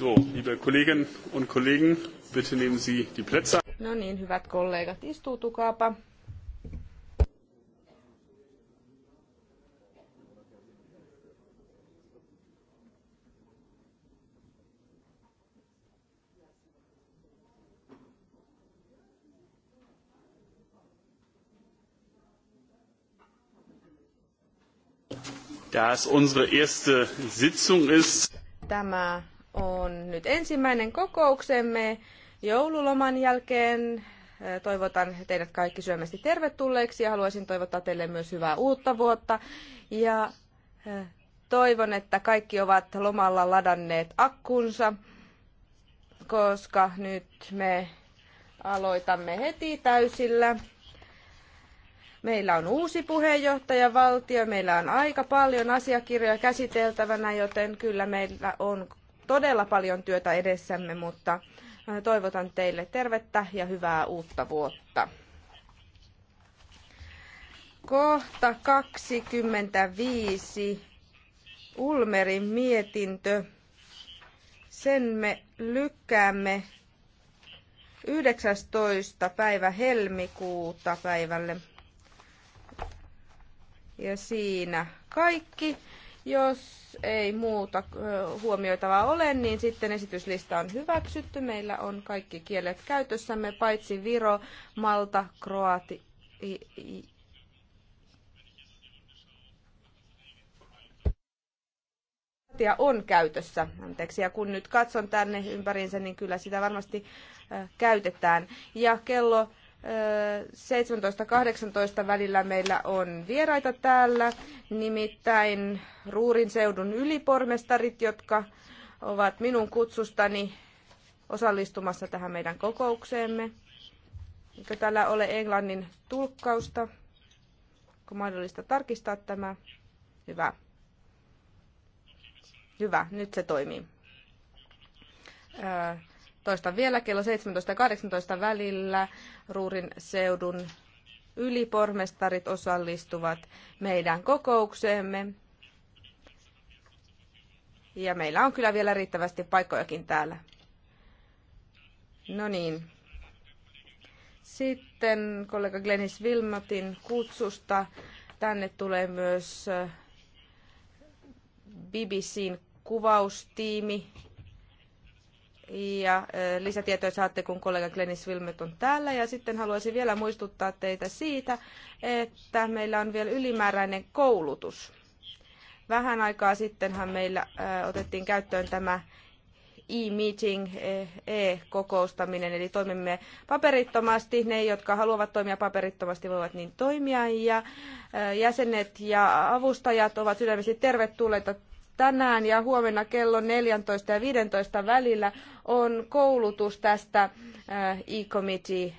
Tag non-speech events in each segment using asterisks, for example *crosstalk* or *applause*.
liebe Kolleginnen und Kollegen, bitte nehmen Sie die Plätze. No niin, hyvät kollegat, istuutukaapa. Da es unsere erste Sitzung ist, Tämä on nyt ensimmäinen kokouksemme joululoman jälkeen. Toivotan teidät kaikki syömästi tervetulleiksi ja haluaisin toivottaa teille myös hyvää uutta vuotta. Ja toivon, että kaikki ovat lomalla ladanneet akkunsa, koska nyt me aloitamme heti täysillä. Meillä on uusi puheenjohtajavaltio, meillä on aika paljon asiakirjoja käsiteltävänä, joten kyllä meillä on todella paljon työtä edessämme, mutta toivotan teille tervettä ja hyvää uutta vuotta. Kohta 25. Ulmerin mietintö. Sen me lykkäämme 19. päivä helmikuuta päivälle. Ja siinä kaikki. Jos ei muuta huomioitavaa ole, niin sitten esityslista on hyväksytty. Meillä on kaikki kielet käytössämme, paitsi Viro, Malta, Kroati, Kroatia on käytössä. Anteeksi, ja kun nyt katson tänne ympäriinsä, niin kyllä sitä varmasti käytetään. Ja kello 17-18 välillä meillä on vieraita täällä, nimittäin Ruurin seudun ylipormestarit, jotka ovat minun kutsustani osallistumassa tähän meidän kokoukseemme. Eikö täällä ole englannin tulkkausta? Onko mahdollista tarkistaa tämä? Hyvä. Hyvä, nyt se toimii. Öö, toista vielä kello 17 ja välillä Ruurin seudun ylipormestarit osallistuvat meidän kokoukseemme. Ja meillä on kyllä vielä riittävästi paikkojakin täällä. No niin. Sitten kollega Glenis Vilmatin kutsusta. Tänne tulee myös äh, BBCn kuvaustiimi ja lisätietoja saatte, kun kollega Glenis Wilmet on täällä. Ja sitten haluaisin vielä muistuttaa teitä siitä, että meillä on vielä ylimääräinen koulutus. Vähän aikaa sittenhän meillä otettiin käyttöön tämä e-meeting, e, e-kokoustaminen, eli toimimme paperittomasti. Ne, jotka haluavat toimia paperittomasti, voivat niin toimia. Ja jäsenet ja avustajat ovat sydämisesti tervetulleita Tänään ja huomenna kello 14 ja 15 välillä on koulutus tästä eh, e-committee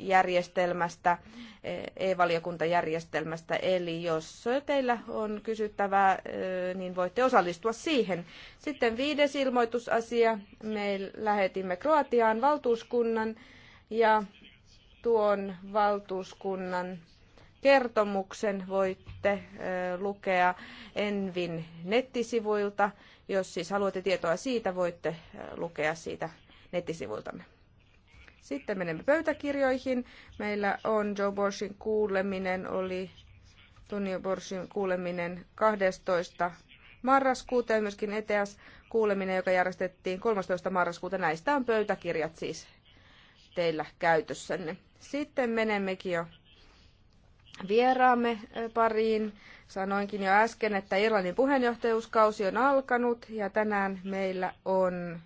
järjestelmästä, eh, e-valiokuntajärjestelmästä. Eli jos teillä on kysyttävää, eh, niin voitte osallistua siihen. Sitten viides ilmoitusasia. Me lähetimme Kroatiaan valtuuskunnan ja tuon valtuuskunnan kertomuksen voitte lukea Envin nettisivuilta. Jos siis haluatte tietoa siitä, voitte lukea siitä nettisivuiltamme. Sitten menemme pöytäkirjoihin. Meillä on Joe Borsin kuuleminen, oli Tunio Borsin kuuleminen 12 marraskuuta ja myöskin ETS kuuleminen, joka järjestettiin 13. marraskuuta. Näistä on pöytäkirjat siis teillä käytössänne. Sitten menemmekin jo vieraamme pariin. Sanoinkin jo äsken, että Irlannin puheenjohtajuuskausi on alkanut ja tänään meillä on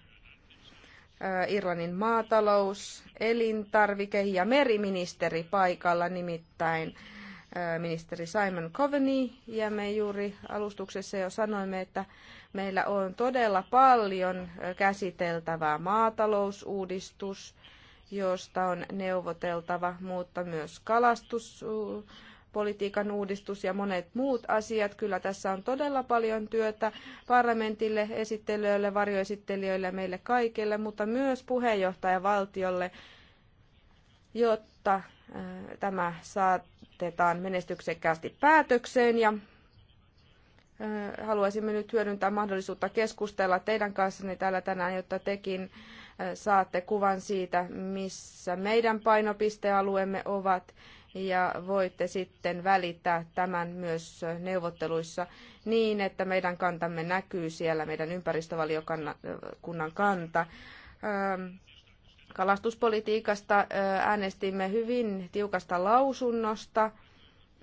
Irlannin maatalous, elintarvike ja meriministeri paikalla, nimittäin ministeri Simon Coveney, ja me juuri alustuksessa jo sanoimme, että meillä on todella paljon käsiteltävää maatalousuudistus, josta on neuvoteltava, mutta myös kalastuspolitiikan uudistus ja monet muut asiat. Kyllä tässä on todella paljon työtä parlamentille, esittelijöille, varjoesittelijöille ja meille kaikille, mutta myös puheenjohtajavaltiolle, jotta äh, tämä saatetaan menestyksekkäästi päätökseen ja äh, haluaisimme nyt hyödyntää mahdollisuutta keskustella teidän kanssanne täällä tänään, jotta tekin saatte kuvan siitä, missä meidän painopistealueemme ovat ja voitte sitten välittää tämän myös neuvotteluissa niin, että meidän kantamme näkyy siellä, meidän ympäristövaliokunnan kanta. Kalastuspolitiikasta äänestimme hyvin tiukasta lausunnosta,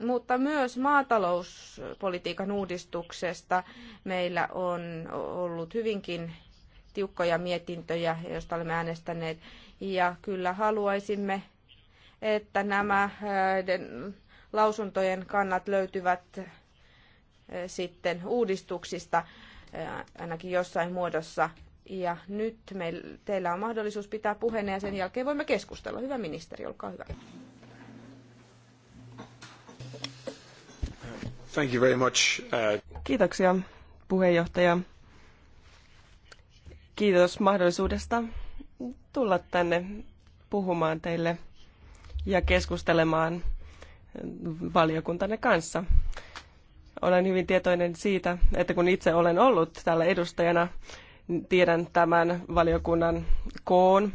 mutta myös maatalouspolitiikan uudistuksesta meillä on ollut hyvinkin tiukkoja mietintöjä, joista olemme äänestäneet. Ja kyllä haluaisimme, että nämä äh, lausuntojen kannat löytyvät äh, sitten uudistuksista äh, ainakin jossain muodossa. Ja nyt meillä, teillä on mahdollisuus pitää puheenne ja sen jälkeen voimme keskustella. Hyvä ministeri, olkaa hyvä. Thank you very much. Uh, Kiitoksia puheenjohtaja. Kiitos mahdollisuudesta tulla tänne puhumaan teille ja keskustelemaan valiokuntanne kanssa. Olen hyvin tietoinen siitä, että kun itse olen ollut täällä edustajana, tiedän tämän valiokunnan koon.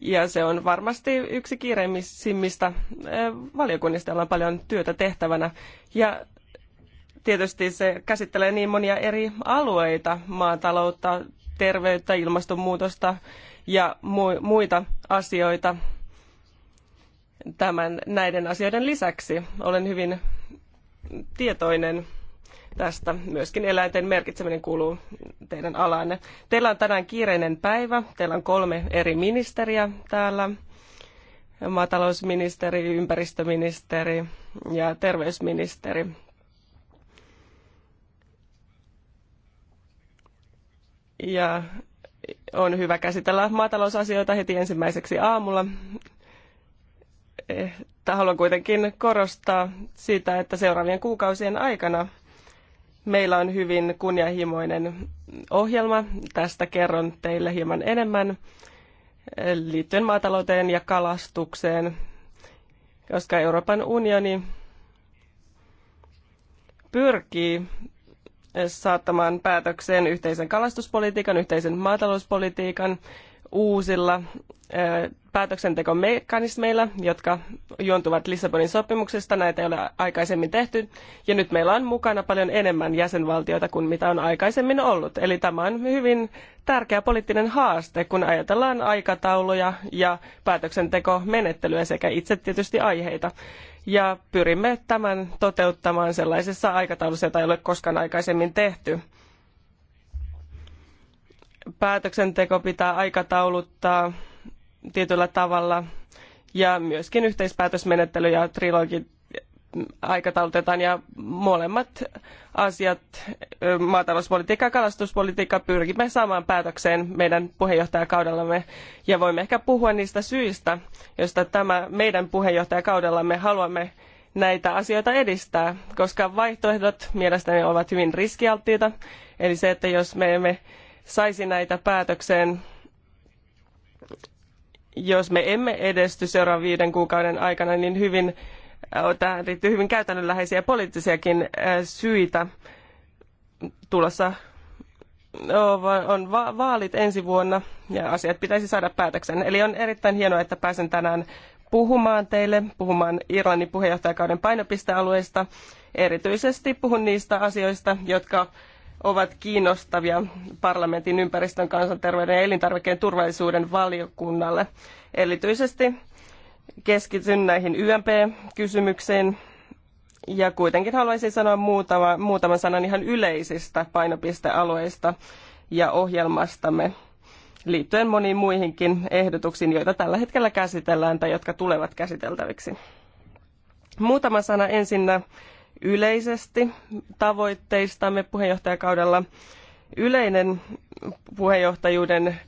Ja se on varmasti yksi kiireimmistä valiokunnista, jolla on paljon työtä tehtävänä. Ja tietysti se käsittelee niin monia eri alueita, maataloutta, terveyttä, ilmastonmuutosta ja muita asioita tämän, näiden asioiden lisäksi. Olen hyvin tietoinen tästä. Myöskin eläinten merkitseminen kuuluu teidän alanne. Teillä on tänään kiireinen päivä. Teillä on kolme eri ministeriä täällä. Maatalousministeri, ympäristöministeri ja terveysministeri. ja on hyvä käsitellä maatalousasioita heti ensimmäiseksi aamulla. Haluan kuitenkin korostaa sitä, että seuraavien kuukausien aikana meillä on hyvin kunnianhimoinen ohjelma. Tästä kerron teille hieman enemmän liittyen maatalouteen ja kalastukseen, koska Euroopan unioni pyrkii saattamaan päätökseen yhteisen kalastuspolitiikan, yhteisen maatalouspolitiikan, uusilla päätöksentekomekanismeilla, jotka juontuvat Lissabonin sopimuksesta. Näitä ei ole aikaisemmin tehty. Ja nyt meillä on mukana paljon enemmän jäsenvaltioita kuin mitä on aikaisemmin ollut. Eli tämä on hyvin tärkeä poliittinen haaste, kun ajatellaan aikatauluja ja päätöksentekomenettelyä sekä itse tietysti aiheita. Ja pyrimme tämän toteuttamaan sellaisessa aikataulussa, jota ei ole koskaan aikaisemmin tehty päätöksenteko pitää aikatauluttaa tietyllä tavalla ja myöskin yhteispäätösmenettely ja trilogi aikataulutetaan ja molemmat asiat, maatalouspolitiikka ja kalastuspolitiikka, pyrkimme saamaan päätökseen meidän puheenjohtajakaudellamme ja voimme ehkä puhua niistä syistä, joista tämä meidän puheenjohtajakaudellamme haluamme näitä asioita edistää, koska vaihtoehdot mielestäni ovat hyvin riskialttiita. Eli se, että jos me emme saisi näitä päätökseen. Jos me emme edesty seuraavan viiden kuukauden aikana, niin hyvin, äh, tähän liittyy hyvin käytännönläheisiä poliittisiakin äh, syitä. Tulossa äh, on vaalit ensi vuonna ja asiat pitäisi saada päätöksen. Eli on erittäin hienoa, että pääsen tänään puhumaan teille, puhumaan Irlannin puheenjohtajakauden painopistealueista. Erityisesti puhun niistä asioista, jotka ovat kiinnostavia parlamentin ympäristön, kansanterveyden ja elintarvikeen turvallisuuden valiokunnalle. Erityisesti keskityn näihin YMP-kysymyksiin ja kuitenkin haluaisin sanoa muutama, muutaman sanan ihan yleisistä painopistealueista ja ohjelmastamme liittyen moniin muihinkin ehdotuksiin, joita tällä hetkellä käsitellään tai jotka tulevat käsiteltäviksi. Muutama sana ensinnä yleisesti tavoitteistamme puheenjohtajakaudella. Yleinen puheenjohtajuuden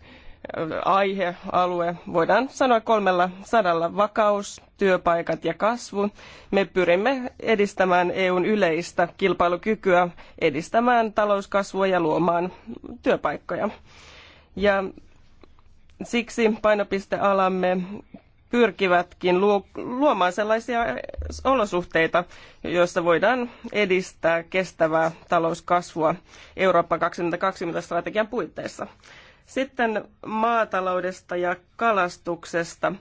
aihealue voidaan sanoa kolmella sadalla vakaus, työpaikat ja kasvu. Me pyrimme edistämään EUn yleistä kilpailukykyä, edistämään talouskasvua ja luomaan työpaikkoja. Ja siksi painopistealamme pyrkivätkin luomaan sellaisia olosuhteita, joissa voidaan edistää kestävää talouskasvua Eurooppa 2020-strategian puitteissa. Sitten maataloudesta ja kalastuksesta.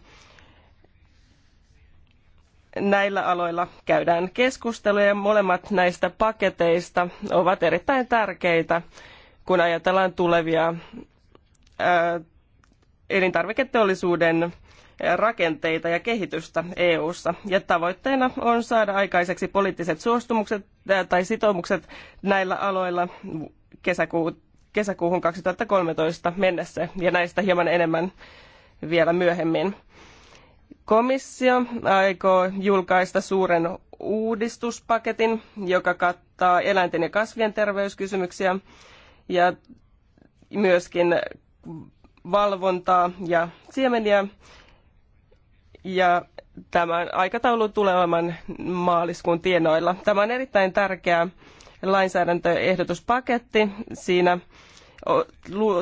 Näillä aloilla käydään keskusteluja ja molemmat näistä paketeista ovat erittäin tärkeitä, kun ajatellaan tulevia ää, elintarviketeollisuuden rakenteita ja kehitystä EU:ssa ja tavoitteena on saada aikaiseksi poliittiset suostumukset tai sitoumukset näillä aloilla kesäkuuhun, kesäkuuhun 2013 mennessä ja näistä hieman enemmän vielä myöhemmin. Komissio aikoo julkaista suuren uudistuspaketin, joka kattaa eläinten ja kasvien terveyskysymyksiä ja myöskin valvontaa ja siemeniä ja tämän aikataulun tulevan maaliskuun tienoilla. Tämä on erittäin tärkeä lainsäädäntöehdotuspaketti. Siinä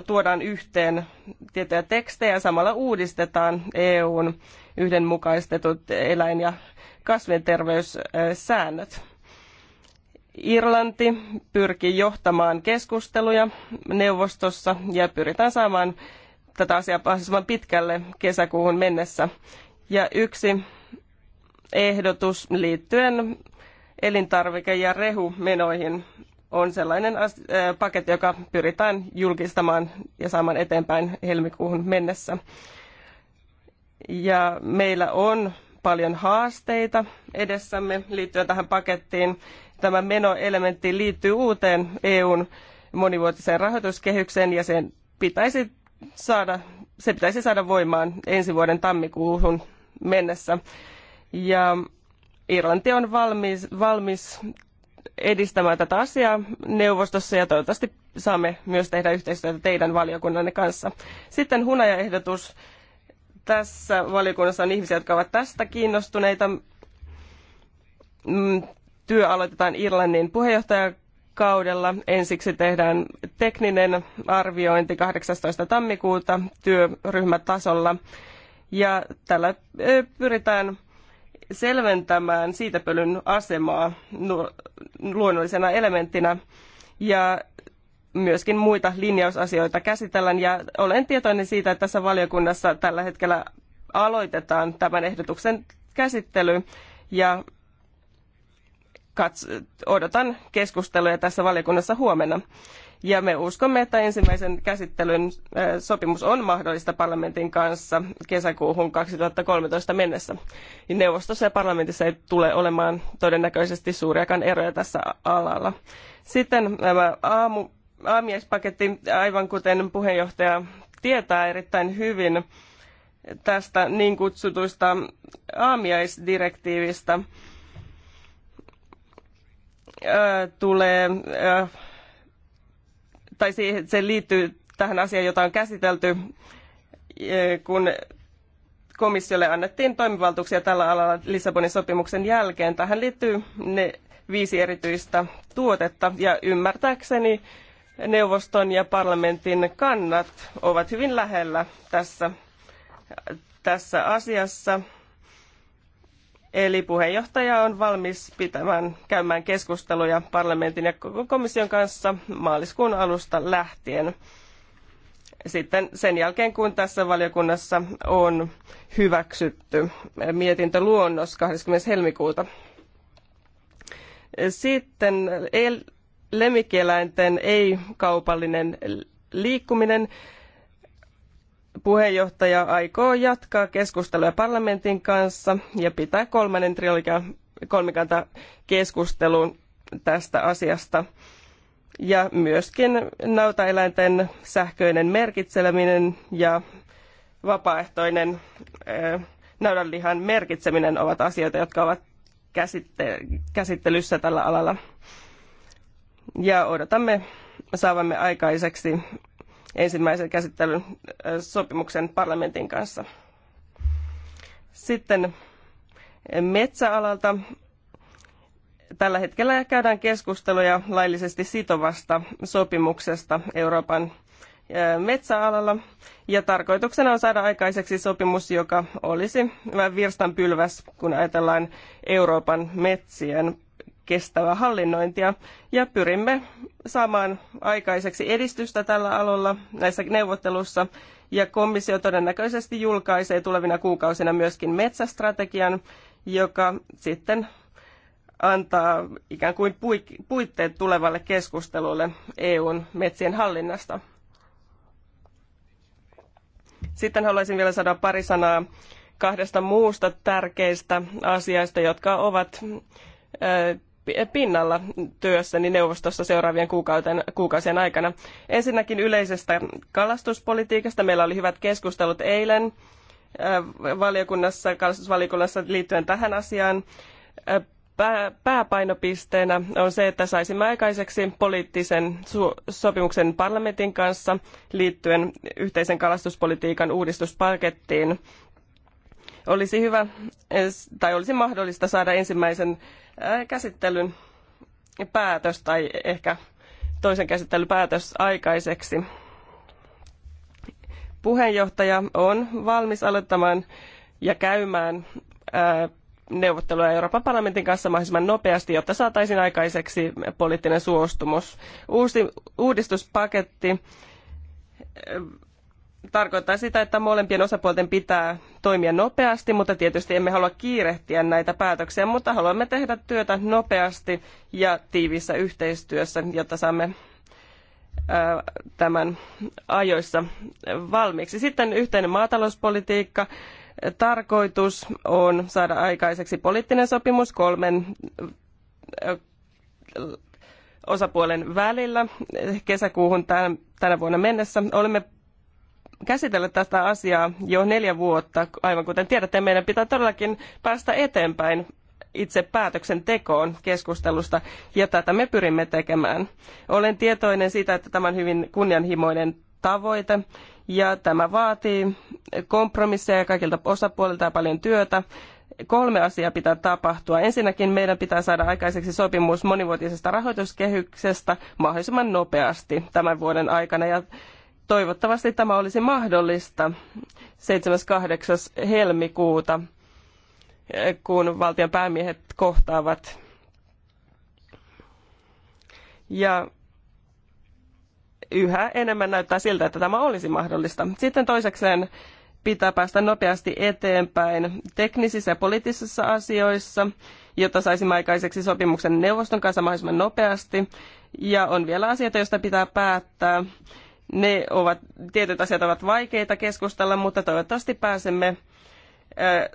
tuodaan yhteen tiettyjä tekstejä ja samalla uudistetaan EUn yhdenmukaistetut eläin- ja kasvinterveyssäännöt. Irlanti pyrkii johtamaan keskusteluja neuvostossa ja pyritään saamaan tätä asiaa pitkälle kesäkuuhun mennessä. Ja yksi ehdotus liittyen elintarvike- ja rehumenoihin on sellainen äh, paketti, joka pyritään julkistamaan ja saamaan eteenpäin helmikuuhun mennessä. Ja meillä on paljon haasteita edessämme liittyen tähän pakettiin. Tämä menoelementti liittyy uuteen EUn monivuotiseen rahoituskehykseen ja sen pitäisi saada, se pitäisi saada voimaan ensi vuoden tammikuuhun mennessä. Ja Irlanti on valmis, valmis edistämään tätä asiaa neuvostossa ja toivottavasti saamme myös tehdä yhteistyötä teidän valiokunnanne kanssa. Sitten hunajaehdotus. Tässä valiokunnassa on ihmisiä, jotka ovat tästä kiinnostuneita. Mm, työ aloitetaan Irlannin puheenjohtajakaudella. Ensiksi tehdään tekninen arviointi 18. tammikuuta työryhmätasolla. tasolla ja tällä pyritään selventämään siitäpölyn asemaa luonnollisena elementtinä ja myöskin muita linjausasioita käsitellään ja olen tietoinen siitä, että tässä valiokunnassa tällä hetkellä aloitetaan tämän ehdotuksen käsittely ja odotan keskusteluja tässä valiokunnassa huomenna. Ja me uskomme, että ensimmäisen käsittelyn äh, sopimus on mahdollista parlamentin kanssa kesäkuuhun 2013 mennessä. Neuvostossa ja parlamentissa ei tule olemaan todennäköisesti suuriakaan eroja tässä alalla. Sitten tämä aamu, aamiaispaketti, aivan kuten puheenjohtaja tietää erittäin hyvin, tästä niin kutsutusta aamiaisdirektiivistä äh, tulee äh, tai siihen, se liittyy tähän asiaan, jota on käsitelty, eh, kun komissiolle annettiin toimivaltuuksia tällä alalla Lissabonin sopimuksen jälkeen. Tähän liittyy ne viisi erityistä tuotetta ja ymmärtääkseni neuvoston ja parlamentin kannat ovat hyvin lähellä tässä, tässä asiassa. Eli puheenjohtaja on valmis pitämään, käymään keskusteluja parlamentin ja koko komission kanssa maaliskuun alusta lähtien. Sitten sen jälkeen, kun tässä valiokunnassa on hyväksytty mietintöluonnos 20. helmikuuta. Sitten lemmikieläinten ei-kaupallinen liikkuminen puheenjohtaja aikoo jatkaa keskustelua parlamentin kanssa ja pitää kolmannen trilogian kolmikanta keskustelun tästä asiasta. Ja myöskin nautaeläinten sähköinen merkitseleminen ja vapaaehtoinen naudanlihan merkitseminen ovat asioita, jotka ovat käsittelyssä tällä alalla. Ja odotamme saavamme aikaiseksi ensimmäisen käsittelyn sopimuksen parlamentin kanssa. Sitten metsäalalta. Tällä hetkellä käydään keskusteluja laillisesti sitovasta sopimuksesta Euroopan metsäalalla. Ja tarkoituksena on saada aikaiseksi sopimus, joka olisi vain virstanpylväs, kun ajatellaan Euroopan metsien kestävää hallinnointia ja pyrimme saamaan aikaiseksi edistystä tällä alalla näissä neuvottelussa ja komissio todennäköisesti julkaisee tulevina kuukausina myöskin metsästrategian, joka sitten antaa ikään kuin puitteet tulevalle keskustelulle EUn metsien hallinnasta. Sitten haluaisin vielä saada pari sanaa kahdesta muusta tärkeistä asiasta, jotka ovat pinnalla työssäni niin neuvostossa seuraavien kuukauten, kuukausien aikana. Ensinnäkin yleisestä kalastuspolitiikasta. Meillä oli hyvät keskustelut eilen äh, valiokunnassa, kalastusvaliokunnassa liittyen tähän asiaan. Äh, pääpainopisteenä on se, että saisimme aikaiseksi poliittisen sopimuksen parlamentin kanssa liittyen yhteisen kalastuspolitiikan uudistuspakettiin olisi hyvä, tai olisi mahdollista saada ensimmäisen käsittelyn päätös tai ehkä toisen päätös aikaiseksi. Puheenjohtaja on valmis aloittamaan ja käymään neuvotteluja Euroopan parlamentin kanssa mahdollisimman nopeasti, jotta saataisiin aikaiseksi poliittinen suostumus. Uusi uudistuspaketti tarkoittaa sitä, että molempien osapuolten pitää toimia nopeasti, mutta tietysti emme halua kiirehtiä näitä päätöksiä, mutta haluamme tehdä työtä nopeasti ja tiiviissä yhteistyössä, jotta saamme tämän ajoissa valmiiksi. Sitten yhteinen maatalouspolitiikka. Tarkoitus on saada aikaiseksi poliittinen sopimus kolmen osapuolen välillä kesäkuuhun tänä vuonna mennessä. Olemme käsitellä tästä asiaa jo neljä vuotta. Aivan kuten tiedätte, meidän pitää todellakin päästä eteenpäin itse päätöksentekoon keskustelusta, ja tätä me pyrimme tekemään. Olen tietoinen siitä, että tämä on hyvin kunnianhimoinen tavoite, ja tämä vaatii kompromisseja kaikilta osapuolilta ja paljon työtä. Kolme asiaa pitää tapahtua. Ensinnäkin meidän pitää saada aikaiseksi sopimus monivuotisesta rahoituskehyksestä mahdollisimman nopeasti tämän vuoden aikana, ja toivottavasti tämä olisi mahdollista 7.8. helmikuuta, kun valtion päämiehet kohtaavat. Ja yhä enemmän näyttää siltä, että tämä olisi mahdollista. Sitten toisekseen pitää päästä nopeasti eteenpäin teknisissä ja poliittisissa asioissa, jotta saisimme aikaiseksi sopimuksen neuvoston kanssa mahdollisimman nopeasti. Ja on vielä asioita, joista pitää päättää ne ovat, tietyt asiat ovat vaikeita keskustella, mutta toivottavasti pääsemme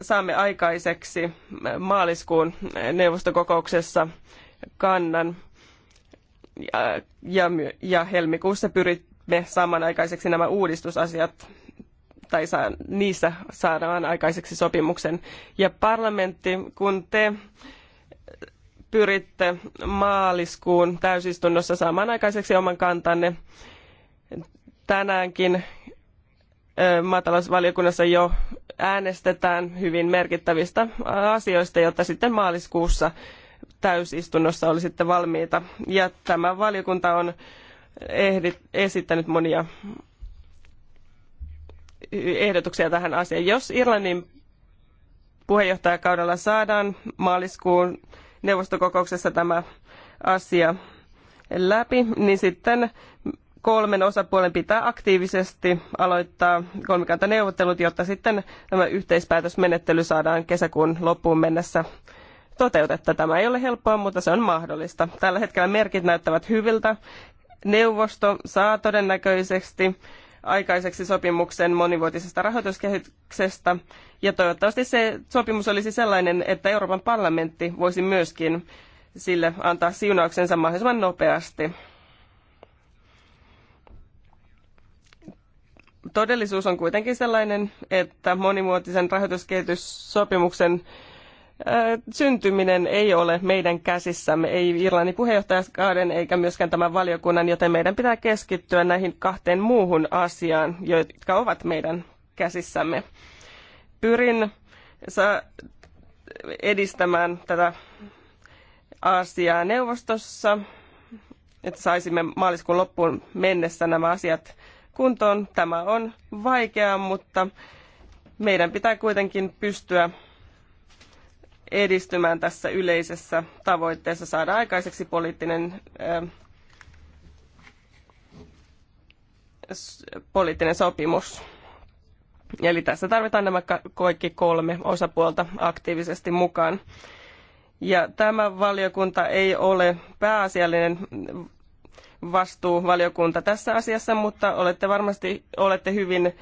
saamme aikaiseksi maaliskuun neuvostokokouksessa kannan ja, ja, ja helmikuussa pyrimme saamaan aikaiseksi nämä uudistusasiat tai saa, niissä saadaan aikaiseksi sopimuksen. Ja parlamentti, kun te pyritte maaliskuun täysistunnossa saamaan aikaiseksi oman kantanne, tänäänkin maatalousvaliokunnassa jo äänestetään hyvin merkittävistä asioista, jotta sitten maaliskuussa täysistunnossa sitten valmiita. Ja tämä valiokunta on esittänyt monia ehdotuksia tähän asiaan. Jos Irlannin puheenjohtajakaudella saadaan maaliskuun neuvostokokouksessa tämä asia läpi, niin sitten kolmen osapuolen pitää aktiivisesti aloittaa kolmikantaneuvottelut, jotta sitten tämä yhteispäätösmenettely saadaan kesäkuun loppuun mennessä toteutetta. Tämä ei ole helppoa, mutta se on mahdollista. Tällä hetkellä merkit näyttävät hyviltä. Neuvosto saa todennäköisesti aikaiseksi sopimuksen monivuotisesta rahoituskehyksestä. Ja toivottavasti se sopimus olisi sellainen, että Euroopan parlamentti voisi myöskin sille antaa siunauksensa mahdollisimman nopeasti. todellisuus on kuitenkin sellainen, että monimuotisen rahoituskehityssopimuksen syntyminen ei ole meidän käsissämme, ei Irlannin puheenjohtajakauden eikä myöskään tämän valiokunnan, joten meidän pitää keskittyä näihin kahteen muuhun asiaan, jotka ovat meidän käsissämme. Pyrin edistämään tätä asiaa neuvostossa, että saisimme maaliskuun loppuun mennessä nämä asiat kuntoon. Tämä on vaikeaa, mutta meidän pitää kuitenkin pystyä edistymään tässä yleisessä tavoitteessa saada aikaiseksi poliittinen, äh, poliittinen sopimus. Eli tässä tarvitaan nämä kaikki kolme osapuolta aktiivisesti mukaan. Ja tämä valiokunta ei ole pääasiallinen vastuuvaliokunta tässä asiassa, mutta olette varmasti olette hyvin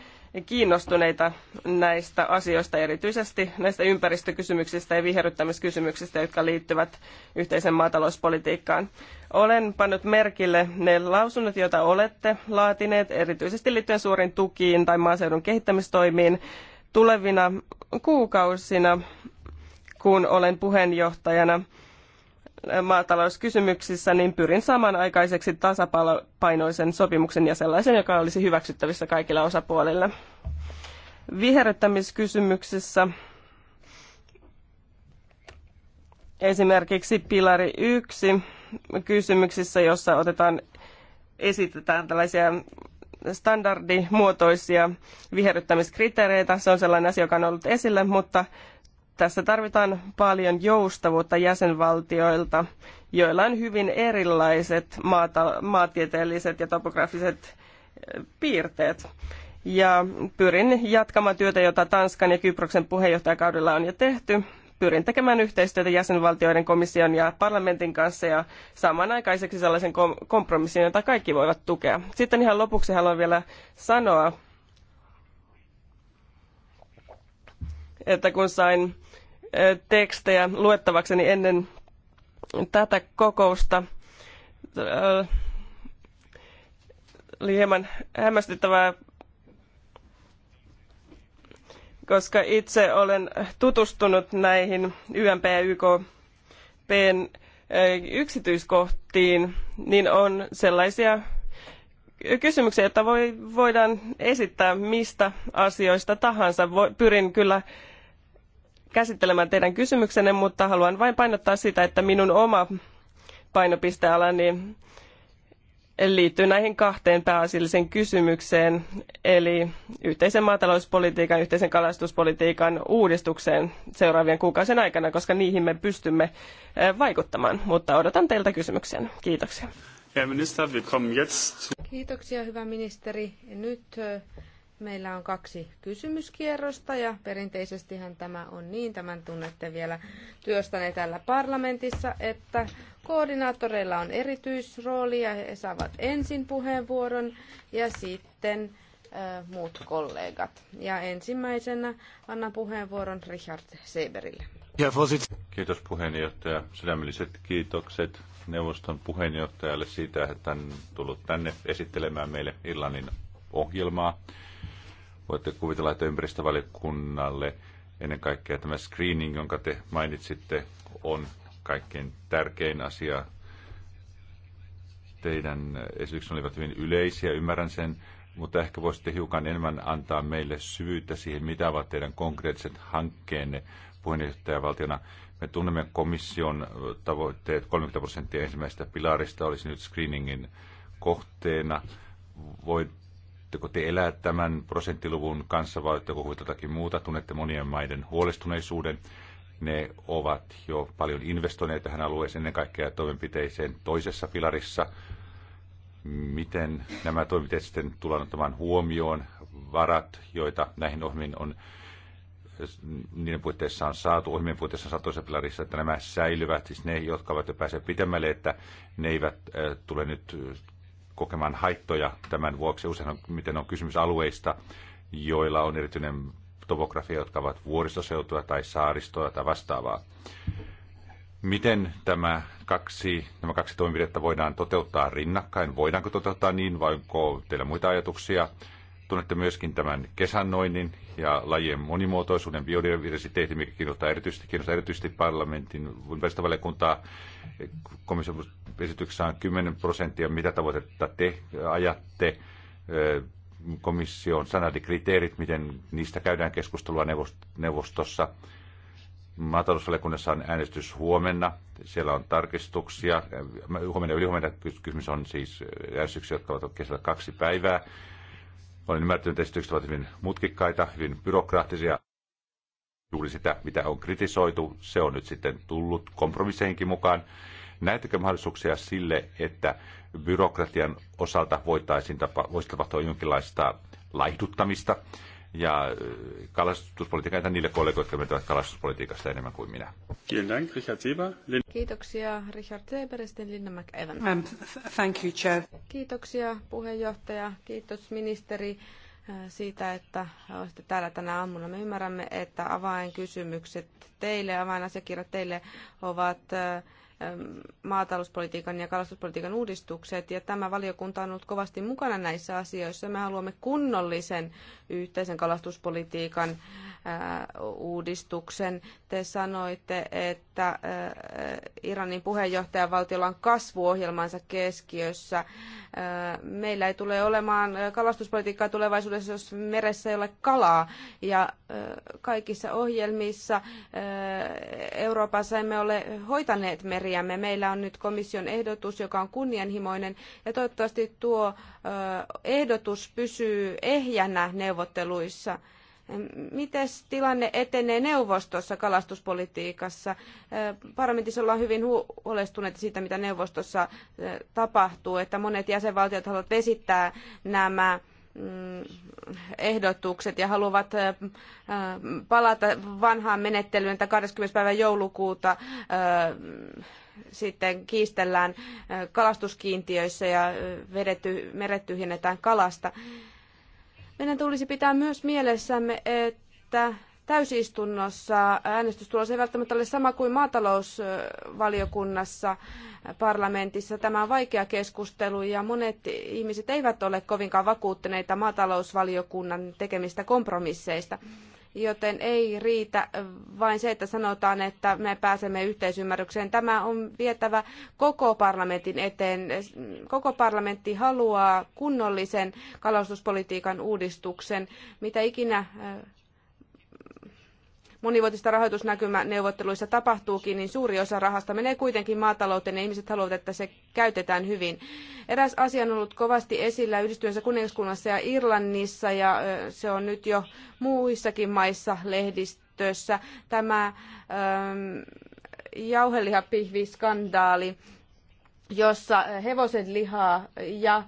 kiinnostuneita näistä asioista, erityisesti näistä ympäristökysymyksistä ja viherryttämiskysymyksistä, jotka liittyvät yhteisen maatalouspolitiikkaan. Olen pannut merkille ne lausunnot, joita olette laatineet, erityisesti liittyen suuriin tukiin tai maaseudun kehittämistoimiin tulevina kuukausina, kun olen puheenjohtajana – maatalouskysymyksissä, niin pyrin samanaikaiseksi tasapainoisen sopimuksen ja sellaisen, joka olisi hyväksyttävissä kaikilla osapuolilla. Viherryttämiskysymyksissä esimerkiksi pilari 1 kysymyksissä, jossa otetaan, esitetään tällaisia standardimuotoisia viherryttämiskriteereitä. Se on sellainen asia, joka on ollut esillä, mutta tässä tarvitaan paljon joustavuutta jäsenvaltioilta, joilla on hyvin erilaiset maata, maatieteelliset ja topografiset eh, piirteet. Ja pyrin jatkamaan työtä, jota Tanskan ja Kyproksen puheenjohtajakaudella on jo tehty. Pyrin tekemään yhteistyötä jäsenvaltioiden komission ja parlamentin kanssa ja samanaikaiseksi sellaisen kompromissin, jota kaikki voivat tukea. Sitten ihan lopuksi haluan vielä sanoa, että kun sain tekstejä luettavakseni ennen tätä kokousta. Oli hieman hämmästyttävää, koska itse olen tutustunut näihin YMP ja YKPn eh, yksityiskohtiin, niin on sellaisia kysymyksiä, että voi, voidaan esittää mistä asioista tahansa. pyrin kyllä käsittelemään teidän kysymyksenne, mutta haluan vain painottaa sitä, että minun oma painopistealani liittyy näihin kahteen pääasialliseen kysymykseen, eli yhteisen maatalouspolitiikan, yhteisen kalastuspolitiikan uudistukseen seuraavien kuukausien aikana, koska niihin me pystymme eh, vaikuttamaan. Mutta odotan teiltä kysymyksen. Kiitoksia. Kiitoksia, hyvä ministeri. Nyt eh, Meillä on kaksi kysymyskierrosta ja perinteisestihän tämä on niin, tämän tunnette vielä työstäne täällä parlamentissa, että koordinaattoreilla on erityisrooli ja he saavat ensin puheenvuoron ja sitten muut kollegat. Ja ensimmäisenä annan puheenvuoron Richard Seberille. Kiitos puheenjohtaja. Sydämelliset kiitokset neuvoston puheenjohtajalle siitä, että hän on tullut tänne esittelemään meille Irlannin ohjelmaa. Voitte kuvitella, että ympäristövaliokunnalle ennen kaikkea tämä screening, jonka te mainitsitte, on kaikkein tärkein asia. Teidän esitykset olivat hyvin yleisiä, ymmärrän sen, mutta ehkä voisitte hiukan enemmän antaa meille syvyyttä siihen, mitä ovat teidän konkreettiset hankkeenne puheenjohtajavaltiona. Me tunnemme komission tavoitteet, 30 prosenttia ensimmäisestä pilarista olisi nyt screeningin kohteena. Voit Oletteko te elää tämän prosenttiluvun kanssa vai oletteko jotakin muuta? Tunnette monien maiden huolestuneisuuden. Ne ovat jo paljon investoineet tähän alueeseen, ennen kaikkea toimenpiteeseen toisessa pilarissa. Miten nämä toimenpiteet sitten tullaan ottamaan huomioon? Varat, joita näihin ohjelmiin on niiden puitteissa on saatu, ohjelmien puitteissa on saatu toisessa pilarissa, että nämä säilyvät, siis ne, jotka ovat jo päässeet pitemmälle, että ne eivät äh, tule nyt kokemaan haittoja tämän vuoksi. Usein on, miten on kysymys alueista, joilla on erityinen topografia, jotka ovat vuoristoseutua tai saaristoa tai vastaavaa. Miten tämä kaksi, nämä kaksi toimenpidettä voidaan toteuttaa rinnakkain? Voidaanko toteuttaa niin vai onko teillä muita ajatuksia? Tunnette myöskin tämän kesännoinnin ja lajien monimuotoisuuden biodiversiteetin, mikä kiinnostaa erityisesti, kiinnostaa erityisesti parlamentin ympäristövaliokuntaa. Komission esityksessä on 10 prosenttia, mitä tavoitetta te ajatte komission sanadikriteerit, miten niistä käydään keskustelua neuvostossa. Maatalousvaliokunnassa on äänestys huomenna. Siellä on tarkistuksia. Huomenna ja ylihuomenna kysymys on siis äänestyksiä, jotka ovat kesällä kaksi päivää. Olen ymmärtänyt, että esitykset ovat hyvin mutkikkaita, hyvin byrokraattisia. Juuri sitä, mitä on kritisoitu, se on nyt sitten tullut kompromisseihinkin mukaan. Näettekö mahdollisuuksia sille, että byrokratian osalta voitaisiin tapa, voisi tapahtua jonkinlaista laihduttamista? ja äh, kalastuspolitiikka ja niille kollegoille, jotka miettivät kalastuspolitiikasta enemmän kuin minä. Kiitoksia Richard Seber ja sitten Linna McEvan. Um, thank you, Chair. Kiitoksia puheenjohtaja, kiitos ministeri äh, siitä, että olette täällä tänä aamuna. Me ymmärrämme, että avainkysymykset teille, avainasiakirjat teille ovat äh, ähm, maatalouspolitiikan ja kalastuspolitiikan uudistukset, ja tämä valiokunta on ollut kovasti mukana näissä asioissa. Me haluamme kunnollisen yhteisen kalastuspolitiikan uudistuksen. Te sanoitte, että Iranin puheenjohtajavaltiolla on kasvuohjelmansa keskiössä. Meillä ei tule olemaan kalastuspolitiikkaa tulevaisuudessa, jos meressä ei ole kalaa. Ja kaikissa ohjelmissa Euroopassa emme ole hoitaneet meriämme. Meillä on nyt komission ehdotus, joka on kunnianhimoinen, ja toivottavasti tuo ehdotus pysyy ehjänä neuvottelussa neuvotteluissa. Miten tilanne etenee neuvostossa kalastuspolitiikassa? Parlamentissa ollaan hyvin huolestuneita siitä, mitä neuvostossa eh, tapahtuu, että monet jäsenvaltiot haluavat vesittää nämä mm, ehdotukset ja haluavat eh, palata vanhaan menettelyyn, että 20. päivä joulukuuta eh, sitten kiistellään kalastuskiintiöissä ja vedetty, meret tyhjennetään kalasta. Meidän tulisi pitää myös mielessämme, että täysistunnossa äänestystulos ei välttämättä ole sama kuin maatalousvaliokunnassa äh, parlamentissa. Tämä on vaikea keskustelu ja monet ihmiset eivät ole kovinkaan vakuuttuneita maatalousvaliokunnan tekemistä kompromisseista. Mm joten ei riitä vain se, että sanotaan, että me pääsemme yhteisymmärrykseen. Tämä on vietävä koko parlamentin eteen. Koko parlamentti haluaa kunnollisen kalastuspolitiikan uudistuksen, mitä ikinä monivuotista rahoitusnäkymäneuvotteluissa tapahtuukin, niin suuri osa rahasta menee kuitenkin maatalouteen ja ihmiset haluavat, että se käytetään hyvin. Eräs asia on ollut kovasti esillä yhdistyneessä kuningaskunnassa ja Irlannissa ja se on nyt jo muissakin maissa lehdistössä. Tämä ähm, jauhelihapihviskandaali, jossa hevosen lihaa ja äh,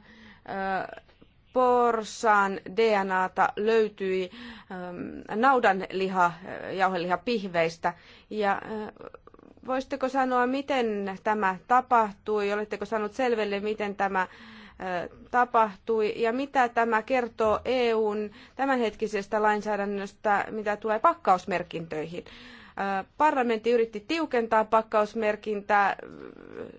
porsaan DNAta löytyi ähm, naudanliha, äh, jauhelihapihveistä. Ja äh, voisitteko sanoa, miten tämä tapahtui? Oletteko saanut selville, miten tämä äh, tapahtui ja mitä tämä kertoo EUn tämänhetkisestä lainsäädännöstä, mitä tulee pakkausmerkintöihin? Parlamentti yritti tiukentaa pakkausmerkintää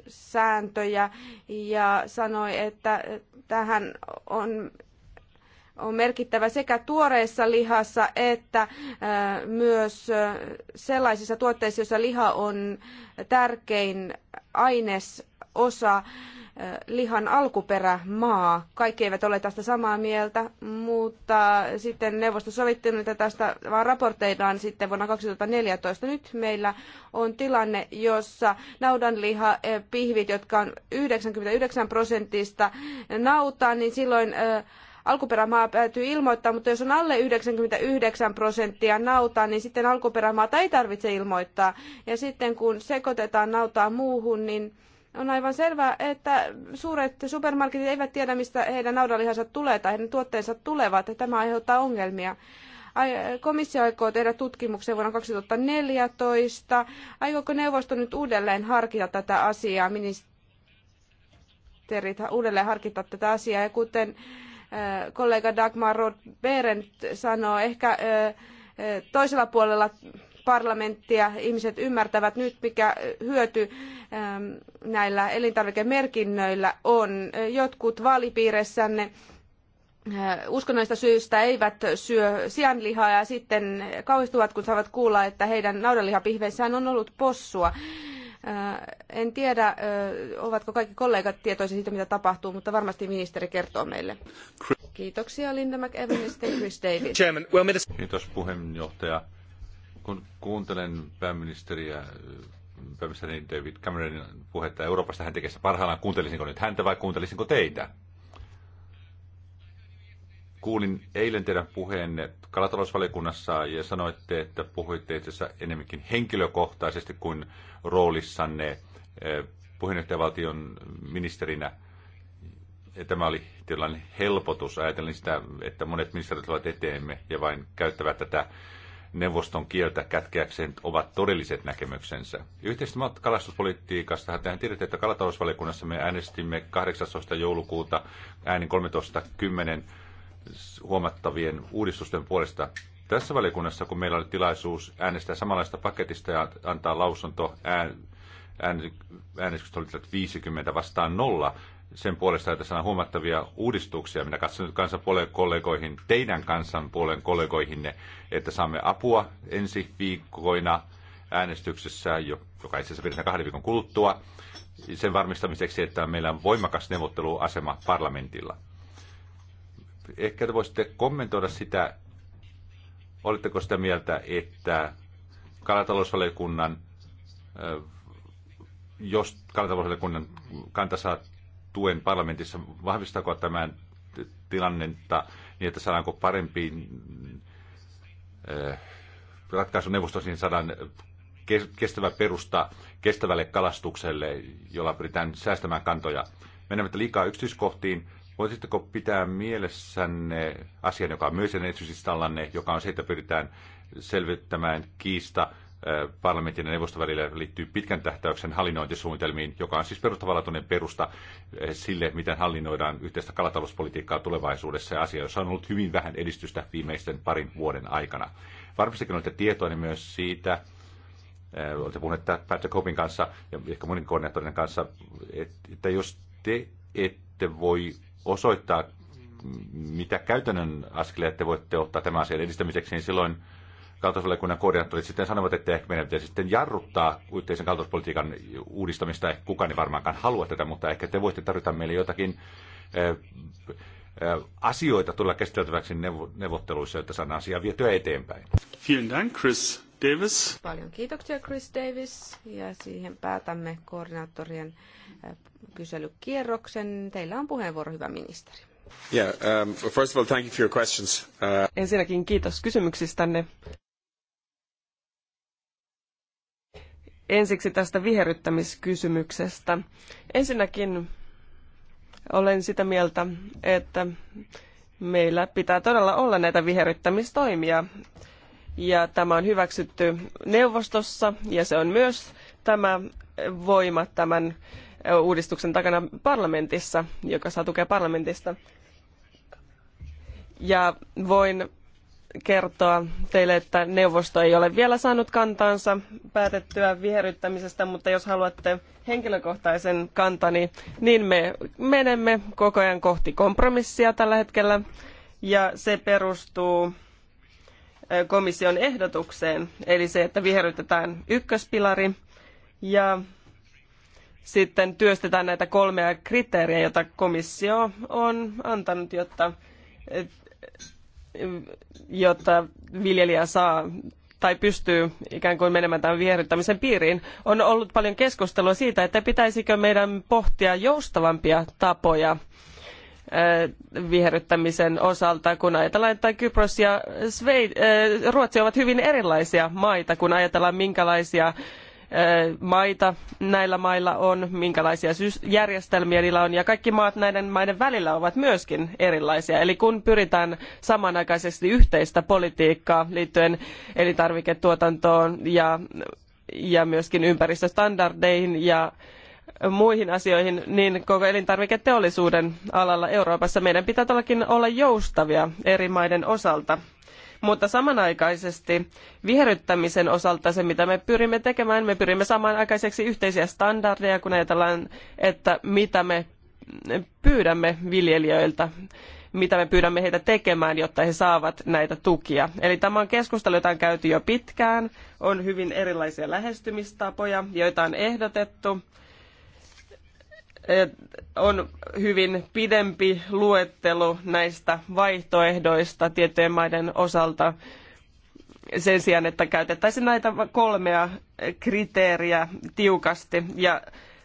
sääntöjä ja sanoi, että tähän on on merkittävä sekä tuoreessa lihassa että äh, myös äh, sellaisissa tuotteissa, joissa liha on tärkein ainesosa lihan alkuperämaa. Kaikki eivät ole tästä samaa mieltä, mutta sitten neuvosto sovittiin, että tästä vaan raporteidaan sitten vuonna 2014. Nyt meillä on tilanne, jossa naudanliha eh, pihvit, jotka on 99 prosentista nautaa, niin silloin eh, alkuperämaa täytyy ilmoittaa, mutta jos on alle 99 prosenttia nautaa, niin sitten alkuperämaata ei tarvitse ilmoittaa. Ja sitten kun sekoitetaan nautaa muuhun, niin on aivan selvää, että suuret supermarketit eivät tiedä, mistä heidän naudanlihansa tulee tai heidän tuotteensa tulevat. Tämä aiheuttaa ongelmia komissio aikoo tehdä tutkimuksen vuonna 2014. Aikooko neuvosto nyt uudelleen harkita tätä asiaa, ministerit uudelleen harkita tätä asiaa? Ja kuten kollega Dagmar Rod berend sanoo, ehkä toisella puolella parlamenttia. Ihmiset ymmärtävät nyt, mikä hyöty ähm, näillä elintarvikemerkinnöillä on. Jotkut vaalipiireissänne äh, uskonnollisista syistä eivät syö sianlihaa ja sitten kauhistuvat, kun saavat kuulla, että heidän naudanlihapihveissään on ollut possua. Äh, en tiedä, äh, ovatko kaikki kollegat tietoisia siitä, mitä tapahtuu, mutta varmasti ministeri kertoo meille. Kiitoksia Linda McEvan ja Chris Davis. Kiitos puheenjohtaja kun kuuntelen pääministeriä, pääministeri David Cameronin puhetta Euroopasta, hän tekee parhaillaan. Kuuntelisinko nyt häntä vai kuuntelisinko teitä? Kuulin eilen teidän puheenne kalatalousvaliokunnassa ja sanoitte, että puhuitte itse asiassa enemmänkin henkilökohtaisesti kuin roolissanne eh, puheenjohtajavaltion ministerinä. Ja tämä oli tällainen helpotus. Ajattelin sitä, että monet ministerit ovat eteemme ja vain käyttävät tätä neuvoston kieltä kätkeäkseen ovat todelliset näkemyksensä. Yhteistä kalastuspolitiikasta tähän tiedätte, että kalatalousvaliokunnassa me äänestimme 18. joulukuuta äänin 13.10 huomattavien uudistusten puolesta. Tässä valiokunnassa, kun meillä oli tilaisuus äänestää samanlaista paketista ja antaa lausunto, ään, äänestykset olivat 50 vastaan nolla, sen puolesta, että saadaan huomattavia uudistuksia. Minä katson nyt kansanpuolen kollegoihin, teidän kansanpuolen kollegoihinne, että saamme apua ensi viikkoina äänestyksessä, joka itse asiassa pidetään kahden viikon kuluttua, sen varmistamiseksi, että meillä on voimakas neuvotteluasema parlamentilla. Ehkä te voisitte kommentoida sitä, oletteko sitä mieltä, että kalatalousvaliokunnan jos kalatalousvaliokunnan kanta saa tuen parlamentissa. Vahvistaako tämän tilannetta niin, että saadaanko parempiin eh, ratkaisuneuvostossa, neuvostosiin saadaan kestävä perusta kestävälle kalastukselle, jolla pyritään säästämään kantoja. Menemättä liikaa yksityiskohtiin, voisitteko pitää mielessänne asian, joka on myös ennen joka on se, että pyritään selvittämään kiista parlamentin ja neuvoston välillä liittyy pitkän tähtäyksen hallinnointisuunnitelmiin, joka on siis perustavanlaatuinen perusta sille, miten hallinnoidaan yhteistä kalatalouspolitiikkaa tulevaisuudessa ja asia, jossa on ollut hyvin vähän edistystä viimeisten parin vuoden aikana. Varmastikin olette tietoinen myös siitä, olette puhuneet Patrick Hopin kanssa ja ehkä monin koordinaattorin kanssa, että jos te ette voi osoittaa, mitä käytännön askelia te voitte ottaa tämän asian edistämiseksi, niin silloin kaltaisvaliokunnan koordinaattorit sitten sanovat, että ehkä meidän pitäisi sitten jarruttaa yhteisen kaltaispolitiikan uudistamista. Ehkä kukaan ei varmaankaan halua tätä, mutta ehkä te voitte tarjota meille jotakin eh, eh, asioita tulla käsiteltäväksi neuvotteluissa, jotta saadaan asiaa vietyä eteenpäin. Vielen dank, Chris Davis. Paljon kiitoksia, Chris Davis. Ja siihen päätämme koordinaattorien eh, kyselykierroksen. Teillä on puheenvuoro, hyvä ministeri. Yeah, um, first of all, thank you for your questions. Uh... Ensinnäkin kiitos kysymyksistänne. ensiksi tästä viherryttämiskysymyksestä. Ensinnäkin olen sitä mieltä, että meillä pitää todella olla näitä viherryttämistoimia. Ja tämä on hyväksytty neuvostossa ja se on myös tämä voima tämän uudistuksen takana parlamentissa, joka saa tukea parlamentista. Ja voin kertoa teille, että neuvosto ei ole vielä saanut kantaansa päätettyä viherryttämisestä, mutta jos haluatte henkilökohtaisen kantani, niin me menemme koko ajan kohti kompromissia tällä hetkellä. Ja se perustuu komission ehdotukseen, eli se, että viherrytetään ykköspilari ja sitten työstetään näitä kolmea kriteeriä, joita komissio on antanut, jotta jotta viljelijä saa tai pystyy ikään kuin menemään tämän viherryttämisen piiriin. On ollut paljon keskustelua siitä, että pitäisikö meidän pohtia joustavampia tapoja viherryttämisen osalta, kun ajatellaan, että Kypros ja Ruotsi ovat hyvin erilaisia maita, kun ajatellaan minkälaisia maita näillä mailla on, minkälaisia järjestelmiä niillä on ja kaikki maat näiden maiden välillä ovat myöskin erilaisia. Eli kun pyritään samanaikaisesti yhteistä politiikkaa liittyen elintarviketuotantoon ja, ja myöskin ympäristöstandardeihin ja muihin asioihin, niin koko elintarviketeollisuuden alalla Euroopassa meidän pitää todellakin olla joustavia eri maiden osalta mutta samanaikaisesti viherryttämisen osalta se, mitä me pyrimme tekemään, me pyrimme saamaan aikaiseksi yhteisiä standardeja, kun ajatellaan, että mitä me pyydämme viljelijöiltä mitä me pyydämme heitä tekemään, jotta he saavat näitä tukia. Eli tämä on keskustelu, jota on käyty jo pitkään. On hyvin erilaisia lähestymistapoja, joita on ehdotettu on hyvin pidempi luettelo näistä vaihtoehdoista tiettyjen maiden osalta sen sijaan, että käytettäisiin näitä kolmea kriteeriä tiukasti. Ja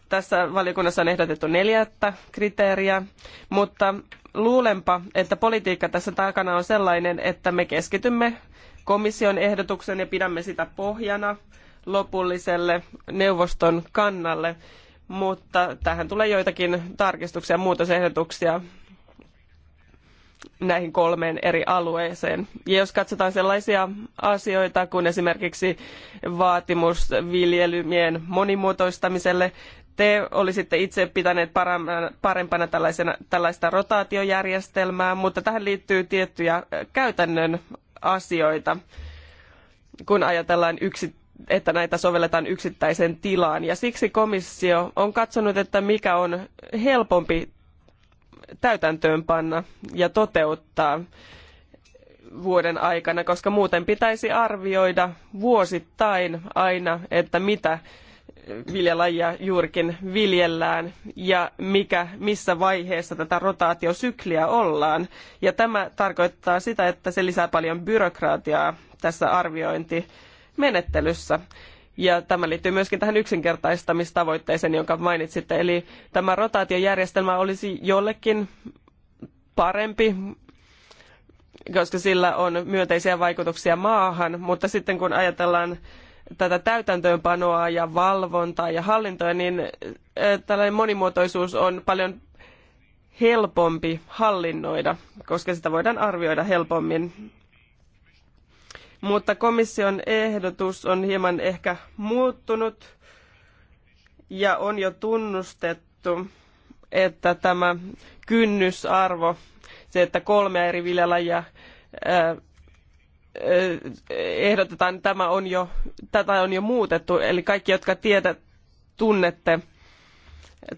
tässä valiokunnassa on ehdotettu neljättä kriteeriä, mutta luulenpa, että politiikka tässä takana on sellainen, että me keskitymme komission ehdotuksen ja pidämme sitä pohjana lopulliselle neuvoston kannalle mutta tähän tulee joitakin tarkistuksia ja muutosehdotuksia näihin kolmeen eri alueeseen. Ja jos katsotaan sellaisia asioita kuin esimerkiksi vaatimus viljelymien monimuotoistamiselle, te olisitte itse pitäneet parempana tällaista rotaatiojärjestelmää, mutta tähän liittyy tiettyjä käytännön asioita, kun ajatellaan yksi, että näitä sovelletaan yksittäisen tilaan. Ja siksi komissio on katsonut, että mikä on helpompi täytäntöönpanna ja toteuttaa vuoden aikana, koska muuten pitäisi arvioida vuosittain aina, että mitä viljalajia juurikin viljellään ja mikä, missä vaiheessa tätä rotaatiosykliä ollaan. Ja tämä tarkoittaa sitä, että se lisää paljon byrokratiaa tässä arviointi menettelyssä. Ja tämä liittyy myöskin tähän yksinkertaistamistavoitteeseen, jonka mainitsitte. Eli tämä rotaatiojärjestelmä olisi jollekin parempi, koska sillä on myönteisiä vaikutuksia maahan, mutta sitten kun ajatellaan tätä täytäntöönpanoa ja valvontaa ja hallintoa, niin tällainen monimuotoisuus on paljon helpompi hallinnoida, koska sitä voidaan arvioida helpommin mutta komission ehdotus on hieman ehkä muuttunut ja on jo tunnustettu, että tämä kynnysarvo, se että kolme eri viljalajia ehdotetaan, tämä on jo, tätä on jo muutettu. Eli kaikki, jotka tiedät, tunnette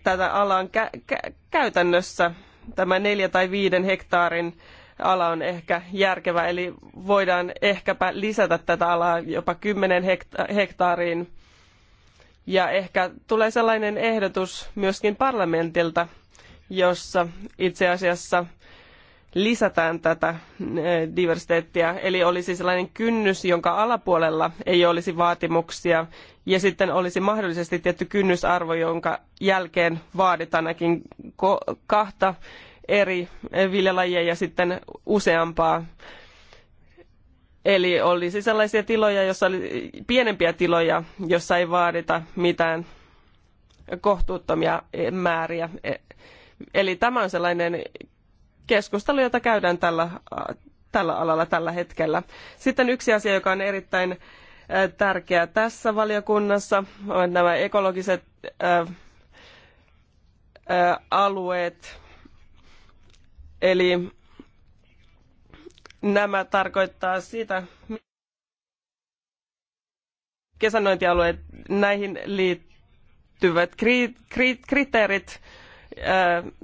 tätä alan kä- kä- käytännössä, tämä neljä tai viiden hehtaarin ala on ehkä järkevä, eli voidaan ehkäpä lisätä tätä alaa jopa 10 hekta- hektaariin. Ja ehkä tulee sellainen ehdotus myöskin parlamentilta, jossa itse asiassa lisätään tätä eh, diversiteettiä, eli olisi sellainen kynnys, jonka alapuolella ei olisi vaatimuksia, ja sitten olisi mahdollisesti tietty kynnysarvo, jonka jälkeen vaaditaan ainakin kahta eri viljalajia ja sitten useampaa. Eli olisi sellaisia tiloja, jossa oli pienempiä tiloja, jossa ei vaadita mitään kohtuuttomia määriä. Eli tämä on sellainen keskustelu, jota käydään tällä, tällä alalla tällä hetkellä. Sitten yksi asia, joka on erittäin äh, tärkeä tässä valiokunnassa, on nämä ekologiset äh, äh, alueet Eli nämä tarkoittaa sitä, kesänointialueet, näihin liittyvät kri, kri, kriteerit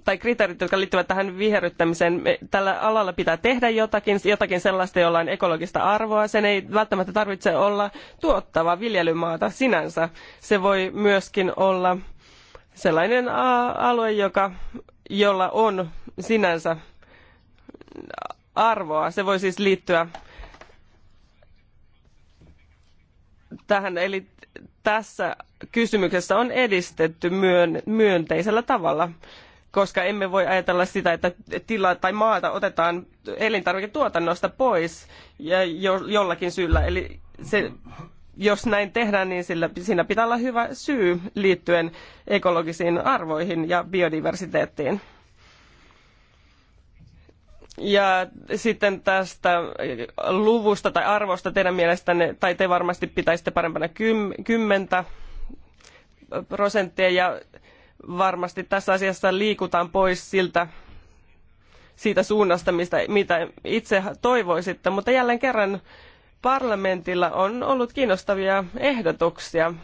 tai kriteerit, jotka liittyvät tähän viherryttämiseen. Tällä alalla pitää tehdä jotakin, jotakin sellaista, jolla on ekologista arvoa. Sen ei välttämättä tarvitse olla tuottava viljelymaata sinänsä. Se voi myöskin olla sellainen alue, joka jolla on sinänsä arvoa. Se voi siis liittyä tähän, eli tässä kysymyksessä on edistetty myönteisellä tavalla, koska emme voi ajatella sitä, että tilaa tai maata otetaan elintarviketuotannosta pois ja jollakin syyllä. Eli se jos näin tehdään, niin sillä, siinä pitää olla hyvä syy liittyen ekologisiin arvoihin ja biodiversiteettiin. Ja sitten tästä luvusta tai arvosta teidän mielestänne, tai te varmasti pitäisitte parempana kymmentä prosenttia, ja varmasti tässä asiassa liikutaan pois siltä siitä suunnasta, mistä, mitä itse toivoisitte, mutta jälleen kerran parlamentilla on ollut kiinnostavia ehdotuksia.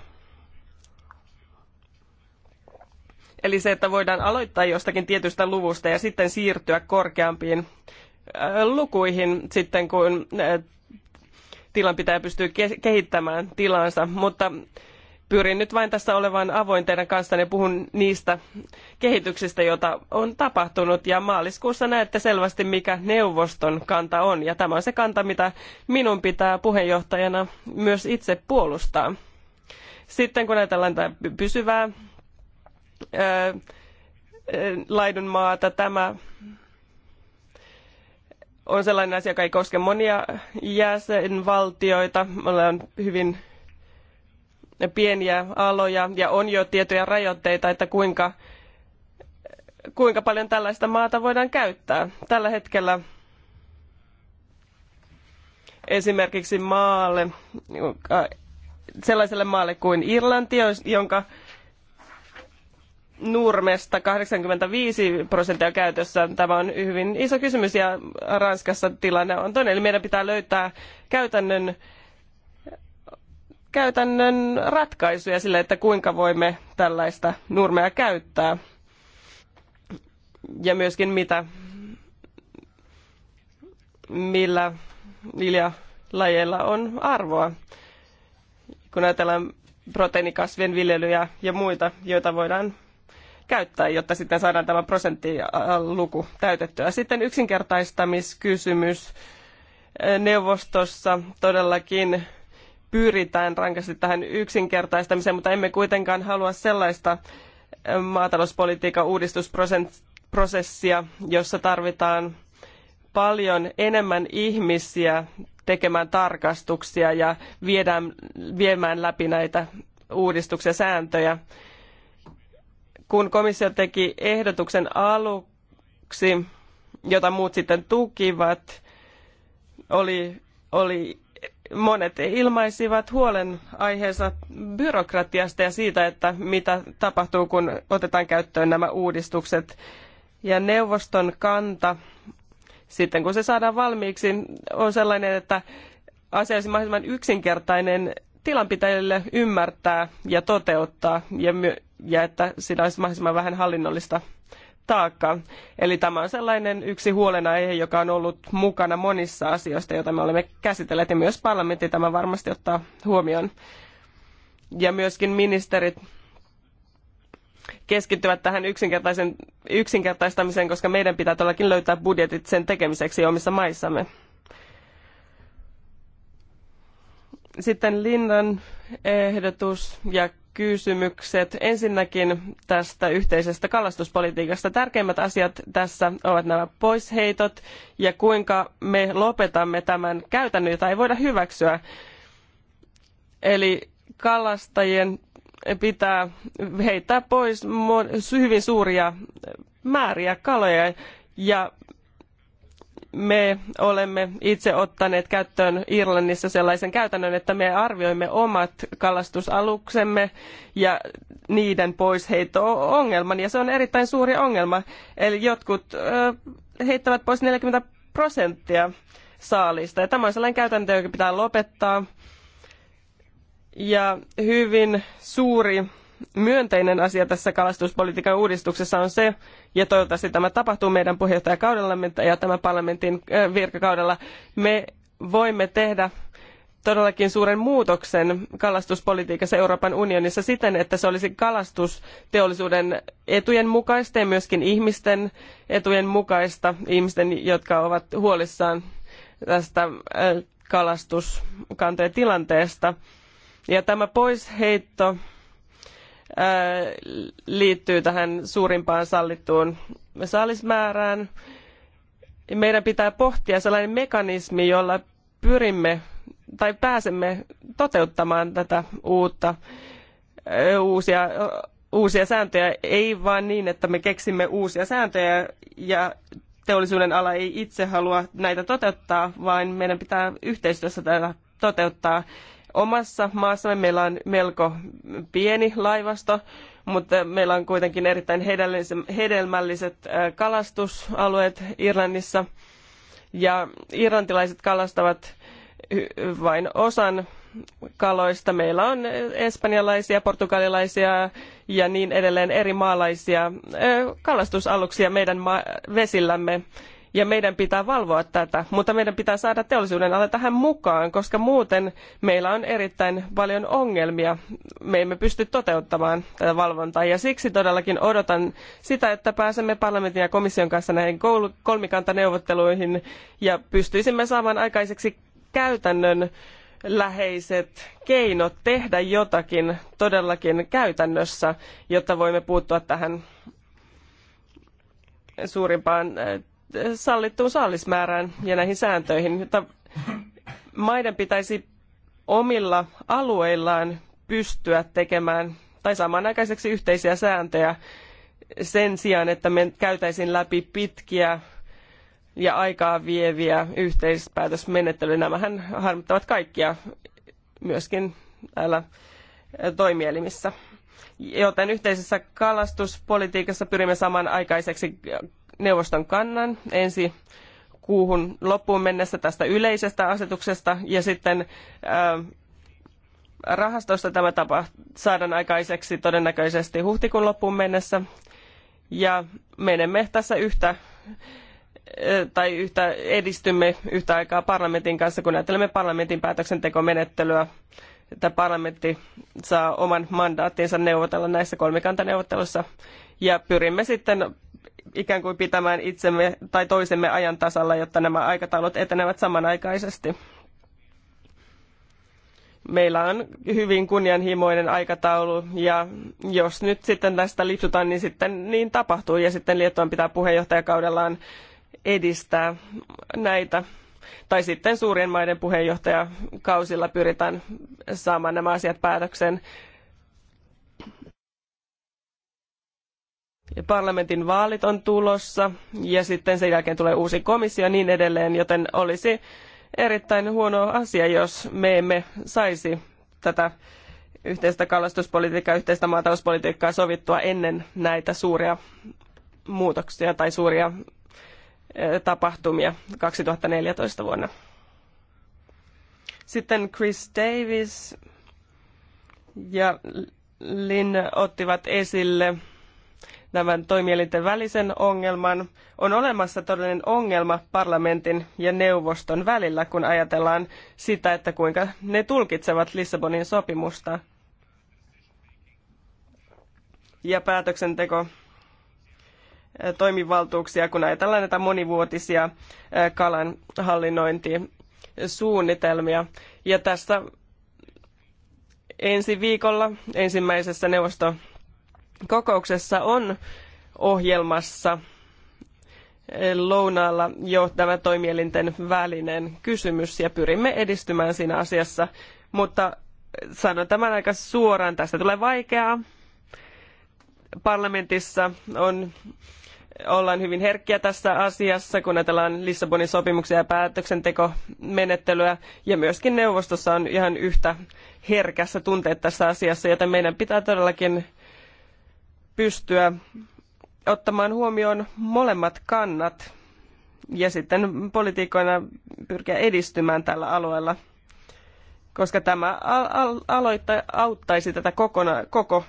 Eli se, että voidaan aloittaa jostakin tietystä luvusta ja sitten siirtyä korkeampiin äh, lukuihin sitten, kun äh, tilan pitää pystyä kehittämään tilansa. Mutta pyrin nyt vain tässä olevan avoin teidän kanssanne ja puhun niistä kehityksistä, joita on tapahtunut. Ja maaliskuussa näette selvästi, mikä neuvoston kanta on. Ja tämä on se kanta, mitä minun pitää puheenjohtajana myös itse puolustaa. Sitten kun ajatellaan tätä pysyvää ää, laidunmaata, tämä on sellainen asia, joka ei koske monia jäsenvaltioita. Me ollaan hyvin pieniä aloja ja on jo tietoja rajoitteita, että kuinka, kuinka paljon tällaista maata voidaan käyttää. Tällä hetkellä esimerkiksi maalle, äh, sellaiselle maalle kuin Irlanti, jonka nurmesta 85 prosenttia käytössä. Tämä on hyvin iso kysymys ja Ranskassa tilanne on toinen. Eli meidän pitää löytää käytännön käytännön ratkaisuja sille, että kuinka voimme tällaista nurmea käyttää. Ja myöskin mitä, millä viljalajeilla on arvoa. Kun ajatellaan proteiinikasvien viljelyjä ja muita, joita voidaan käyttää, jotta sitten saadaan tämä prosenttiluku täytettyä. Sitten yksinkertaistamiskysymys neuvostossa todellakin pyritään rankasti tähän yksinkertaistamiseen, mutta emme kuitenkaan halua sellaista maatalouspolitiikan uudistusprosessia, jossa tarvitaan paljon enemmän ihmisiä tekemään tarkastuksia ja viedään, viemään läpi näitä uudistuksia sääntöjä. Kun komissio teki ehdotuksen aluksi, jota muut sitten tukivat, oli, oli monet ilmaisivat huolen aiheensa byrokratiasta ja siitä, että mitä tapahtuu, kun otetaan käyttöön nämä uudistukset. Ja neuvoston kanta, sitten kun se saadaan valmiiksi, on sellainen, että asia olisi mahdollisimman yksinkertainen tilanpitäjille ymmärtää ja toteuttaa, ja, ja että siinä olisi mahdollisimman vähän hallinnollista taakka. Eli tämä on sellainen yksi huolenaihe, joka on ollut mukana monissa asioista, joita me olemme käsitelleet, ja myös parlamentti tämä varmasti ottaa huomioon. Ja myöskin ministerit keskittyvät tähän yksinkertaisen, yksinkertaistamiseen, koska meidän pitää todellakin löytää budjetit sen tekemiseksi omissa maissamme. Sitten Linnan ehdotus ja kysymykset. Ensinnäkin tästä yhteisestä kalastuspolitiikasta. Tärkeimmät asiat tässä ovat nämä poisheitot ja kuinka me lopetamme tämän käytännön, jota ei voida hyväksyä. Eli kalastajien pitää heittää pois hyvin suuria määriä kaloja ja me olemme itse ottaneet käyttöön Irlannissa sellaisen käytännön, että me arvioimme omat kalastusaluksemme ja niiden poisheitto-ongelman. Ja se on erittäin suuri ongelma. Eli jotkut heittävät pois 40 prosenttia saalista. Ja tämä on sellainen käytäntö, joka pitää lopettaa. Ja hyvin suuri myönteinen asia tässä kalastuspolitiikan uudistuksessa on se, ja toivottavasti tämä tapahtuu meidän puheenjohtajakaudellamme ja tämän parlamentin virkakaudella, me voimme tehdä todellakin suuren muutoksen kalastuspolitiikassa Euroopan unionissa siten, että se olisi kalastusteollisuuden etujen mukaista ja myöskin ihmisten etujen mukaista, ihmisten, jotka ovat huolissaan tästä kalastuskantojen tilanteesta. Ja tämä poisheitto liittyy tähän suurimpaan sallittuun saalismäärään. Meidän pitää pohtia sellainen mekanismi, jolla pyrimme tai pääsemme toteuttamaan tätä uutta, uusia, uusia sääntöjä, ei vaan niin, että me keksimme uusia sääntöjä ja teollisuuden ala ei itse halua näitä toteuttaa, vaan meidän pitää yhteistyössä tätä toteuttaa Omassa maassamme meillä on melko pieni laivasto, mutta meillä on kuitenkin erittäin hedelmälliset kalastusalueet Irlannissa. Ja irlantilaiset kalastavat vain osan kaloista. Meillä on espanjalaisia, portugalilaisia ja niin edelleen eri maalaisia kalastusaluksia meidän vesillämme ja meidän pitää valvoa tätä, mutta meidän pitää saada teollisuuden ala tähän mukaan, koska muuten meillä on erittäin paljon ongelmia. Me emme pysty toteuttamaan tätä valvontaa ja siksi todellakin odotan sitä, että pääsemme parlamentin ja komission kanssa näihin kolmikantaneuvotteluihin ja pystyisimme saamaan aikaiseksi käytännön läheiset keinot tehdä jotakin todellakin käytännössä, jotta voimme puuttua tähän suurimpaan sallittuun saalismäärään ja näihin sääntöihin, jotta maiden pitäisi omilla alueillaan pystyä tekemään tai saamaan aikaiseksi yhteisiä sääntöjä sen sijaan, että me käytäisiin läpi pitkiä ja aikaa vieviä yhteispäätösmenettelyjä. Nämähän harmittavat kaikkia myöskin täällä toimielimissä. Joten yhteisessä kalastuspolitiikassa pyrimme saman aikaiseksi neuvoston kannan ensi kuuhun loppuun mennessä tästä yleisestä asetuksesta ja sitten rahastosta tämä tapa saadaan aikaiseksi todennäköisesti huhtikuun loppuun mennessä. Ja menemme tässä yhtä tai yhtä, edistymme yhtä aikaa parlamentin kanssa, kun ajattelemme parlamentin päätöksentekomenettelyä, että parlamentti saa oman mandaattinsa neuvotella näissä kolmikantaneuvotteluissa. Ja pyrimme sitten ikään kuin pitämään itsemme tai toisemme ajan tasalla, jotta nämä aikataulut etenevät samanaikaisesti. Meillä on hyvin kunnianhimoinen aikataulu ja jos nyt sitten tästä lipsutaan, niin sitten niin tapahtuu ja sitten Liettuan pitää puheenjohtajakaudellaan edistää näitä. Tai sitten suurien maiden puheenjohtajakausilla pyritään saamaan nämä asiat päätökseen parlamentin vaalit on tulossa ja sitten sen jälkeen tulee uusi komissio ja niin edelleen, joten olisi erittäin huono asia, jos me emme saisi tätä yhteistä kalastuspolitiikkaa, yhteistä maatalouspolitiikkaa sovittua ennen näitä suuria muutoksia tai suuria tapahtumia 2014 vuonna. Sitten Chris Davis ja Lynn ottivat esille tämän toimielinten välisen ongelman. On olemassa todellinen ongelma parlamentin ja neuvoston välillä, kun ajatellaan sitä, että kuinka ne tulkitsevat Lissabonin sopimusta. Ja päätöksenteko toimivaltuuksia, kun ajatellaan näitä monivuotisia kalan hallinnointisuunnitelmia. Ja tässä ensi viikolla ensimmäisessä neuvosto kokouksessa on ohjelmassa eh, lounaalla jo tämä toimielinten välinen kysymys ja pyrimme edistymään siinä asiassa, mutta eh, sanon tämän aika suoraan, tästä tulee vaikeaa. Parlamentissa on, eh, ollaan hyvin herkkiä tässä asiassa, kun ajatellaan Lissabonin sopimuksia ja päätöksentekomenettelyä, ja myöskin neuvostossa on ihan yhtä herkässä tunteet tässä asiassa, joten meidän pitää todellakin pystyä ottamaan huomioon molemmat kannat ja sitten poliitikoina pyrkiä edistymään tällä alueella, koska tämä al- auttaisi tätä kokona- koko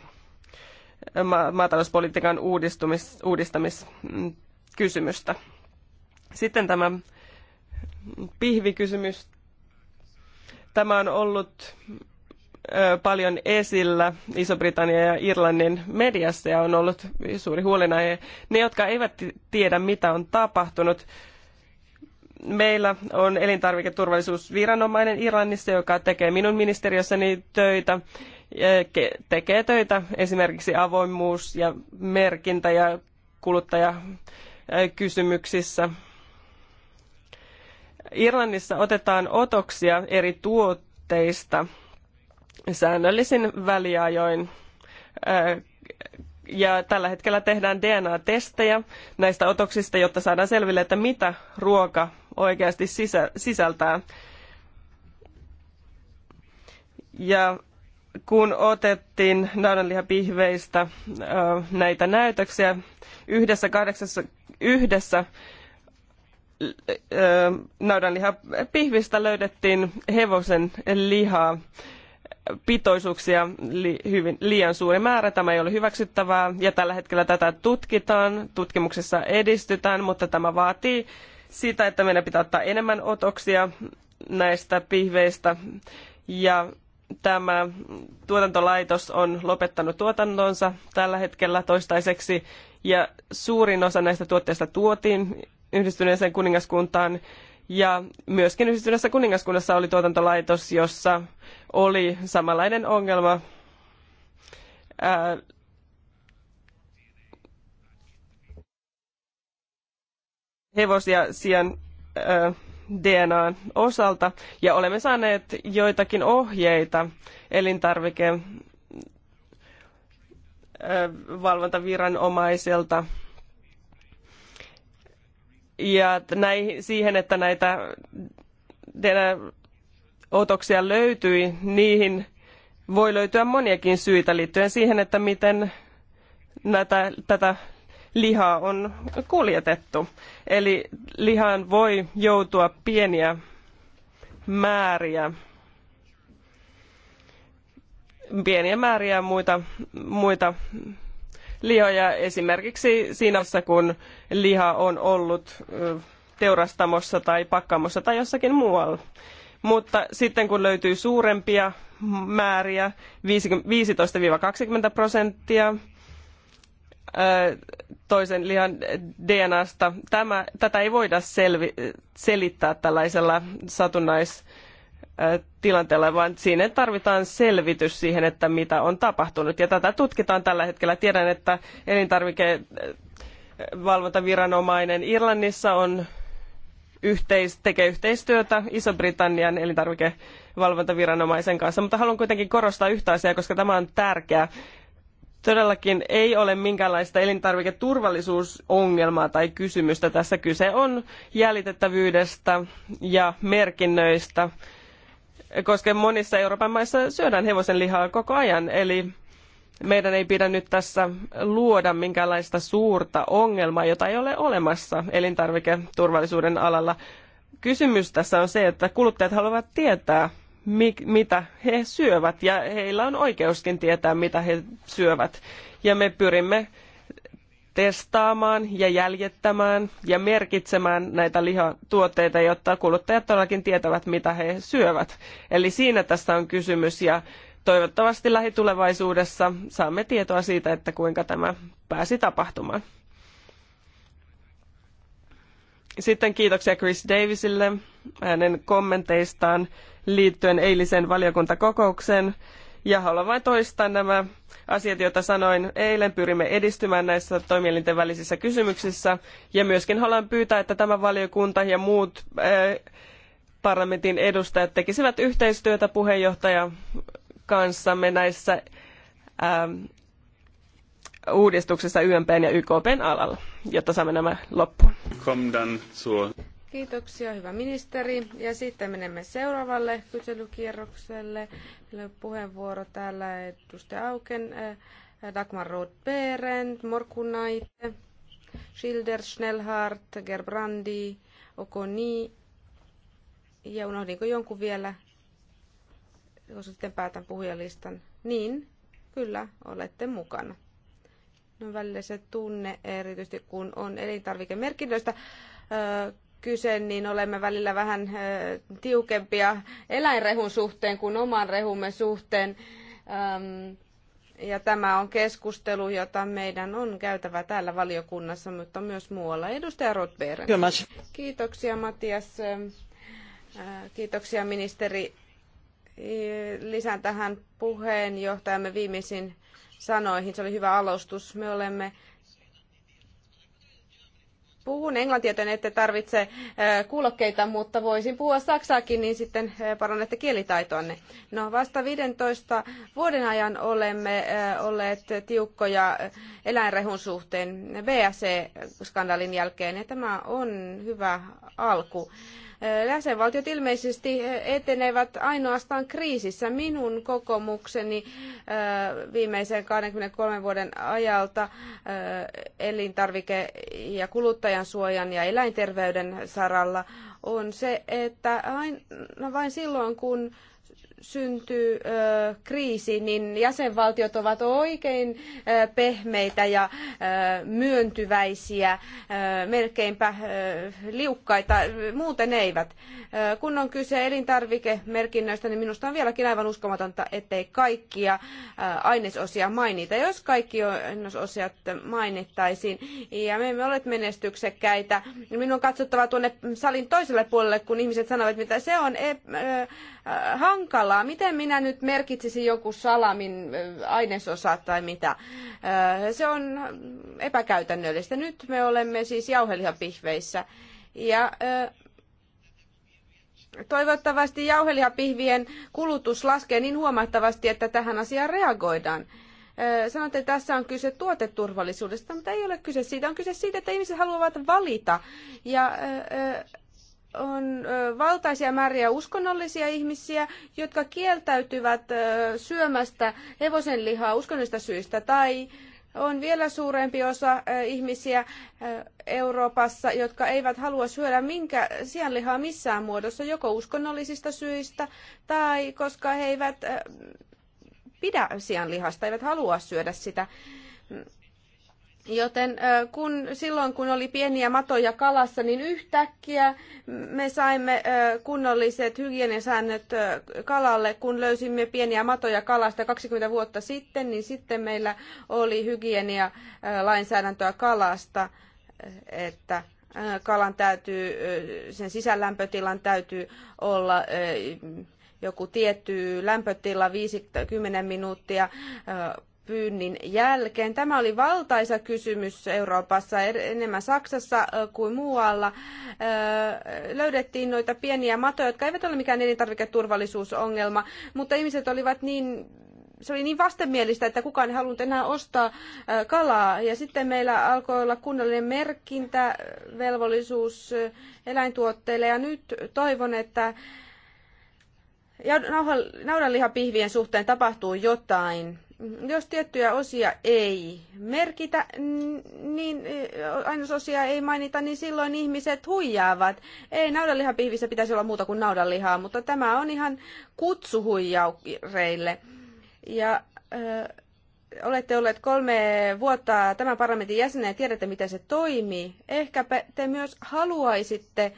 ma- maatalouspolitiikan uudistumis- uudistamiskysymystä. Sitten tämä pihvikysymys. Tämä on ollut paljon esillä Iso-Britannia ja Irlannin mediassa ja on ollut suuri huolenaihe. Ne, jotka eivät tiedä, mitä on tapahtunut, meillä on elintarviketurvallisuusviranomainen Irlannissa, joka tekee minun ministeriössäni töitä, tekee töitä esimerkiksi avoimuus ja merkintä ja kuluttajakysymyksissä. Irlannissa otetaan otoksia eri tuotteista – säännöllisin väliajoin. Ja tällä hetkellä tehdään DNA-testejä näistä otoksista, jotta saadaan selville, että mitä ruoka oikeasti sisältää. Ja kun otettiin naudanlihapihveistä näitä näytöksiä yhdessä kahdeksassa yhdessä naudanlihapihvistä löydettiin hevosen lihaa pitoisuuksia li, hyvin, liian suuri määrä. Tämä ei ole hyväksyttävää ja tällä hetkellä tätä tutkitaan, tutkimuksessa edistytään, mutta tämä vaatii sitä, että meidän pitää ottaa enemmän otoksia näistä pihveistä ja tämä tuotantolaitos on lopettanut tuotantonsa tällä hetkellä toistaiseksi ja suurin osa näistä tuotteista tuotiin yhdistyneeseen kuningaskuntaan ja myöskin yhdistyneessä kuningaskunnassa oli tuotantolaitos, jossa oli samanlainen ongelma. Ää, hevosia sian ää, DNAn osalta ja olemme saaneet joitakin ohjeita elintarvike valvontaviranomaiselta ja näihin, siihen, että näitä otoksia löytyi, niihin voi löytyä moniakin syitä liittyen siihen, että miten näitä, tätä lihaa on kuljetettu. Eli lihaan voi joutua pieniä määriä, pieniä määriä muita, muita lihoja esimerkiksi siinä, kun liha on ollut teurastamossa tai pakkamossa tai jossakin muualla. Mutta sitten kun löytyy suurempia määriä, 15-20 prosenttia toisen lihan DNAsta, tämä, tätä ei voida selvi, selittää tällaisella satunnais tilanteella, vaan siinä tarvitaan selvitys siihen, että mitä on tapahtunut. Ja tätä tutkitaan tällä hetkellä. Tiedän, että elintarvikevalvontaviranomainen Irlannissa on yhteis, tekee yhteistyötä Iso-Britannian elintarvikevalvontaviranomaisen kanssa, mutta haluan kuitenkin korostaa yhtä asiaa, koska tämä on tärkeää. Todellakin ei ole minkäänlaista elintarviketurvallisuusongelmaa tai kysymystä. Tässä kyse on jäljitettävyydestä ja merkinnöistä koska monissa Euroopan maissa syödään hevosen lihaa koko ajan. Eli meidän ei pidä nyt tässä luoda minkäänlaista suurta ongelmaa, jota ei ole olemassa elintarviketurvallisuuden alalla. Kysymys tässä on se, että kuluttajat haluavat tietää, mitä he syövät, ja heillä on oikeuskin tietää, mitä he syövät. Ja me pyrimme testaamaan ja jäljittämään ja merkitsemään näitä lihatuotteita, jotta kuluttajat todellakin tietävät, mitä he syövät. Eli siinä tässä on kysymys ja toivottavasti lähitulevaisuudessa saamme tietoa siitä, että kuinka tämä pääsi tapahtumaan. Sitten kiitoksia Chris Davisille hänen kommenteistaan liittyen eiliseen valiokuntakokoukseen. Ja haluan vain toistaa nämä asiat, joita sanoin eilen. Pyrimme edistymään näissä toimielinten välisissä kysymyksissä. Ja myöskin haluan pyytää, että tämä valiokunta ja muut eh, parlamentin edustajat tekisivät yhteistyötä puheenjohtajan kanssamme näissä eh, uudistuksissa YMPn ja YKPn alalla, jotta saamme nämä loppuun. Kiitoksia, hyvä ministeri. Ja sitten menemme seuraavalle kyselykierrokselle. Meillä puheenvuoro täällä edustaja Auken, eh, Dagmar Roth-Berend, Morkunaite, Schilder, Schnellhardt, Gerbrandi, Okoni. Ja unohdinko jonkun vielä, koska sitten päätän puhujalistan. Niin, kyllä, olette mukana. No välillä se tunne, erityisesti kun on elintarvikemerkinnöistä öö, kyse, niin olemme välillä vähän tiukempia eläinrehun suhteen kuin oman rehumme suhteen. Ja tämä on keskustelu, jota meidän on käytävä täällä valiokunnassa, mutta myös muualla. Edustaja Rotberen. Kiitoksia Matias. Kiitoksia ministeri. Lisään tähän puheenjohtajamme viimeisin sanoihin. Se oli hyvä alustus. Me olemme puhun englantia, joten ette tarvitse äh, kuulokkeita, mutta voisin puhua saksaakin, niin sitten äh, parannatte kielitaitoanne. No vasta 15 vuoden ajan olemme äh, olleet tiukkoja eläinrehun suhteen BSE-skandaalin jälkeen, ja tämä on hyvä alku. Jäsenvaltiot ilmeisesti etenevät ainoastaan kriisissä. Minun kokemukseni äh, viimeisen 23 vuoden ajalta äh, elintarvike- ja kuluttajansuojan ja eläinterveyden saralla on se, että aina vain silloin, kun syntyy kriisi, niin jäsenvaltiot ovat oikein pehmeitä ja myöntyväisiä, melkeinpä liukkaita, muuten eivät. Kun on kyse elintarvikemerkinnöistä, niin minusta on vieläkin aivan uskomatonta, ettei kaikkia ainesosia mainita. Jos kaikki ainesosat mainittaisiin, ja me emme ole menestyksekkäitä, niin minun on katsottava tuonne salin toiselle puolelle, kun ihmiset sanovat, mitä se on e, hankala salaa. Miten minä nyt merkitsisin joku salamin äh, ainesosa tai mitä? Äh, se on epäkäytännöllistä. Nyt me olemme siis jauhelihapihveissä. Ja äh, toivottavasti jauhelihapihvien kulutus laskee niin huomattavasti, että tähän asiaan reagoidaan sanotte, että tässä on kyse tuoteturvallisuudesta, mutta ei ole kyse siitä. On kyse siitä, että ihmiset haluavat valita. Ja on valtaisia määriä uskonnollisia ihmisiä, jotka kieltäytyvät syömästä hevosen lihaa uskonnollisista syistä tai on vielä suurempi osa ihmisiä Euroopassa, jotka eivät halua syödä minkä sianlihaa missään muodossa, joko uskonnollisista syistä tai koska he eivät pidä sianlihasta, eivät halua syödä sitä. Joten kun, silloin kun oli pieniä matoja kalassa, niin yhtäkkiä me saimme kunnolliset hygienisäännöt kalalle. Kun löysimme pieniä matoja kalasta 20 vuotta sitten, niin sitten meillä oli hygienia lainsäädäntöä kalasta, että kalan täytyy, sen sisälämpötilan täytyy olla joku tietty lämpötila 50 minuuttia pyynnin jälkeen. Tämä oli valtaisa kysymys Euroopassa, er-, enemmän Saksassa kuin muualla. Löydettiin noita pieniä matoja, jotka eivät ole mikään elintarviketurvallisuusongelma, mutta ihmiset olivat niin se oli niin vastenmielistä, että kukaan ei halunnut enää ostaa kalaa. Ja sitten meillä alkoi olla kunnollinen merkintävelvollisuus eläintuotteille. Ja nyt toivon, että naudanlihapihvien suhteen tapahtuu jotain jos tiettyjä osia ei merkitä, niin ainesosia ei mainita, niin silloin ihmiset huijaavat. Ei naudanlihapihvissä pitäisi olla muuta kuin naudanlihaa, mutta tämä on ihan kutsu Ja ö, olette olleet kolme vuotta tämän parlamentin jäsenä ja tiedätte, miten se toimii. Ehkä te myös haluaisitte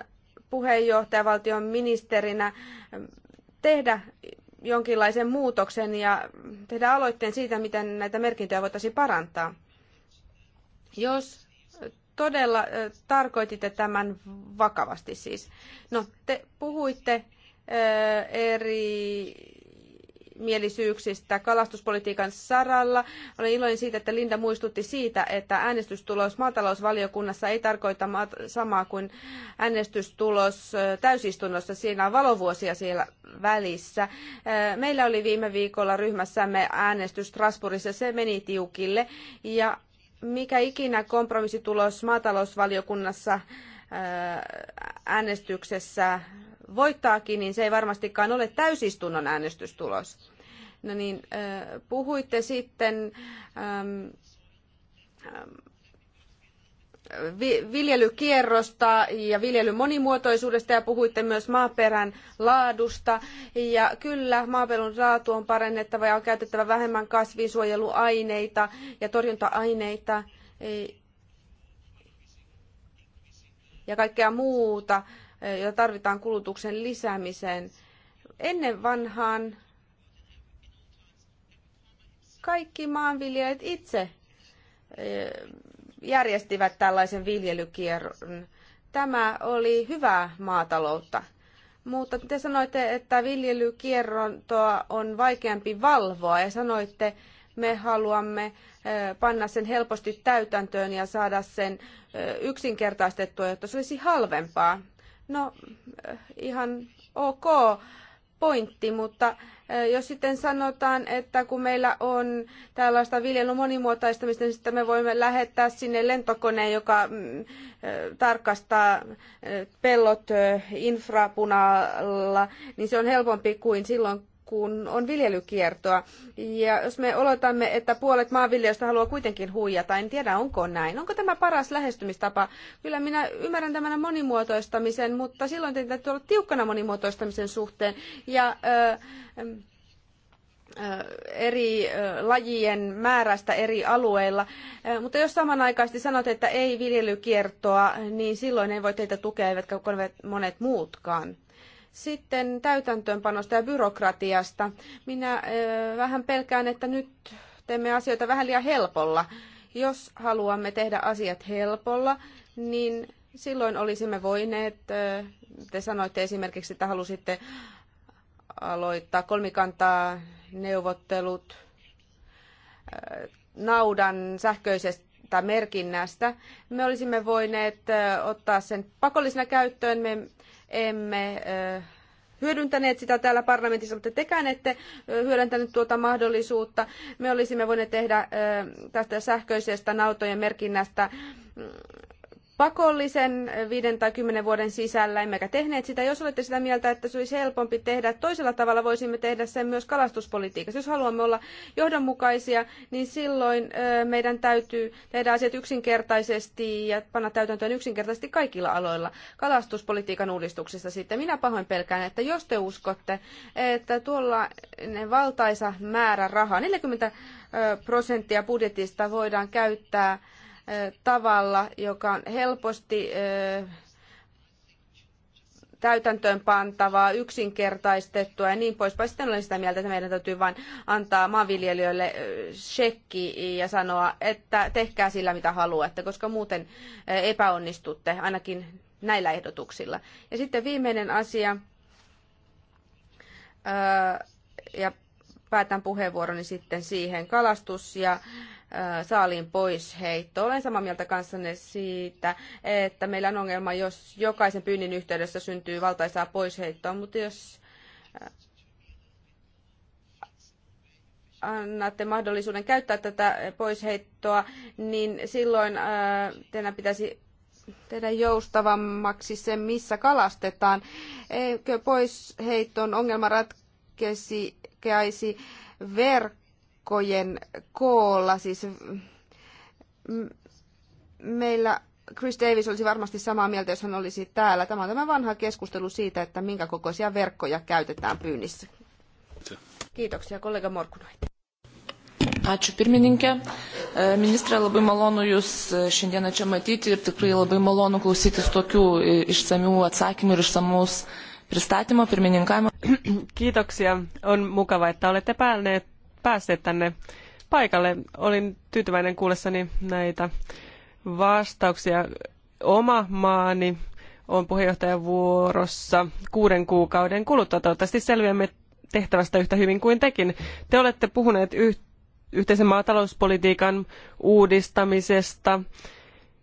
ö, puheenjohtajavaltion ministerinä tehdä jonkinlaisen muutoksen ja tehdä aloitteen siitä, miten näitä merkintöjä voitaisiin parantaa. Jos todella tarkoititte tämän vakavasti siis. No, te puhuitte eri mielisyyksistä kalastuspolitiikan saralla. Olen iloinen siitä, että Linda muistutti siitä, että äänestystulos maatalousvaliokunnassa ei tarkoita samaa kuin äänestystulos täysistunnossa. Siinä on valovuosia siellä välissä. Meillä oli viime viikolla ryhmässämme äänestys Strasbourgissa. Se meni tiukille. Ja mikä ikinä kompromissitulos maatalousvaliokunnassa äänestyksessä voittaakin, niin se ei varmastikaan ole täysistunnon äänestystulos. No niin, puhuitte sitten viljelykierrosta ja viljelyn monimuotoisuudesta ja puhuitte myös maaperän laadusta. Ja kyllä, maaperän laatu on parannettava ja on käytettävä vähemmän kasvinsuojeluaineita ja torjunta-aineita ja kaikkea muuta joita tarvitaan kulutuksen lisäämiseen. Ennen vanhaan kaikki maanviljelijät itse järjestivät tällaisen viljelykierron. Tämä oli hyvää maataloutta. Mutta te sanoitte, että viljelykierrontoa on vaikeampi valvoa ja sanoitte, me haluamme panna sen helposti täytäntöön ja saada sen yksinkertaistettua, jotta se olisi halvempaa. No, äh, ihan ok pointti, mutta äh, jos sitten sanotaan, että kun meillä on tällaista viljelyn monimuotoistamista, niin sitten me voimme lähettää sinne lentokoneen, joka mm, äh, tarkastaa pellot infrapunalla, niin se on helpompi kuin silloin, kun on viljelykiertoa. Ja jos me oletamme, että puolet maanviljelijöistä haluaa kuitenkin huijata, en tiedä onko näin. Onko tämä paras lähestymistapa? Kyllä minä ymmärrän tämän monimuotoistamisen, mutta silloin teidän täytyy olla tiukkana monimuotoistamisen suhteen. Ja, ö, ö, eri lajien määrästä eri alueilla. Mutta jos samanaikaisesti sanot, että ei viljelykiertoa, niin silloin ei voi teitä tukea, eivätkä monet muutkaan. Sitten täytäntöönpanosta ja byrokratiasta. Minä vähän pelkään, että nyt teemme asioita vähän liian helpolla. Jos haluamme tehdä asiat helpolla, niin silloin olisimme voineet, te sanoitte esimerkiksi, että halusitte aloittaa kolmikantaa neuvottelut naudan sähköisestä merkinnästä. Me olisimme voineet ottaa sen pakollisena käyttöön, me emme hyödyntäneet sitä täällä parlamentissa, mutta tekään ette hyödyntäneet tuota mahdollisuutta. Me olisimme voineet tehdä tästä sähköisestä nautojen merkinnästä mm, pakollisen viiden tai kymmenen vuoden sisällä, emmekä tehneet sitä. Jos olette sitä mieltä, että se olisi helpompi tehdä toisella tavalla, voisimme tehdä sen myös kalastuspolitiikassa. Jos haluamme olla johdonmukaisia, niin silloin meidän täytyy tehdä asiat yksinkertaisesti ja panna täytäntöön yksinkertaisesti kaikilla aloilla. Kalastuspolitiikan uudistuksessa sitten minä pahoin pelkään, että jos te uskotte, että tuolla ne valtaisa määrä rahaa, 40 prosenttia budjetista voidaan käyttää tavalla, joka on helposti täytäntöön pantavaa, yksinkertaistettua ja niin poispäin. Sitten olen sitä mieltä, että meidän täytyy vain antaa maanviljelijöille shekki ja sanoa, että tehkää sillä mitä haluatte, koska muuten epäonnistutte ainakin näillä ehdotuksilla. Ja sitten viimeinen asia, ja päätän puheenvuoroni sitten siihen, kalastus ja saaliin pois heitto. Olen samaa mieltä kanssanne siitä, että meillä on ongelma, jos jokaisen pyynnin yhteydessä syntyy valtaisaa poisheittoa, mutta jos annatte mahdollisuuden käyttää tätä poisheittoa, niin silloin teidän pitäisi tehdä joustavammaksi se, missä kalastetaan. Eikö poisheiton ongelma ratkeaisi verkkoon? joukkojen koolla. Siis meillä Chris Davis olisi varmasti samaa mieltä, jos hän olisi täällä. Tämä on tämä vanha keskustelu siitä, että minkä kokoisia verkkoja käytetään pyynnissä. Kiitoksia kollega Morkunainen. Ačiū pirmininkė. E, ministrė, labai malonu Jūs e, šiandieną čia matyti ir tikrai labai malonu klausytis tokių e, išsamių atsakymų ir išsamaus pristatymo pirmininkavimo. Kiitoksia. On mukava, että olette päälleet päässeet tänne paikalle. Olin tyytyväinen kuullessani näitä vastauksia. Oma maani on vuorossa kuuden kuukauden kuluttua. Toivottavasti selviämme tehtävästä yhtä hyvin kuin tekin. Te olette puhuneet yh- yhteisen maatalouspolitiikan uudistamisesta.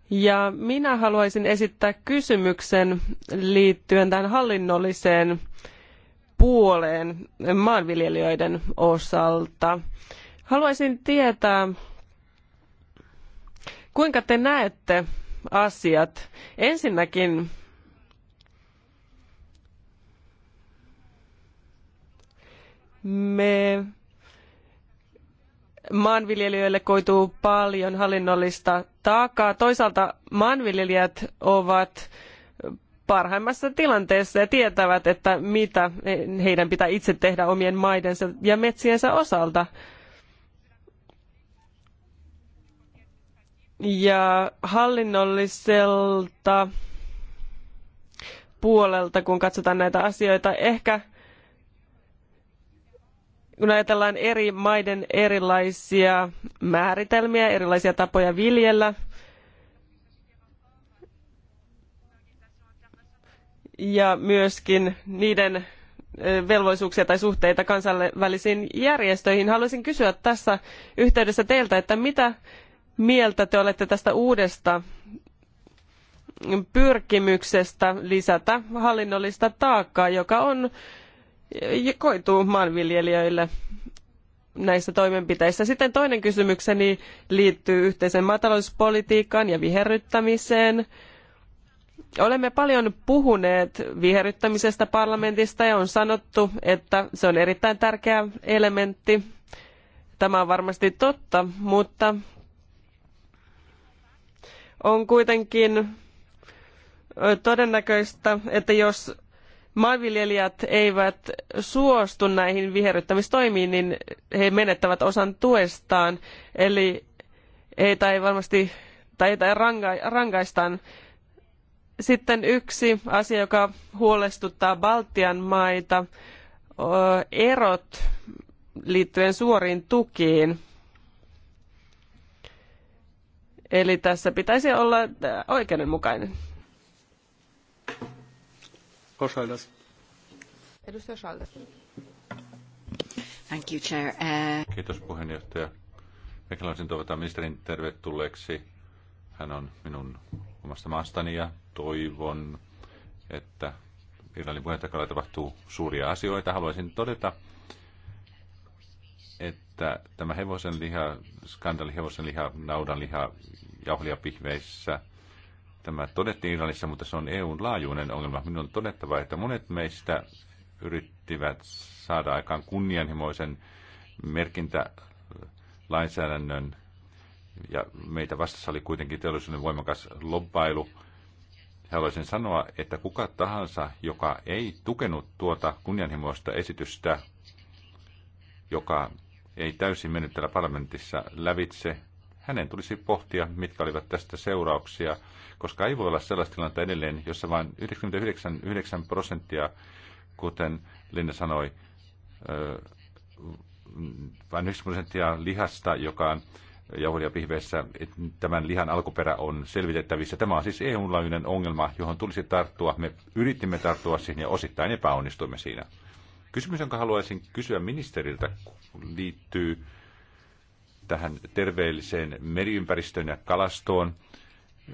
Ja minä haluaisin esittää kysymyksen liittyen tähän hallinnolliseen puoleen maanviljelijöiden osalta. Haluaisin tietää, kuinka te näette asiat. Ensinnäkin me maanviljelijöille koituu paljon hallinnollista taakkaa. Toisaalta maanviljelijät ovat parhaimmassa tilanteessa ja tietävät, että mitä heidän pitää itse tehdä omien maidensa ja metsiensä osalta. Ja hallinnolliselta puolelta, kun katsotaan näitä asioita, ehkä kun ajatellaan eri maiden erilaisia määritelmiä, erilaisia tapoja viljellä, ja myöskin niiden velvollisuuksia tai suhteita kansainvälisiin järjestöihin. Haluaisin kysyä tässä yhteydessä teiltä, että mitä mieltä te olette tästä uudesta pyrkimyksestä lisätä hallinnollista taakkaa, joka on koituu maanviljelijöille näissä toimenpiteissä. Sitten toinen kysymykseni liittyy yhteisen maatalouspolitiikkaan ja viherryttämiseen. Olemme paljon puhuneet viherryttämisestä parlamentista ja on sanottu, että se on erittäin tärkeä elementti. Tämä on varmasti totta, mutta on kuitenkin todennäköistä, että jos maanviljelijät eivät suostu näihin viherryttämistoimiin, niin he menettävät osan tuestaan. Eli heitä ei varmasti tai heitä rangaistaan sitten yksi asia, joka huolestuttaa Baltian maita, erot liittyen suoriin tukiin. Eli tässä pitäisi olla oikeudenmukainen. Osaldas. Edustaja Schalder. Thank you, Chair. Uh... Kiitos puheenjohtaja. Mekin haluaisin toivottaa ministerin tervetulleeksi. Hän on minun omasta maastani ja toivon, että Irlannin puheenjohtajakaudella tapahtuu suuria asioita. Haluaisin todeta, että tämä hevosen liha, skandali hevosen liha, naudan liha, jauhlia pihveissä, tämä todettiin Irlannissa, mutta se on EUn laajuinen ongelma. Minun on todettava, että monet meistä yrittivät saada aikaan kunnianhimoisen lainsäädännön ja meitä vastassa oli kuitenkin teollisuuden voimakas lobbailu. Haluaisin sanoa, että kuka tahansa, joka ei tukenut tuota kunnianhimoista esitystä, joka ei täysin mennyt täällä parlamentissa lävitse, hänen tulisi pohtia, mitkä olivat tästä seurauksia, koska ei voi olla sellaista tilannetta edelleen, jossa vain 99 prosenttia, kuten Linna sanoi, vain 9 prosenttia lihasta, joka on että tämän lihan alkuperä on selvitettävissä. Tämä on siis EU-laajuinen ongelma, johon tulisi tarttua. Me yritimme tarttua siihen ja osittain epäonnistuimme siinä. Kysymys, jonka haluaisin kysyä ministeriltä, liittyy tähän terveelliseen meriympäristöön ja kalastoon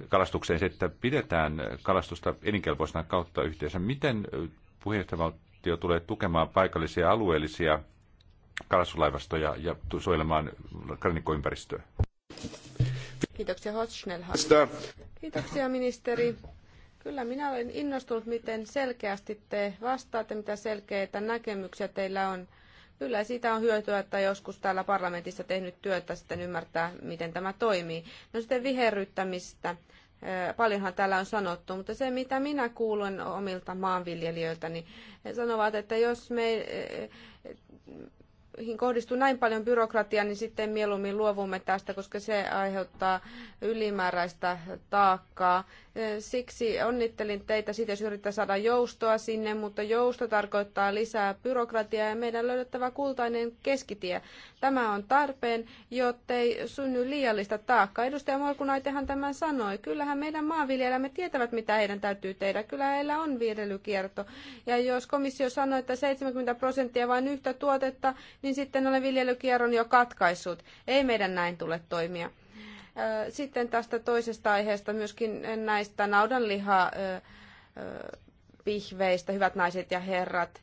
kalastukseen se, että pidetään kalastusta elinkelpoisena kautta yhteensä. Miten puheenjohtajavaltio tulee tukemaan paikallisia alueellisia kalastuslaivastoja ja suojelemaan rannikkoympäristöä. Kiitoksia Hotschnellha. Kiitoksia ministeri. Kyllä minä olen innostunut, miten selkeästi te vastaatte, mitä selkeitä näkemyksiä teillä on. Kyllä siitä on hyötyä, että joskus täällä parlamentissa tehnyt työtä sitten ymmärtää, miten tämä toimii. No sitten viherryttämistä. Äh, paljonhan täällä on sanottu, mutta se mitä minä kuulun omilta maanviljelijöiltä, niin he sanovat, että jos me äh, joihin kohdistuu näin paljon byrokratiaa, niin sitten mieluummin luovumme tästä, koska se aiheuttaa ylimääräistä taakkaa. E, siksi onnittelin teitä siitä, jos yrittää saada joustoa sinne, mutta jousto tarkoittaa lisää byrokratiaa ja meidän löydettävä kultainen keskitie. Tämä on tarpeen, jottei synny liiallista taakkaa. Edustaja Morkunaitehan tämän sanoi. Kyllähän meidän maanviljelijämme tietävät, mitä heidän täytyy tehdä. Kyllä heillä on viljelykierto. Ja jos komissio sanoo, että 70 prosenttia vain yhtä tuotetta, niin niin sitten olen viljelykierron jo katkaissut. Ei meidän näin tule toimia. Sitten tästä toisesta aiheesta myöskin näistä naudanliha pihveistä, hyvät naiset ja herrat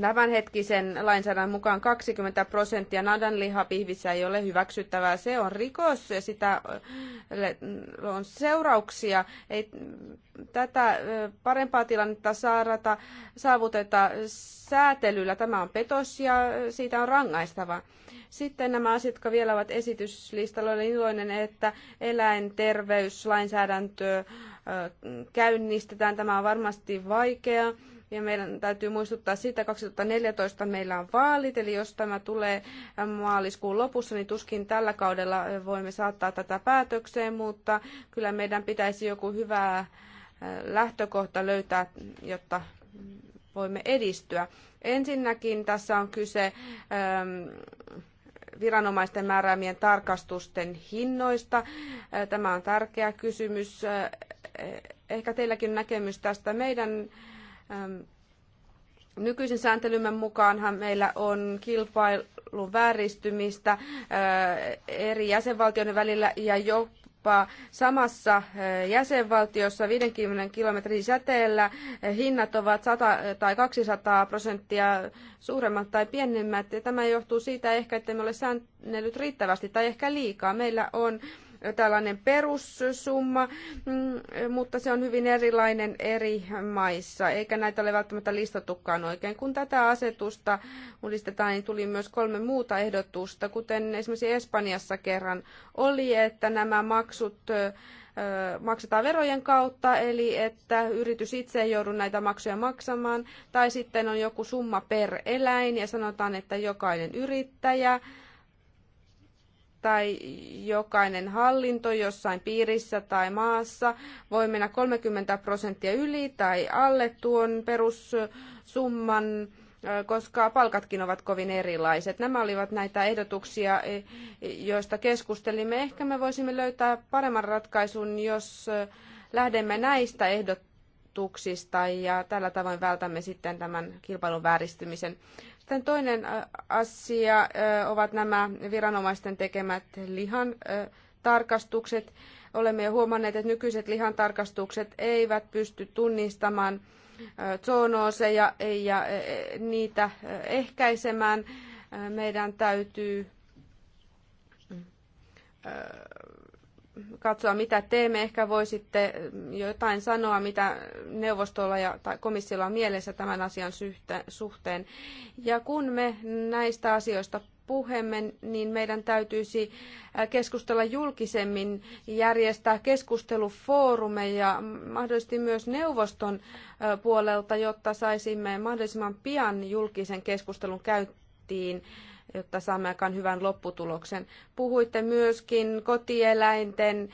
tämänhetkisen lainsäädännön mukaan 20 prosenttia nadanlihaa ei ole hyväksyttävää. Se on rikos ja sitä on seurauksia. Ei tätä parempaa tilannetta saarata, saavuteta säätelyllä. Tämä on petos ja siitä on rangaistava. Sitten nämä asiat, jotka vielä ovat esityslistalla, olen iloinen, että eläinterveyslainsäädäntöä käynnistetään. Tämä on varmasti vaikea. Ja meidän täytyy muistuttaa siitä, että 2014 meillä on vaalit, eli jos tämä tulee maaliskuun lopussa, niin tuskin tällä kaudella voimme saattaa tätä päätökseen, mutta kyllä meidän pitäisi joku hyvä lähtökohta löytää, jotta voimme edistyä. Ensinnäkin tässä on kyse viranomaisten määräämien tarkastusten hinnoista. Tämä on tärkeä kysymys ehkä teilläkin näkemys tästä. Meidän ähm, Nykyisen sääntelymme mukaanhan meillä on kilpailun vääristymistä äh, eri jäsenvaltioiden välillä ja jopa samassa äh, jäsenvaltiossa 50 kilometrin säteellä äh, hinnat ovat 100 tai 200 prosenttia suuremmat tai pienemmät. Ja tämä johtuu siitä ehkä, että me ole säännellyt riittävästi tai ehkä liikaa. Meillä on tällainen perussumma, mm, mutta se on hyvin erilainen eri maissa, eikä näitä ole välttämättä listattukaan oikein. Kun tätä asetusta uudistetaan, niin tuli myös kolme muuta ehdotusta, kuten esimerkiksi Espanjassa kerran oli, että nämä maksut maksetaan verojen kautta, eli että yritys itse ei joudu näitä maksuja maksamaan, tai sitten on joku summa per eläin ja sanotaan, että jokainen yrittäjä tai jokainen hallinto jossain piirissä tai maassa voi mennä 30 prosenttia yli tai alle tuon perussumman koska palkatkin ovat kovin erilaiset. Nämä olivat näitä ehdotuksia, e, joista keskustelimme. Ehkä me voisimme löytää paremman ratkaisun, jos lähdemme näistä ehdotuksista ja tällä tavoin vältämme sitten tämän kilpailun vääristymisen. Sitten toinen asia ovat nämä viranomaisten tekemät lihan tarkastukset. Olemme jo huomanneet, että nykyiset lihantarkastukset eivät pysty tunnistamaan zoonooseja ja niitä ehkäisemään. Meidän täytyy katsoa, mitä teemme. Ehkä voisitte jotain sanoa, mitä neuvostolla ja, tai komissiolla on mielessä tämän asian suhteen. Ja kun me näistä asioista puhemme, niin meidän täytyisi keskustella julkisemmin, järjestää keskustelufoorumeja mahdollisesti myös neuvoston puolelta, jotta saisimme mahdollisimman pian julkisen keskustelun käyttöön jotta saamme aikaan hyvän lopputuloksen. Puhuitte myöskin kotieläinten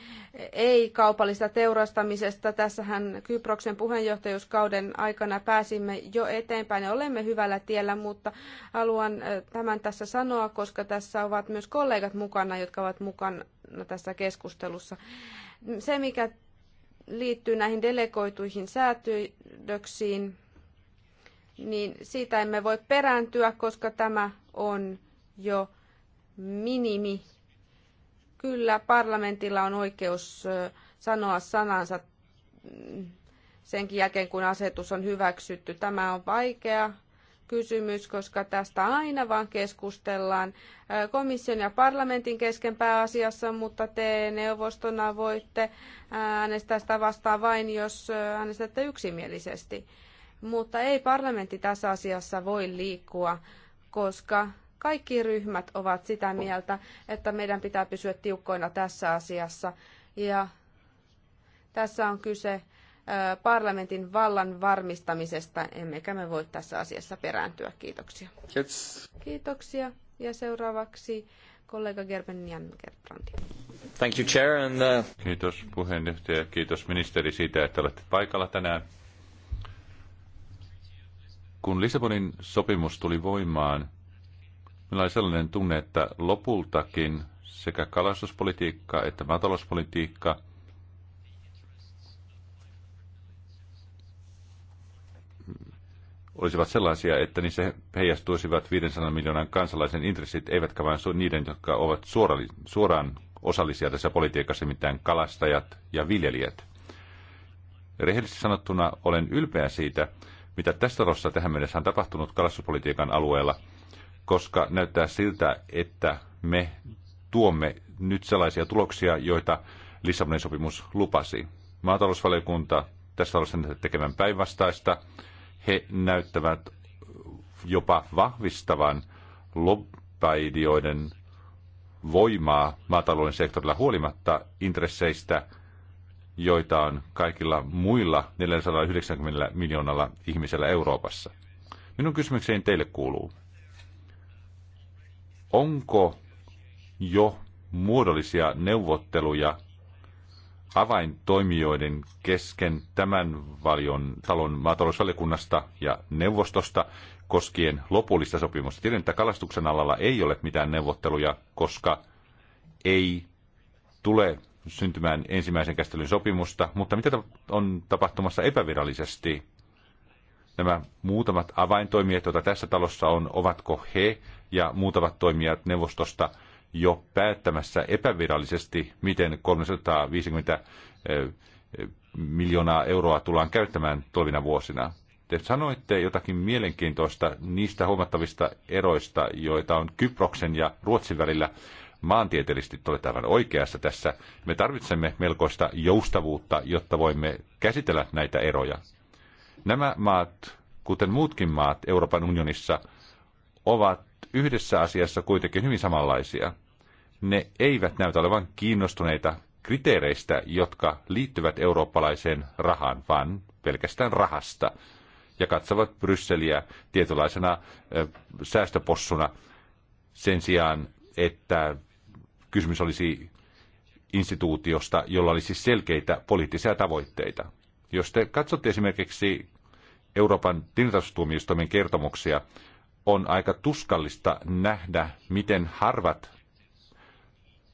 ei-kaupallista teurastamisesta. Tässähän Kyproksen puheenjohtajuuskauden aikana pääsimme jo eteenpäin ja olemme hyvällä tiellä, mutta haluan äh, tämän tässä sanoa, koska tässä ovat myös kollegat mukana, jotka ovat mukana tässä keskustelussa. Se, mikä liittyy näihin delegoituihin säätydöksiin, niin siitä emme voi perääntyä, koska tämä on jo minimi. Kyllä parlamentilla on oikeus sanoa sanansa mm, senkin jälkeen, kun asetus on hyväksytty. Tämä on vaikea kysymys, koska tästä aina vaan keskustellaan komission ja parlamentin kesken pääasiassa, mutta te neuvostona voitte äänestää sitä vastaan vain, jos äänestätte yksimielisesti. Mutta ei parlamentti tässä asiassa voi liikkua, koska kaikki ryhmät ovat sitä mieltä, että meidän pitää pysyä tiukkoina tässä asiassa. Ja tässä on kyse parlamentin vallan varmistamisesta, emmekä me voi tässä asiassa perääntyä. Kiitoksia. Kiitos. Kiitoksia. Ja seuraavaksi kollega Gerben Jangerbrandi. Thank you, Chair, and, uh... Kiitos puheenjohtaja kiitos ministeri siitä, että olette paikalla tänään. Kun Lissabonin sopimus tuli voimaan, Meillä oli sellainen tunne, että lopultakin sekä kalastuspolitiikka että maatalouspolitiikka olisivat sellaisia, että niissä heijastuisivat 500 miljoonan kansalaisen intressit, eivätkä vain niiden, jotka ovat suoraan, suoraan osallisia tässä politiikassa, mitään kalastajat ja viljelijät. Rehellisesti sanottuna olen ylpeä siitä, mitä tässä talossa tähän mennessä on tapahtunut kalastuspolitiikan alueella – koska näyttää siltä, että me tuomme nyt sellaisia tuloksia, joita Lissabonin sopimus lupasi. Maatalousvaliokunta tässä talossa tekemään päinvastaista. He näyttävät jopa vahvistavan loppaidioiden voimaa maatalouden sektorilla huolimatta intresseistä, joita on kaikilla muilla 490 miljoonalla ihmisellä Euroopassa. Minun kysymykseni teille kuuluu, Onko jo muodollisia neuvotteluja avaintoimijoiden kesken tämän valion, talon maatalousvaliokunnasta ja neuvostosta koskien lopullista sopimusta. Tiedän, että kalastuksen alalla ei ole mitään neuvotteluja, koska ei tule syntymään ensimmäisen käsittelyn sopimusta, mutta mitä on tapahtumassa epävirallisesti? Nämä muutamat avaintoimijat, joita tässä talossa on, ovatko he ja muutavat toimijat neuvostosta jo päättämässä epävirallisesti, miten 350 miljoonaa euroa tullaan käyttämään tulevina vuosina. Te sanoitte jotakin mielenkiintoista niistä huomattavista eroista, joita on Kyproksen ja Ruotsin välillä. Maantieteellisesti olette aivan oikeassa tässä. Me tarvitsemme melkoista joustavuutta, jotta voimme käsitellä näitä eroja. Nämä maat, kuten muutkin maat Euroopan unionissa, ovat yhdessä asiassa kuitenkin hyvin samanlaisia. Ne eivät näytä olevan kiinnostuneita kriteereistä, jotka liittyvät eurooppalaiseen rahaan, vaan pelkästään rahasta, ja katsovat Brysseliä tietynlaisena säästöpossuna sen sijaan, että kysymys olisi instituutiosta, jolla olisi selkeitä poliittisia tavoitteita. Jos te katsotte esimerkiksi Euroopan tilintasustuomioistuimen kertomuksia, on aika tuskallista nähdä, miten harvat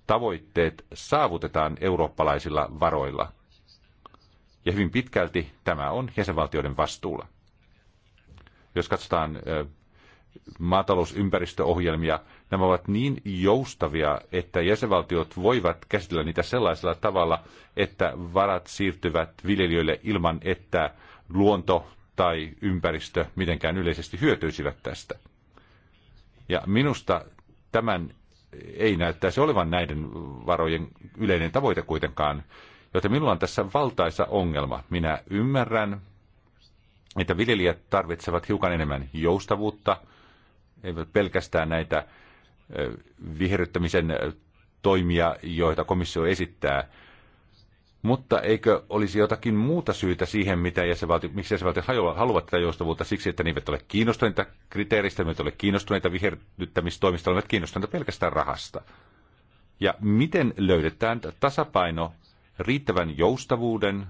tavoitteet saavutetaan eurooppalaisilla varoilla. Ja hyvin pitkälti tämä on jäsenvaltioiden vastuulla. Jos katsotaan maatalousympäristöohjelmia, nämä ovat niin joustavia, että jäsenvaltiot voivat käsitellä niitä sellaisella tavalla, että varat siirtyvät viljelijöille ilman, että luonto tai ympäristö mitenkään yleisesti hyötyisivät tästä. Ja minusta tämän ei näyttäisi olevan näiden varojen yleinen tavoite kuitenkaan, joten minulla on tässä valtaisa ongelma. Minä ymmärrän, että viljelijät tarvitsevat hiukan enemmän joustavuutta, eivät pelkästään näitä viherryttämisen toimia, joita komissio esittää, mutta eikö olisi jotakin muuta syytä siihen, mitä jäsenvalti, miksi jäsenvaltiot haluavat tätä joustavuutta? Siksi, että ne eivät ole kiinnostuneita kriteeristä, ne eivät ole kiinnostuneita viherdyttämistoimista, ovat kiinnostuneita pelkästään rahasta. Ja miten löydetään tasapaino riittävän joustavuuden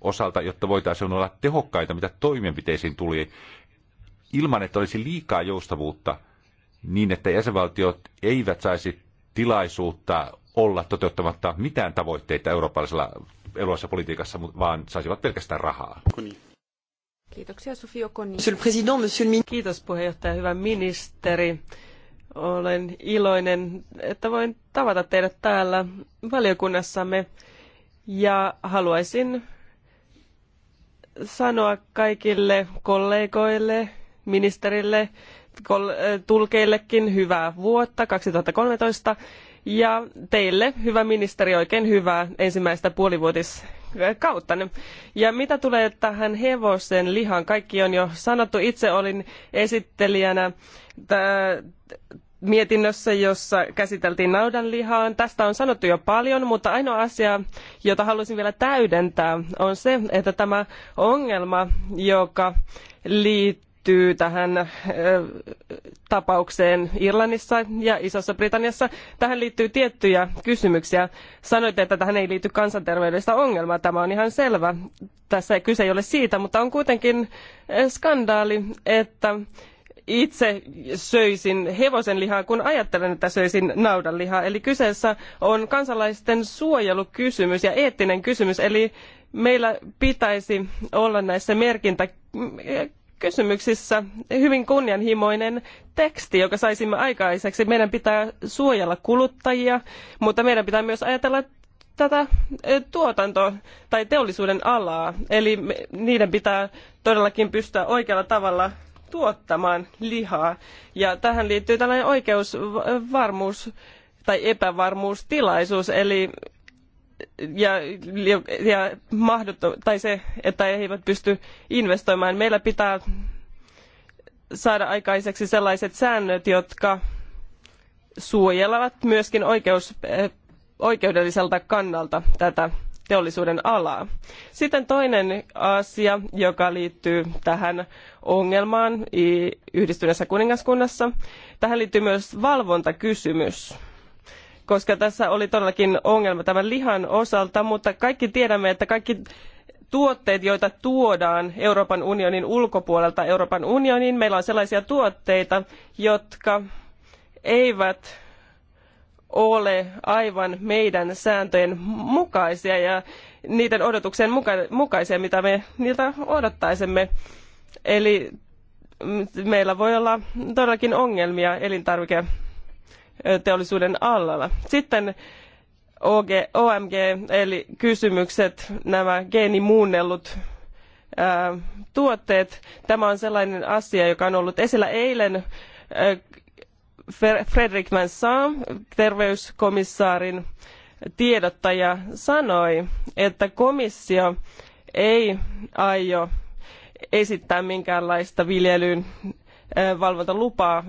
osalta, jotta voitaisiin olla tehokkaita, mitä toimenpiteisiin tuli, ilman että olisi liikaa joustavuutta niin, että jäsenvaltiot eivät saisi tilaisuutta olla toteuttamatta mitään tavoitteita eurooppalaisella elossa politiikassa, vaan saisivat pelkästään rahaa. Kiitoksia Sofia Koni. monsieur Kiitos puheenjohtaja, hyvä ministeri. Olen iloinen, että voin tavata teidät täällä valiokunnassamme ja haluaisin sanoa kaikille kollegoille, ministerille, äh, tulkeillekin hyvää vuotta 2013 ja teille, hyvä ministeri, oikein hyvää ensimmäistä puolivuotiskauttanne. Ja mitä tulee tähän hevosen lihan, kaikki on jo sanottu. Itse olin esittelijänä mietinnössä, jossa käsiteltiin lihaa. Tästä on sanottu jo paljon, mutta ainoa asia, jota haluaisin vielä täydentää, on se, että tämä ongelma, joka liittyy liittyy tähän tapaukseen Irlannissa ja Isossa Britanniassa. Tähän liittyy tiettyjä kysymyksiä. Sanoitte, että tähän ei liity kansanterveydellistä ongelmaa. Tämä on ihan selvä. Tässä kyse ei ole siitä, mutta on kuitenkin skandaali, että itse söisin hevosen lihaa, kun ajattelen, että söisin naudan lihaa. Eli kyseessä on kansalaisten suojelukysymys ja eettinen kysymys. Eli meillä pitäisi olla näissä merkintä kysymyksissä hyvin kunnianhimoinen teksti, joka saisimme aikaiseksi. Meidän pitää suojella kuluttajia, mutta meidän pitää myös ajatella tätä tuotanto- tai teollisuuden alaa. Eli niiden pitää todellakin pystyä oikealla tavalla tuottamaan lihaa. Ja tähän liittyy tällainen oikeusvarmuus tai epävarmuustilaisuus, eli ja, ja mahdoton, tai se, että he eivät pysty investoimaan. Meillä pitää saada aikaiseksi sellaiset säännöt, jotka suojelevat myöskin oikeus, eh, oikeudelliselta kannalta tätä teollisuuden alaa. Sitten toinen asia, joka liittyy tähän ongelmaan yhdistyneessä kuningaskunnassa. Tähän liittyy myös valvontakysymys koska tässä oli todellakin ongelma tämän lihan osalta, mutta kaikki tiedämme, että kaikki tuotteet, joita tuodaan Euroopan unionin ulkopuolelta Euroopan unioniin, meillä on sellaisia tuotteita, jotka eivät ole aivan meidän sääntöjen mukaisia ja niiden odotuksien mukaisia, mitä me niiltä odottaisimme. Eli mm, meillä voi olla todellakin ongelmia elintarvikemarkkinoilla teollisuuden alalla. Sitten OG, OMG eli kysymykset, nämä geenimuunnellut ää, tuotteet. Tämä on sellainen asia, joka on ollut esillä eilen. Ää, Fredrik Vincent, terveyskomissaarin tiedottaja, sanoi, että komissio ei aio esittää minkäänlaista viljelyyn valvontalupaa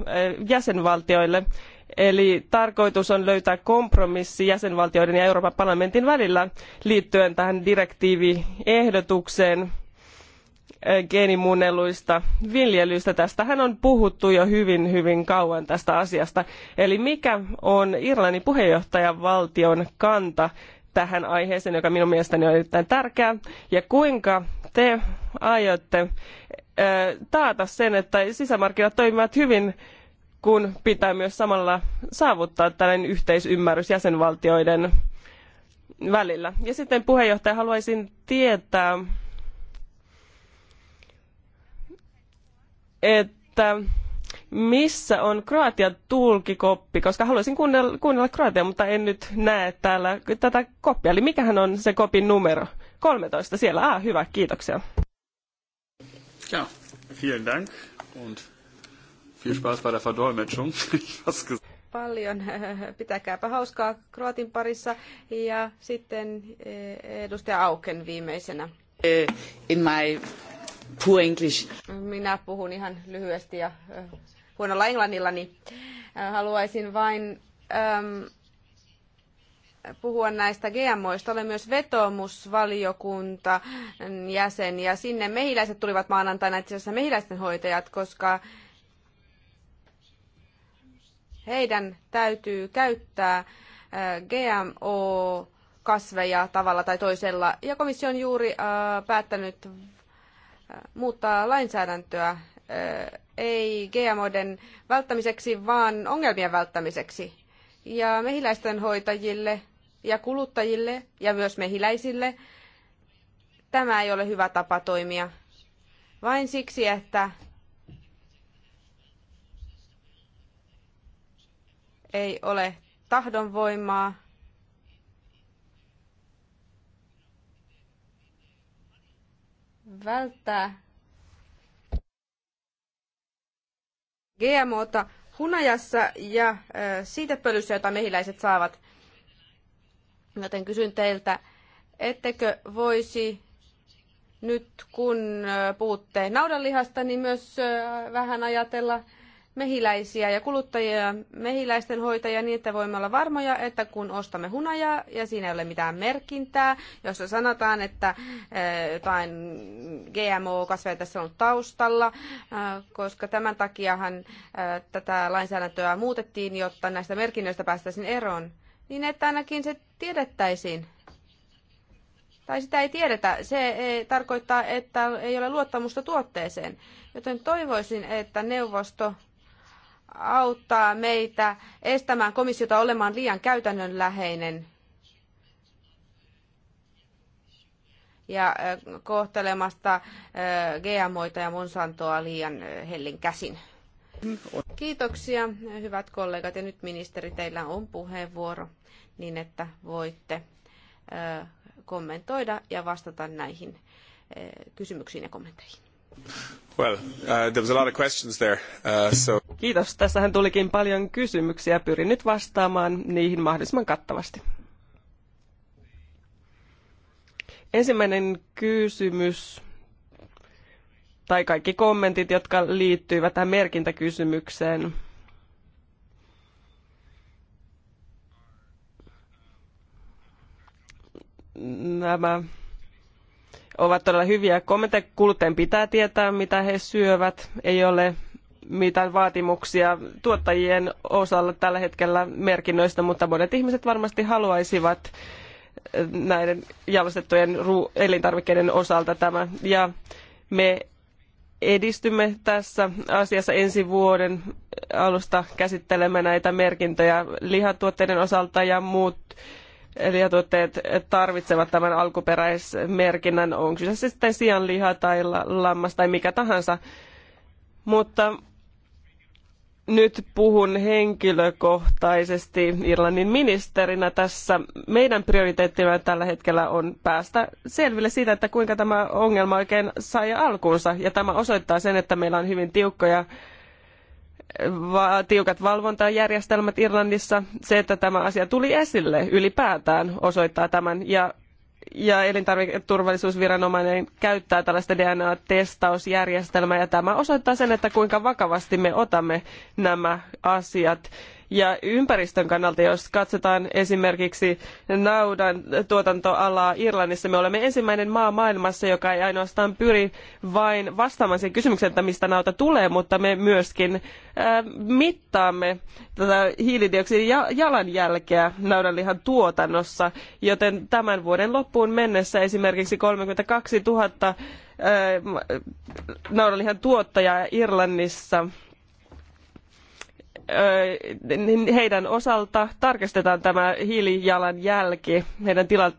jäsenvaltioille Eli tarkoitus on löytää kompromissi jäsenvaltioiden ja Euroopan parlamentin välillä liittyen tähän direktiiviehdotukseen eh, geenimuunnelluista viljelyistä. Tästähän on puhuttu jo hyvin, hyvin kauan tästä asiasta. Eli mikä on Irlannin puheenjohtajavaltion kanta tähän aiheeseen, joka minun mielestäni on erittäin tärkeä, ja kuinka te aiotte eh, taata sen, että sisämarkkinat toimivat hyvin kun pitää myös samalla saavuttaa tällainen yhteisymmärrys jäsenvaltioiden välillä. Ja sitten puheenjohtaja haluaisin tietää, että missä on Kroatian tulkikoppi, koska haluaisin kuunnella, kuunnella Kroatia, mutta en nyt näe täällä tätä koppia. Eli mikähän on se kopin numero? 13 siellä. Ah, hyvä, kiitoksia. Ja, vielen dank und Viel Spaß bei der Verdolmetschung. *laughs* Paljon. *laughs* Pitäkääpä hauskaa Kroatin parissa. Ja sitten eh, edustaja Auken viimeisenä. Eh, in my poor English. Minä puhun ihan lyhyesti ja eh, huonolla englannillani. Haluaisin vain äm, ehm, puhua näistä GMOista. Olen myös vetoomusvaliokunta jäsen ja sinne mehiläiset tulivat maanantaina itse asiassa mehiläisten hoitajat, koska heidän täytyy käyttää äh, GMO-kasveja tavalla tai toisella. Ja komissio on juuri äh, päättänyt äh, muuttaa lainsäädäntöä ei GMOiden välttämiseksi, vaan ongelmien välttämiseksi. Ja mehiläisten hoitajille ja kuluttajille ja myös mehiläisille tämä ei ole hyvä tapa toimia. Vain siksi, että ei ole tahdonvoimaa. välttää GMOta hunajassa ja siitepölyssä, jota mehiläiset saavat. Joten kysyn teiltä, ettekö voisi nyt kun puhutte naudanlihasta, niin myös vähän ajatella mehiläisiä ja kuluttajia, mehiläisten hoitajia niin, että voimme olla varmoja, että kun ostamme hunajaa ja siinä ei ole mitään merkintää, jossa sanotaan, että eh, jotain GMO-kasveja tässä on taustalla, eh, koska tämän takiahan eh, tätä lainsäädäntöä muutettiin, jotta näistä merkinnöistä päästäisiin eroon, niin että ainakin se tiedettäisiin. Tai sitä ei tiedetä. Se ei, tarkoittaa, että ei ole luottamusta tuotteeseen. Joten toivoisin, että neuvosto auttaa meitä estämään komissiota olemaan liian käytännönläheinen ja kohtelemasta GMOita ja Monsantoa liian hellin käsin. Kiitoksia, hyvät kollegat. Ja nyt ministeri, teillä on puheenvuoro niin, että voitte kommentoida ja vastata näihin kysymyksiin ja kommentteihin. Well, uh, there was a lot of questions there, uh, so... Kiitos. Tässähän tulikin paljon kysymyksiä. Pyrin nyt vastaamaan niihin mahdollisimman kattavasti. Ensimmäinen kysymys tai kaikki kommentit, jotka liittyivät tähän merkintäkysymykseen. Nämä ovat todella hyviä kommentteja. Kuluttajien pitää tietää, mitä he syövät. Ei ole mitään vaatimuksia tuottajien osalla tällä hetkellä merkinnöistä, mutta monet ihmiset varmasti haluaisivat eh, näiden jalostettujen elintarvikkeiden osalta tämä. Ja me edistymme tässä asiassa ensi vuoden alusta käsittelemme näitä merkintöjä lihatuotteiden osalta ja muut lihatuotteet tarvitsevat tämän alkuperäismerkinnän, on kyse siis sitten sianliha tai lammas tai mikä tahansa. Mutta nyt puhun henkilökohtaisesti Irlannin ministerinä tässä. Meidän prioriteettimme tällä hetkellä on päästä selville siitä, että kuinka tämä ongelma oikein sai alkuunsa. Ja tämä osoittaa sen, että meillä on hyvin tiukkoja tiukat valvontajärjestelmät Irlannissa. Se, että tämä asia tuli esille ylipäätään osoittaa tämän ja ja elintarviketurvallisuusviranomainen käyttää tällaista DNA-testausjärjestelmää ja tämä osoittaa sen, että kuinka vakavasti me otamme nämä asiat ja ympäristön kannalta, jos katsotaan esimerkiksi naudan tuotantoalaa Irlannissa, me olemme ensimmäinen maa maailmassa, joka ei ainoastaan pyri vain vastaamaan siihen kysymykseen, että mistä nauta tulee, mutta me myöskin äh, mittaamme tätä hiilidioksidin jalanjälkeä naudanlihan tuotannossa, joten tämän vuoden loppuun mennessä esimerkiksi 32 000 äh, naudanlihan tuottajaa Irlannissa niin heidän osalta tarkistetaan tämä hiilijalanjälki heidän tila,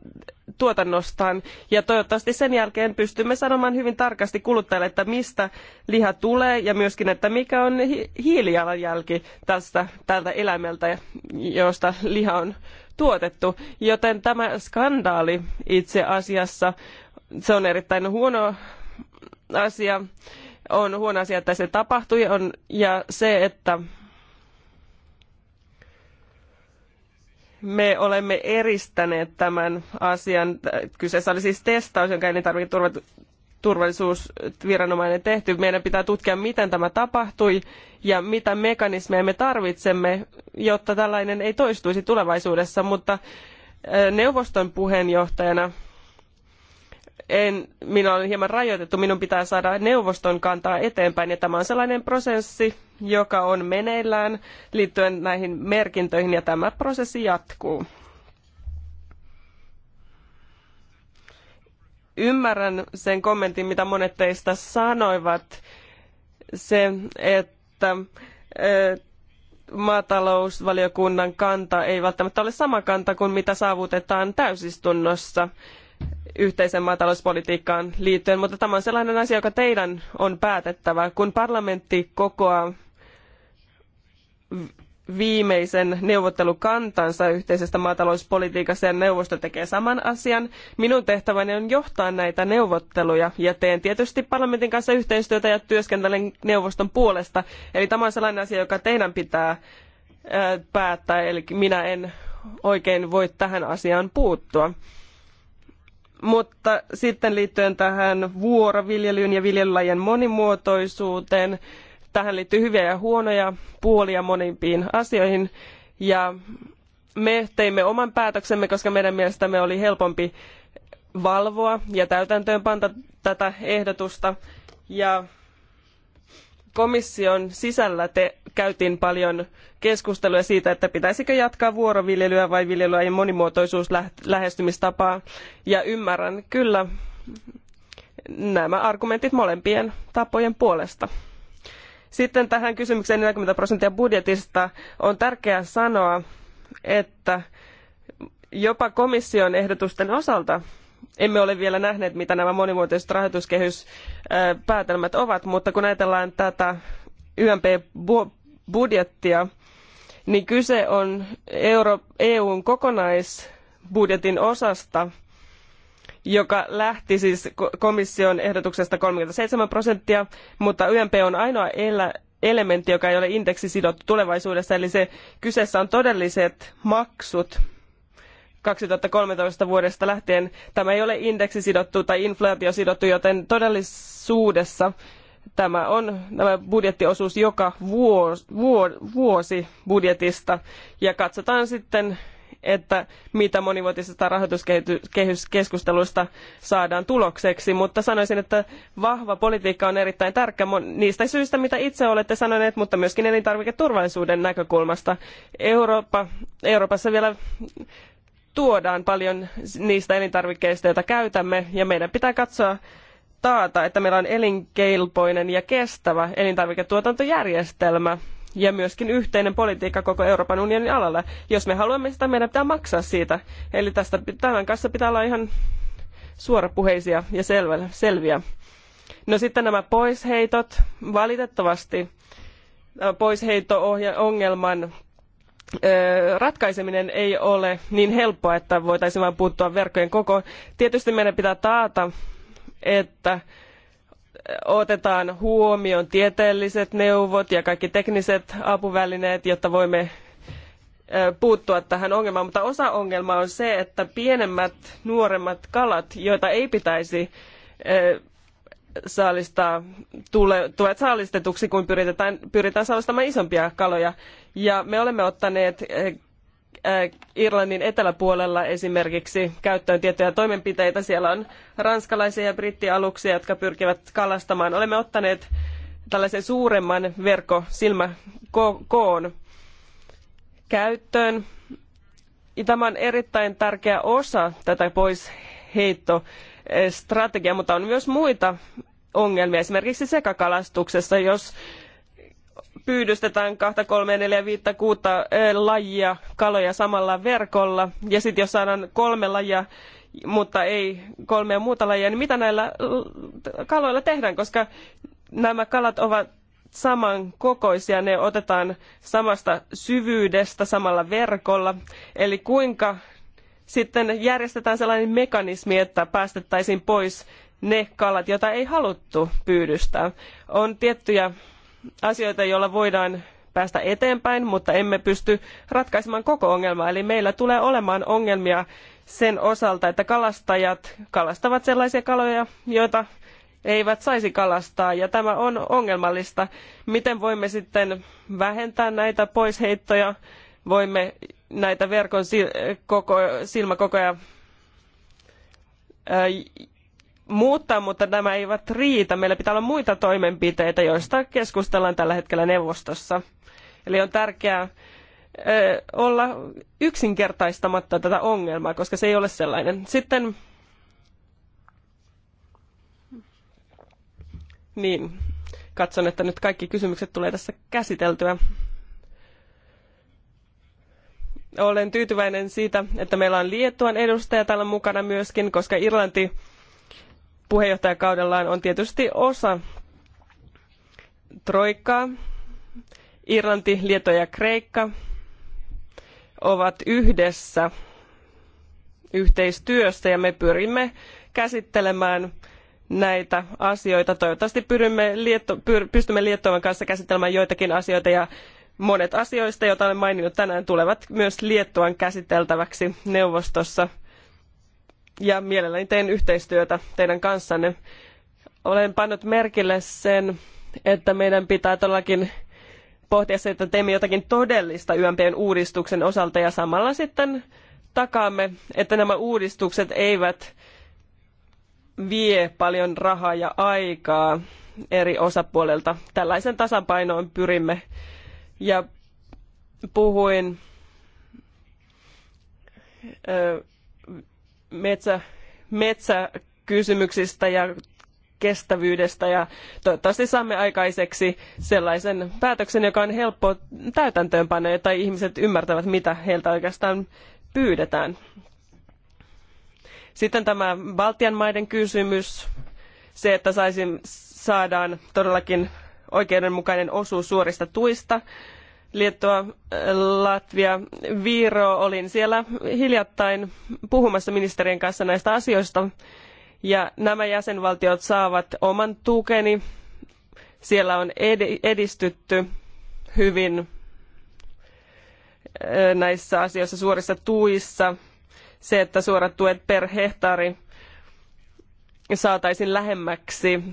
tuotannostaan ja toivottavasti sen jälkeen pystymme sanomaan hyvin tarkasti kuluttajille, että mistä liha tulee ja myöskin, että mikä on hiilijalanjälki tästä, tältä eläimeltä, josta liha on tuotettu. Joten tämä skandaali itse asiassa, se on erittäin huono asia on huono asia, että se tapahtui, on, ja se, että me olemme eristäneet tämän asian. Kyseessä oli siis testaus, jonka turvallisuusviranomainen tehty. Meidän pitää tutkia, miten tämä tapahtui ja mitä mekanismeja me tarvitsemme, jotta tällainen ei toistuisi tulevaisuudessa. Mutta neuvoston puheenjohtajana en, minä olen hieman rajoitettu, minun pitää saada neuvoston kantaa eteenpäin ja tämä on sellainen prosessi, joka on meneillään liittyen näihin merkintöihin ja tämä prosessi jatkuu. Ymmärrän sen kommentin, mitä monet teistä sanoivat, se, että maatalousvaliokunnan kanta ei välttämättä ole sama kanta kuin mitä saavutetaan täysistunnossa yhteisen maatalouspolitiikkaan liittyen, mutta tämä on sellainen asia, joka teidän on päätettävä. Kun parlamentti kokoaa viimeisen neuvottelukantansa yhteisestä maatalouspolitiikasta ja neuvosto tekee saman asian. Minun tehtäväni on johtaa näitä neuvotteluja ja teen tietysti parlamentin kanssa yhteistyötä ja työskentelen neuvoston puolesta. Eli tämä on sellainen asia, joka teidän pitää päättää, eli minä en oikein voi tähän asiaan puuttua. Mutta sitten liittyen tähän vuoroviljelyyn ja viljelylajien monimuotoisuuteen, tähän liittyy hyviä ja huonoja puolia monimpiin asioihin. Ja me teimme oman päätöksemme, koska meidän mielestämme oli helpompi valvoa ja täytäntöönpanta tätä ehdotusta. Ja komission sisällä te käytiin paljon keskustelua siitä, että pitäisikö jatkaa vuoroviljelyä vai viljelyä ja monimuotoisuuslähestymistapaa. Ja ymmärrän kyllä nämä argumentit molempien tapojen puolesta. Sitten tähän kysymykseen 40 prosenttia budjetista on tärkeää sanoa, että jopa komission ehdotusten osalta emme ole vielä nähneet, mitä nämä monivuotiset rahoituskehyspäätelmät ovat, mutta kun ajatellaan tätä YMP-budjettia, niin kyse on Euro, EUn kokonaisbudjetin osasta, joka lähti siis komission ehdotuksesta 37 prosenttia, mutta YMP on ainoa elementti, joka ei ole sidottu tulevaisuudessa, eli se kyseessä on todelliset maksut – 2013 vuodesta lähtien. Tämä ei ole indeksisidottu tai inflaatiosidottu, joten todellisuudessa tämä on tämä budjettiosuus joka vuosi, vuosi budjetista. Ja katsotaan sitten, että mitä monivuotisesta rahoituskehyskeskustelusta saadaan tulokseksi, mutta sanoisin, että vahva politiikka on erittäin tärkeä niistä syistä, mitä itse olette sanoneet, mutta myöskin elintarviketurvallisuuden näkökulmasta. Eurooppa, Euroopassa vielä tuodaan paljon niistä elintarvikkeista, joita käytämme, ja meidän pitää katsoa taata, että meillä on elinkelpoinen ja kestävä elintarviketuotantojärjestelmä ja myöskin yhteinen politiikka koko Euroopan unionin alalla. Jos me haluamme sitä, meidän pitää maksaa siitä. Eli tästä, tämän kanssa pitää olla ihan suorapuheisia ja selvä, selviä. No sitten nämä poisheitot. Valitettavasti poisheitto-ongelman ratkaiseminen ei ole niin helppoa, että voitaisiin vain puuttua verkkojen kokoon. Tietysti meidän pitää taata, että otetaan huomioon tieteelliset neuvot ja kaikki tekniset apuvälineet, jotta voimme puuttua tähän ongelmaan. Mutta osa ongelmaa on se, että pienemmät, nuoremmat kalat, joita ei pitäisi saalistaa, tule, tulet saalistetuksi, kun pyritetään, pyritään saalistamaan isompia kaloja. Ja me olemme ottaneet eh, eh, Irlannin eteläpuolella esimerkiksi käyttöön tiettyjä toimenpiteitä. Siellä on ranskalaisia ja brittialuksia, jotka pyrkivät kalastamaan. Olemme ottaneet tällaisen suuremman verkkosilmäkoon käyttöön. Tämä on erittäin tärkeä osa tätä poisheittoa Eh, strategia, mutta on myös muita ongelmia, esimerkiksi sekakalastuksessa, jos pyydystetään kahta, kolme, neljä, viittä, kuutta eh, lajia kaloja samalla verkolla, ja sitten jos saadaan kolme lajia, mutta ei kolmea muuta lajia, niin mitä näillä kaloilla tehdään, koska nämä kalat ovat samankokoisia, ne otetaan samasta syvyydestä samalla verkolla. Eli kuinka sitten järjestetään sellainen mekanismi, että päästettäisiin pois ne kalat, joita ei haluttu pyydystää. On tiettyjä asioita, joilla voidaan päästä eteenpäin, mutta emme pysty ratkaisemaan koko ongelmaa. Eli meillä tulee olemaan ongelmia sen osalta, että kalastajat kalastavat sellaisia kaloja, joita eivät saisi kalastaa. Ja tämä on ongelmallista. Miten voimme sitten vähentää näitä poisheittoja? Voimme näitä verkon silmäkokoja muuttaa, mutta nämä eivät riitä. Meillä pitää olla muita toimenpiteitä, joista keskustellaan tällä hetkellä neuvostossa. Eli on tärkeää olla yksinkertaistamatta tätä ongelmaa, koska se ei ole sellainen. Sitten niin, katson, että nyt kaikki kysymykset tulee tässä käsiteltyä olen tyytyväinen siitä, että meillä on Liettuan edustaja täällä mukana myöskin, koska Irlanti puheenjohtajakaudellaan on tietysti osa troikkaa. Irlanti, Liettua ja Kreikka ovat yhdessä yhteistyössä ja me pyrimme käsittelemään näitä asioita. Toivottavasti pyrimme pystymme Liettuan kanssa käsittelemään joitakin asioita ja Monet asioista, joita olen maininnut tänään, tulevat myös Liettuan käsiteltäväksi neuvostossa. Ja mielelläni teen yhteistyötä teidän kanssanne. Olen pannut merkille sen, että meidän pitää todellakin pohtia se, että teemme jotakin todellista YMPn uudistuksen osalta ja samalla sitten takaamme, että nämä uudistukset eivät vie paljon rahaa ja aikaa eri osapuolelta. Tällaisen tasapainoon pyrimme ja puhuin metsä, metsäkysymyksistä ja kestävyydestä ja toivottavasti saamme aikaiseksi sellaisen päätöksen, joka on helppo täytäntöönpanna, jotta ihmiset ymmärtävät, mitä heiltä oikeastaan pyydetään. Sitten tämä Baltian maiden kysymys, se, että saisin, saadaan todellakin oikeudenmukainen osuus suorista tuista. Liettua, Latvia, Viro, olin siellä hiljattain puhumassa ministerien kanssa näistä asioista. Ja nämä jäsenvaltiot saavat oman tukeni. Siellä on edistytty hyvin näissä asioissa suorissa tuissa. Se, että suorat tuet per hehtaari saataisiin lähemmäksi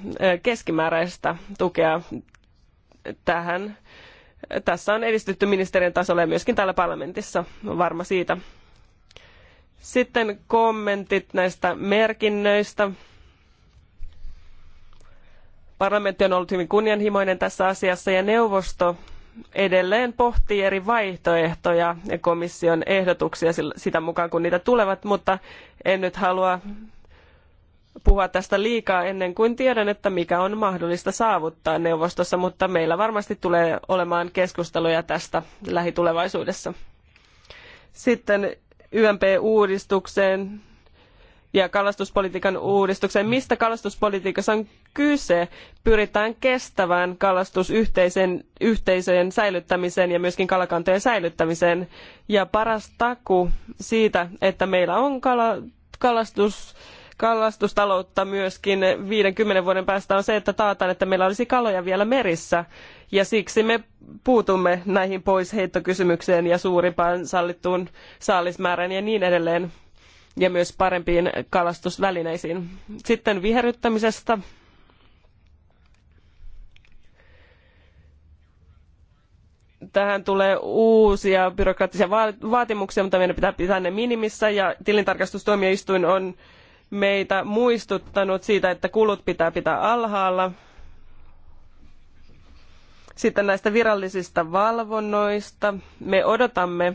keskimääräistä tukea tähän. Tässä on edistytty ministerin tasolla ja myöskin täällä parlamentissa, varma siitä. Sitten kommentit näistä merkinnöistä. Parlamentti on ollut hyvin kunnianhimoinen tässä asiassa ja neuvosto edelleen pohtii eri vaihtoehtoja ja komission ehdotuksia sitä mukaan, kun niitä tulevat, mutta en nyt halua puhua tästä liikaa ennen kuin tiedän, että mikä on mahdollista saavuttaa neuvostossa, mutta meillä varmasti tulee olemaan keskusteluja tästä lähitulevaisuudessa. Sitten YMP-uudistukseen ja kalastuspolitiikan uudistukseen. Mistä kalastuspolitiikassa on kyse? Pyritään kestävään kalastusyhteisöjen säilyttämiseen ja myöskin kalakantojen säilyttämiseen. Ja paras taku siitä, että meillä on kala, kalastus kalastustaloutta myöskin 50 vuoden päästä on se, että taataan, että meillä olisi kaloja vielä merissä. Ja siksi me puutumme näihin poisheittokysymykseen ja suurimpaan sallittuun saalismäärään ja niin edelleen. Ja myös parempiin kalastusvälineisiin. Sitten viherryttämisestä. tähän tulee uusia byrokraattisia vaatimuksia, mutta meidän pitää pitää ne minimissä ja tilintarkastustuomioistuin on meitä muistuttanut siitä, että kulut pitää pitää alhaalla. Sitten näistä virallisista valvonnoista. Me odotamme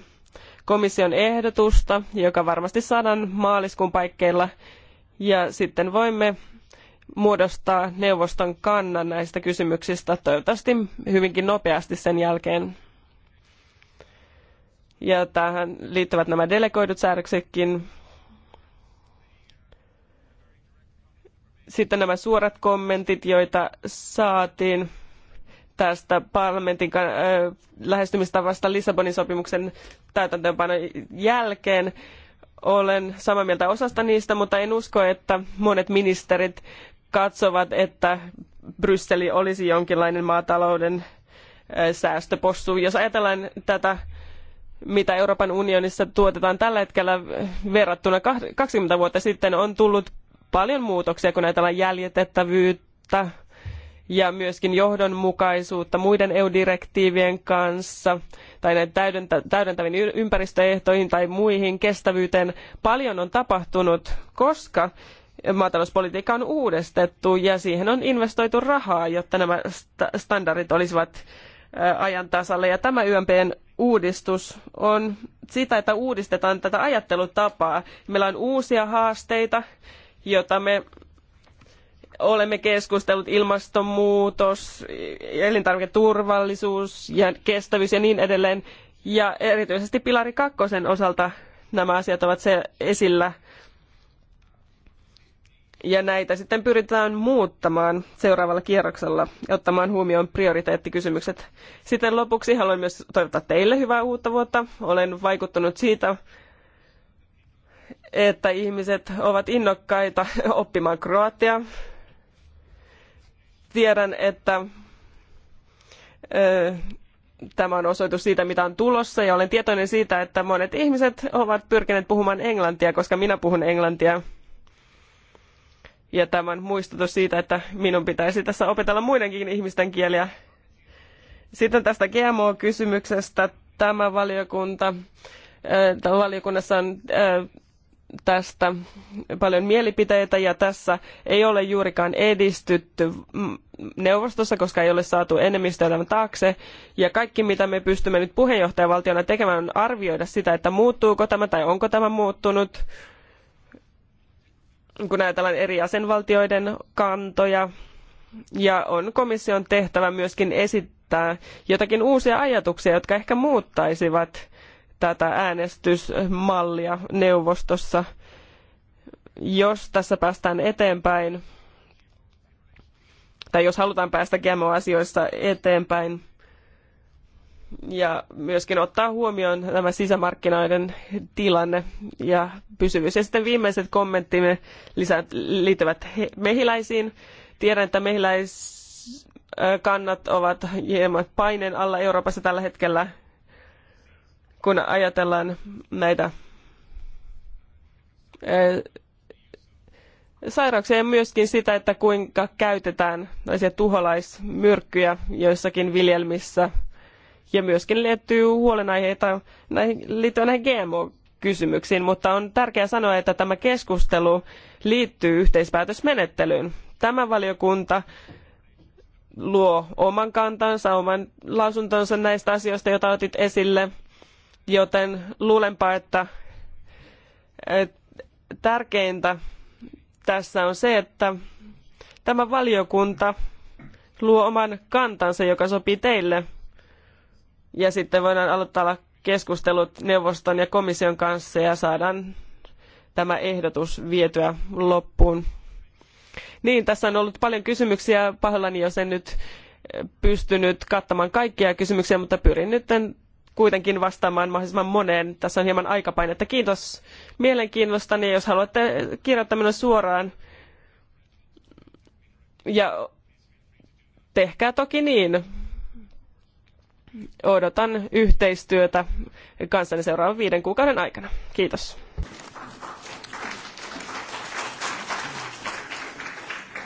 komission ehdotusta, joka varmasti saadaan maaliskuun paikkeilla. Ja sitten voimme muodostaa neuvoston kannan näistä kysymyksistä toivottavasti hyvinkin nopeasti sen jälkeen. Ja tähän liittyvät nämä delegoidut säädöksetkin. Sitten nämä suorat kommentit, joita saatiin tästä parlamentin äh, lähestymistavasta Lissabonin sopimuksen täytäntöönpanon jälkeen. Olen samaa mieltä osasta niistä, mutta en usko, että monet ministerit katsovat, että Brysseli olisi jonkinlainen maatalouden äh, säästöpossu. Jos ajatellaan tätä, mitä Euroopan unionissa tuotetaan tällä hetkellä äh, verrattuna 20 vuotta sitten, on tullut paljon muutoksia, kun ajatellaan jäljitettävyyttä ja myöskin johdonmukaisuutta muiden EU-direktiivien kanssa tai näiden täydentävien täydentäviin ympäristöehtoihin tai muihin kestävyyteen. Paljon on tapahtunut, koska maatalouspolitiikka on uudistettu ja siihen on investoitu rahaa, jotta nämä standardit olisivat ajan tasalle. Ja tämä YMPn uudistus on sitä, että uudistetaan tätä ajattelutapaa. Meillä on uusia haasteita, jota me olemme keskustelleet ilmastonmuutos, elintarviketurvallisuus ja kestävyys ja niin edelleen. Ja erityisesti pilari kakkosen osalta nämä asiat ovat se esillä. Ja näitä sitten pyritään muuttamaan seuraavalla kierroksella, ottamaan huomioon prioriteettikysymykset. Sitten lopuksi haluan myös toivottaa teille hyvää uutta vuotta. Olen vaikuttanut siitä, että ihmiset ovat innokkaita *laughs* oppimaan kroatiaa. Tiedän, että tämä on osoitus siitä, mitä on tulossa, ja olen tietoinen siitä, että monet ihmiset ovat pyrkineet puhumaan englantia, koska minä puhun englantia. Ja tämä on muistutus siitä, että minun pitäisi tässä opetella muidenkin ihmisten kieliä. Sitten tästä GMO-kysymyksestä tämä valiokunta. Valiokunnassa on tästä paljon mielipiteitä ja tässä ei ole juurikaan edistytty neuvostossa, koska ei ole saatu enemmistöä tämän taakse. Ja kaikki, mitä me pystymme nyt puheenjohtajavaltiona tekemään, on arvioida sitä, että muuttuuko tämä tai onko tämä muuttunut. Kun ajatellaan eri jäsenvaltioiden kantoja. Ja on komission tehtävä myöskin esittää jotakin uusia ajatuksia, jotka ehkä muuttaisivat tätä äänestysmallia neuvostossa. Jos tässä päästään eteenpäin, tai jos halutaan päästä GMO-asioissa eteenpäin, ja myöskin ottaa huomioon tämä sisämarkkinoiden tilanne ja pysyvyys. Ja sitten viimeiset kommenttimme lisät, liittyvät mehiläisiin. Tiedän, että mehiläiskannat ovat hieman paineen alla Euroopassa tällä hetkellä kun ajatellaan näitä eh, sairauksia ja myöskin sitä, että kuinka käytetään tällaisia tuholaismyrkkyjä joissakin viljelmissä. Ja myöskin liittyy huolenaiheita näihin, liittyen näihin GMO-kysymyksiin, mutta on tärkeää sanoa, että tämä keskustelu liittyy yhteispäätösmenettelyyn. Tämä valiokunta luo oman kantansa, oman lausuntonsa näistä asioista, joita otit esille – joten luulenpa, että tärkeintä tässä on se, että tämä valiokunta luo oman kantansa, joka sopii teille. Ja sitten voidaan aloittaa keskustelut neuvoston ja komission kanssa ja saadaan tämä ehdotus vietyä loppuun. Niin, tässä on ollut paljon kysymyksiä. Pahoillani, jos en nyt pystynyt kattamaan kaikkia kysymyksiä, mutta pyrin nyt kuitenkin vastaamaan mahdollisimman moneen. Tässä on hieman aikapainetta. Kiitos mielenkiinnostani. Niin jos haluatte kirjoittaa minulle suoraan, ja tehkää toki niin. Odotan yhteistyötä kanssani seuraavan viiden kuukauden aikana. Kiitos.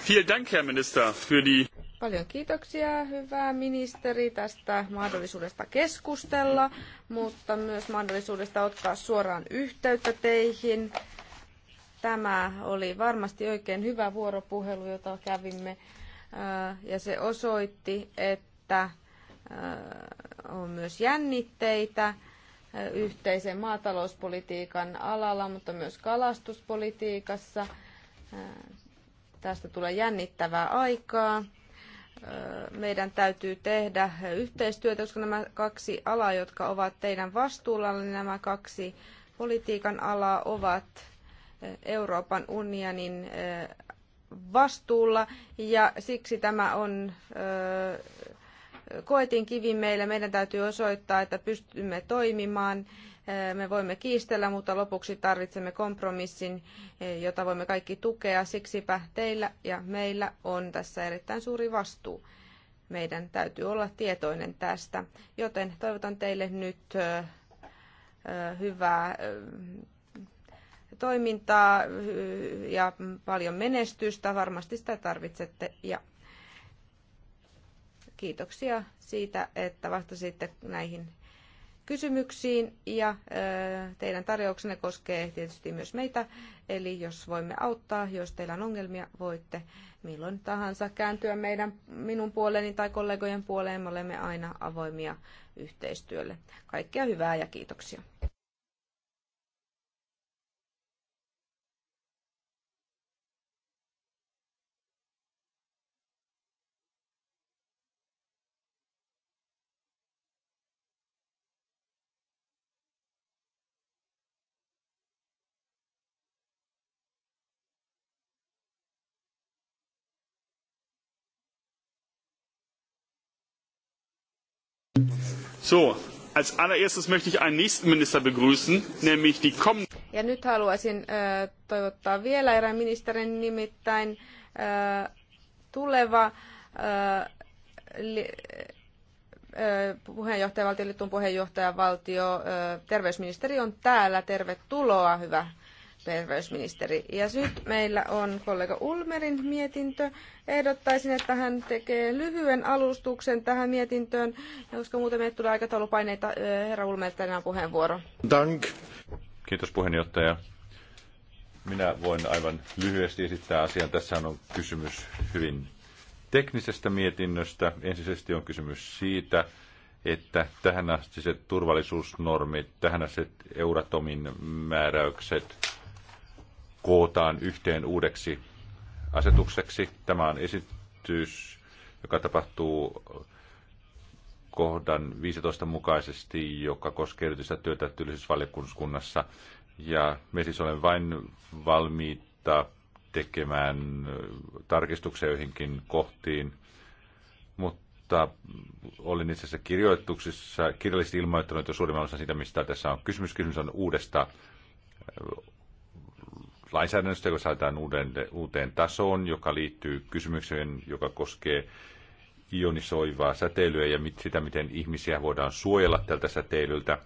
Vielen Dank, Herr Minister, für die Paljon kiitoksia, hyvä ministeri, tästä mahdollisuudesta keskustella, mutta myös mahdollisuudesta ottaa suoraan yhteyttä teihin. Tämä oli varmasti oikein hyvä vuoropuhelu, jota kävimme, äh, ja se osoitti, että äh, on myös jännitteitä äh, yhteisen maatalouspolitiikan alalla, mutta myös kalastuspolitiikassa. Tästä tulee jännittävää aikaa meidän täytyy tehdä yhteistyötä, koska nämä kaksi alaa, jotka ovat teidän vastuullanne, niin nämä kaksi politiikan alaa ovat eh, Euroopan unionin eh, vastuulla ja siksi tämä on eh, koetin kivi meille. Meidän täytyy osoittaa, että pystymme toimimaan me voimme kiistellä, mutta lopuksi tarvitsemme kompromissin, jota voimme kaikki tukea. Siksipä teillä ja meillä on tässä erittäin suuri vastuu. Meidän täytyy olla tietoinen tästä, joten toivotan teille nyt hyvää toimintaa ja paljon menestystä. Varmasti sitä tarvitsette ja kiitoksia siitä, että vastasitte näihin kysymyksiin ja teidän tarjouksenne koskee tietysti myös meitä. Eli jos voimme auttaa, jos teillä on ongelmia, voitte milloin tahansa kääntyä meidän, minun puoleeni tai kollegojen puoleen. Me olemme aina avoimia yhteistyölle. Kaikkea hyvää ja kiitoksia. So, als allererstes möchte ich einen nächsten Minister begrüßen, nämlich die Ja nyt haluaisin äh, toivottaa vielä erään ministerin, nimittäin äh, tuleva äh, li, äh, puheenjohtaja, valtioliiton puheenjohtaja, valtio, äh, terveysministeri on täällä. Tervetuloa, hyvä terveysministeri. Ja nyt meillä on kollega Ulmerin mietintö. Ehdottaisin, että hän tekee lyhyen alustuksen tähän mietintöön, koska muuten meille tulee aikataulupaineita. Herra Ulmer, tänään puheenvuoro. Dank. Kiitos puheenjohtaja. Minä voin aivan lyhyesti esittää asian. Tässä on kysymys hyvin teknisestä mietinnöstä. Ensisesti on kysymys siitä, että tähän asti se turvallisuusnormit, tähän asti Euratomin määräykset, kootaan yhteen uudeksi asetukseksi. Tämä on esitys, joka tapahtuu kohdan 15 mukaisesti, joka koskee erityistä työtä työllisyysvaliokunnassa. Ja me siis olemme vain valmiita tekemään tarkistuksia joihinkin kohtiin, mutta olin itse asiassa kirjoituksissa kirjallisesti ilmoittanut jo suurimman osan siitä, mistä tässä on kysymys. Kysymys on uudesta lainsäädännöstä, joka saadaan uuden, uuteen tasoon, joka liittyy kysymykseen, joka koskee ionisoivaa säteilyä ja mit, sitä, miten ihmisiä voidaan suojella tältä säteilyltä.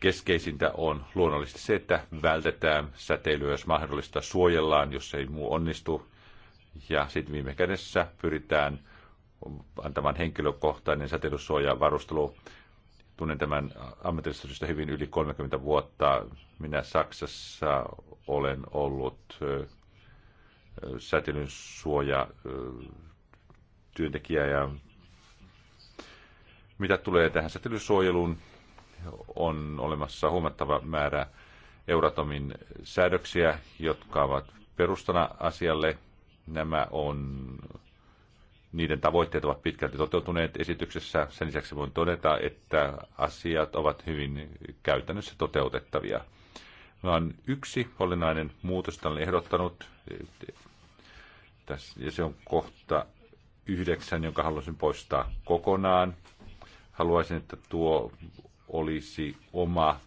Keskeisintä on luonnollisesti se, että vältetään säteilyä, jos mahdollista suojellaan, jos ei muu onnistu. Ja sitten viime kädessä pyritään antamaan henkilökohtainen säteilysuoja varustelu Tunnen tämän ammatillisesta hyvin yli 30 vuotta. Minä Saksassa olen ollut säteilyn suoja työntekijä ja mitä tulee tähän säteilysuojeluun, on olemassa huomattava määrä Euratomin säädöksiä, jotka ovat perustana asialle. Nämä on niiden tavoitteet ovat pitkälti toteutuneet esityksessä. Sen lisäksi voin todeta, että asiat ovat hyvin käytännössä toteutettavia. Vaan yksi olennainen muutos, jota olen ehdottanut, ja se on kohta yhdeksän, jonka haluaisin poistaa kokonaan. Haluaisin, että tuo olisi oma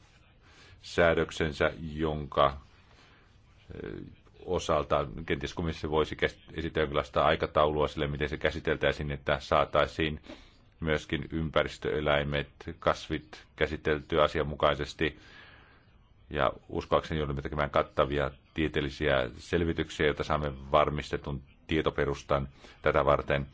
säädöksensä, jonka osalta. Kenties komissio voisi esittää jonkinlaista aikataulua sille, miten se käsiteltäisiin, että saataisiin myöskin ympäristöeläimet, kasvit käsiteltyä asianmukaisesti. Ja uskoakseni joudumme tekemään kattavia tieteellisiä selvityksiä, joita saamme varmistetun tietoperustan tätä varten.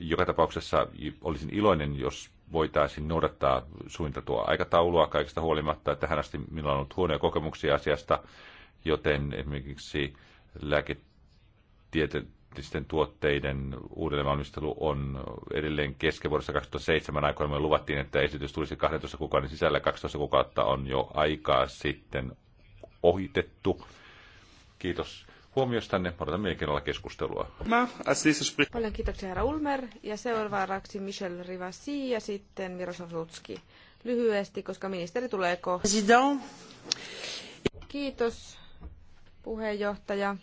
Joka tapauksessa olisin iloinen, jos voitaisiin noudattaa suunniteltua aikataulua kaikesta huolimatta. Tähän asti minulla on ollut huonoja kokemuksia asiasta joten esimerkiksi lääketieteellisten tuotteiden uudelleenvalmistelu on edelleen kesken vuodessa 2007 aikoina. Me luvattiin, että esitys tulisi 12 kuukauden sisällä. 12 kuukautta on jo aikaa sitten ohitettu. Kiitos huomiostanne. Odotan mielenkiinnolla keskustelua. Paljon kiitoksia herra Ulmer ja seuraavaksi Michel Rivasi ja sitten Miroslav Lutski. Lyhyesti, koska ministeri tulee kohta. Kiitos puheenjohtaja.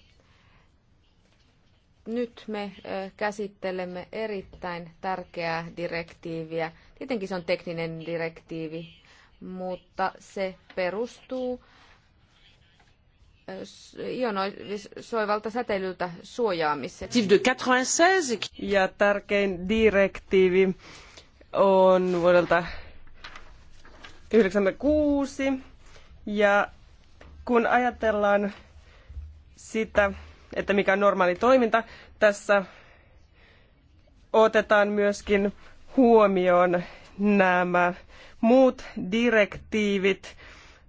Nyt me käsittelemme erittäin tärkeää direktiiviä. Tietenkin se on tekninen direktiivi, mutta se perustuu ionoivalta säteilyltä 96 Ja tärkein direktiivi on vuodelta 1996. Ja kun ajatellaan sitä, että mikä on normaali toiminta. Tässä otetaan myöskin huomioon nämä muut direktiivit,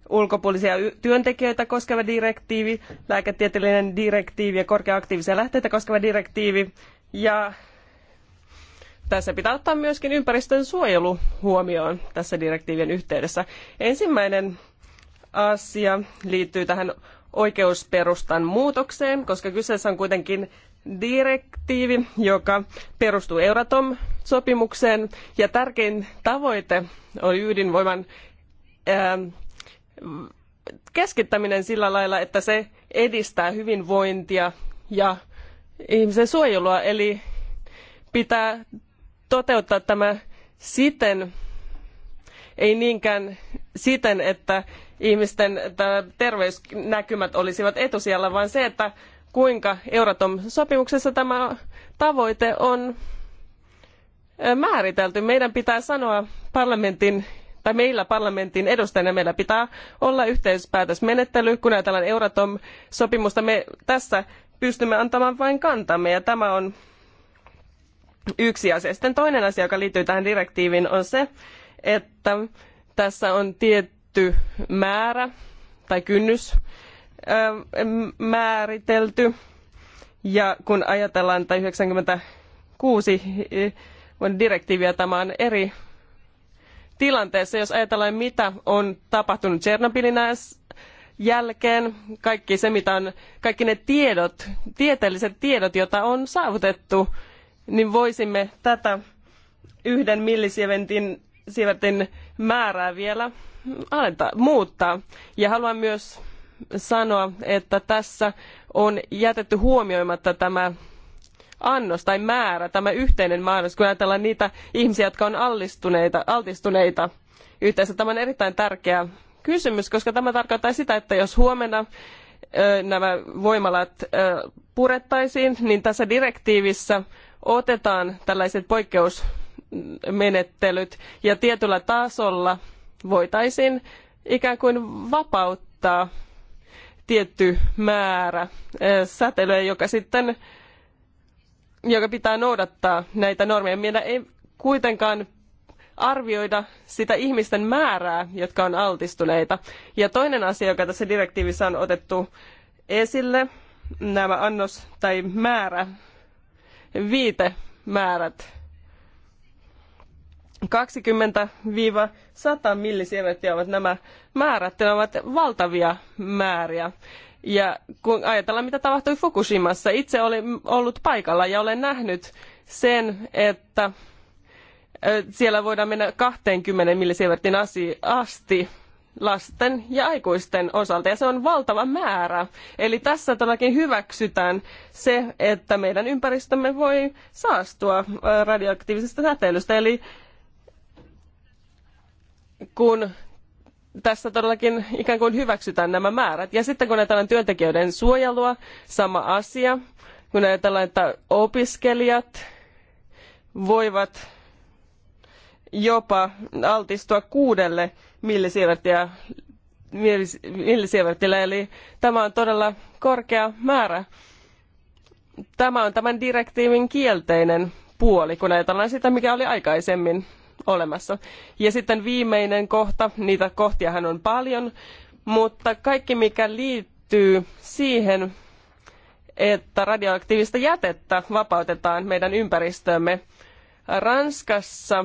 ulkopuolisia työntekijöitä koskeva direktiivi, lääketieteellinen direktiivi ja korkeaaktiivisia lähteitä koskeva direktiivi. Ja tässä pitää ottaa myöskin ympäristön suojelu huomioon tässä direktiivien yhteydessä. Ensimmäinen asia liittyy tähän oikeusperustan muutokseen, koska kyseessä on kuitenkin direktiivi, joka perustuu Euratom-sopimukseen. Ja tärkein tavoite oli ydinvoiman ää, ähm, keskittäminen sillä lailla, että se edistää hyvinvointia ja ihmisen suojelua. Eli pitää toteuttaa tämä siten, ei niinkään siten, että ihmisten terveysnäkymät olisivat etusijalla, vaan se, että kuinka Euratom-sopimuksessa tämä tavoite on määritelty. Meidän pitää sanoa parlamentin tai meillä parlamentin edustajina meillä pitää olla yhteispäätösmenettely, kun ajatellaan Euratom-sopimusta. Me tässä pystymme antamaan vain kantamme ja tämä on yksi asia. Sitten toinen asia, joka liittyy tähän direktiiviin, on se, että tässä on tietty tietty määrä tai kynnys määritelty. Ja kun ajatellaan, että 96 direktiiviä tämä on eri tilanteessa, jos ajatellaan mitä on tapahtunut Tsernobylin jälkeen, kaikki se mitä on, kaikki ne tiedot, tieteelliset tiedot, joita on saavutettu, niin voisimme tätä yhden millisieventin sievertin määrää vielä alentaa, muuttaa. Ja haluan myös sanoa, että tässä on jätetty huomioimatta tämä annos tai määrä, tämä yhteinen määrä, kun ajatellaan niitä ihmisiä, jotka on altistuneita yhteensä. Tämä on erittäin tärkeä kysymys, koska tämä tarkoittaa sitä, että jos huomenna nämä voimalat purettaisiin, niin tässä direktiivissä otetaan tällaiset poikkeusmenettelyt ja tietyllä tasolla – voitaisiin ikään kuin vapauttaa tietty määrä eh, säteilyä, joka sitten joka pitää noudattaa näitä normeja. Meidän ei kuitenkaan arvioida sitä ihmisten määrää, jotka on altistuneita. Ja toinen asia, joka tässä direktiivissä on otettu esille, nämä annos- tai määrä, määrät. 20-100 millisieverttiä ovat nämä määrät, ne ovat valtavia määriä. Ja kun ajatellaan, mitä tapahtui Fukushimassa, itse olin ollut paikalla ja olen nähnyt sen, että siellä voidaan mennä 20 millisievertin asti lasten ja aikuisten osalta, ja se on valtava määrä. Eli tässä todellakin hyväksytään se, että meidän ympäristömme voi saastua radioaktiivisesta säteilystä, eli kun tässä todellakin ikään kuin hyväksytään nämä määrät. Ja sitten kun ajatellaan työntekijöiden suojelua, sama asia. Kun ajatellaan, että opiskelijat voivat jopa altistua kuudelle millisievertiä millisievertillä, eli tämä on todella korkea määrä. Tämä on tämän direktiivin kielteinen puoli, kun ajatellaan sitä, mikä oli aikaisemmin olemassa. Ja sitten viimeinen kohta, niitä kohtiahan on paljon, mutta kaikki mikä liittyy siihen, että radioaktiivista jätettä vapautetaan meidän ympäristöömme. Ranskassa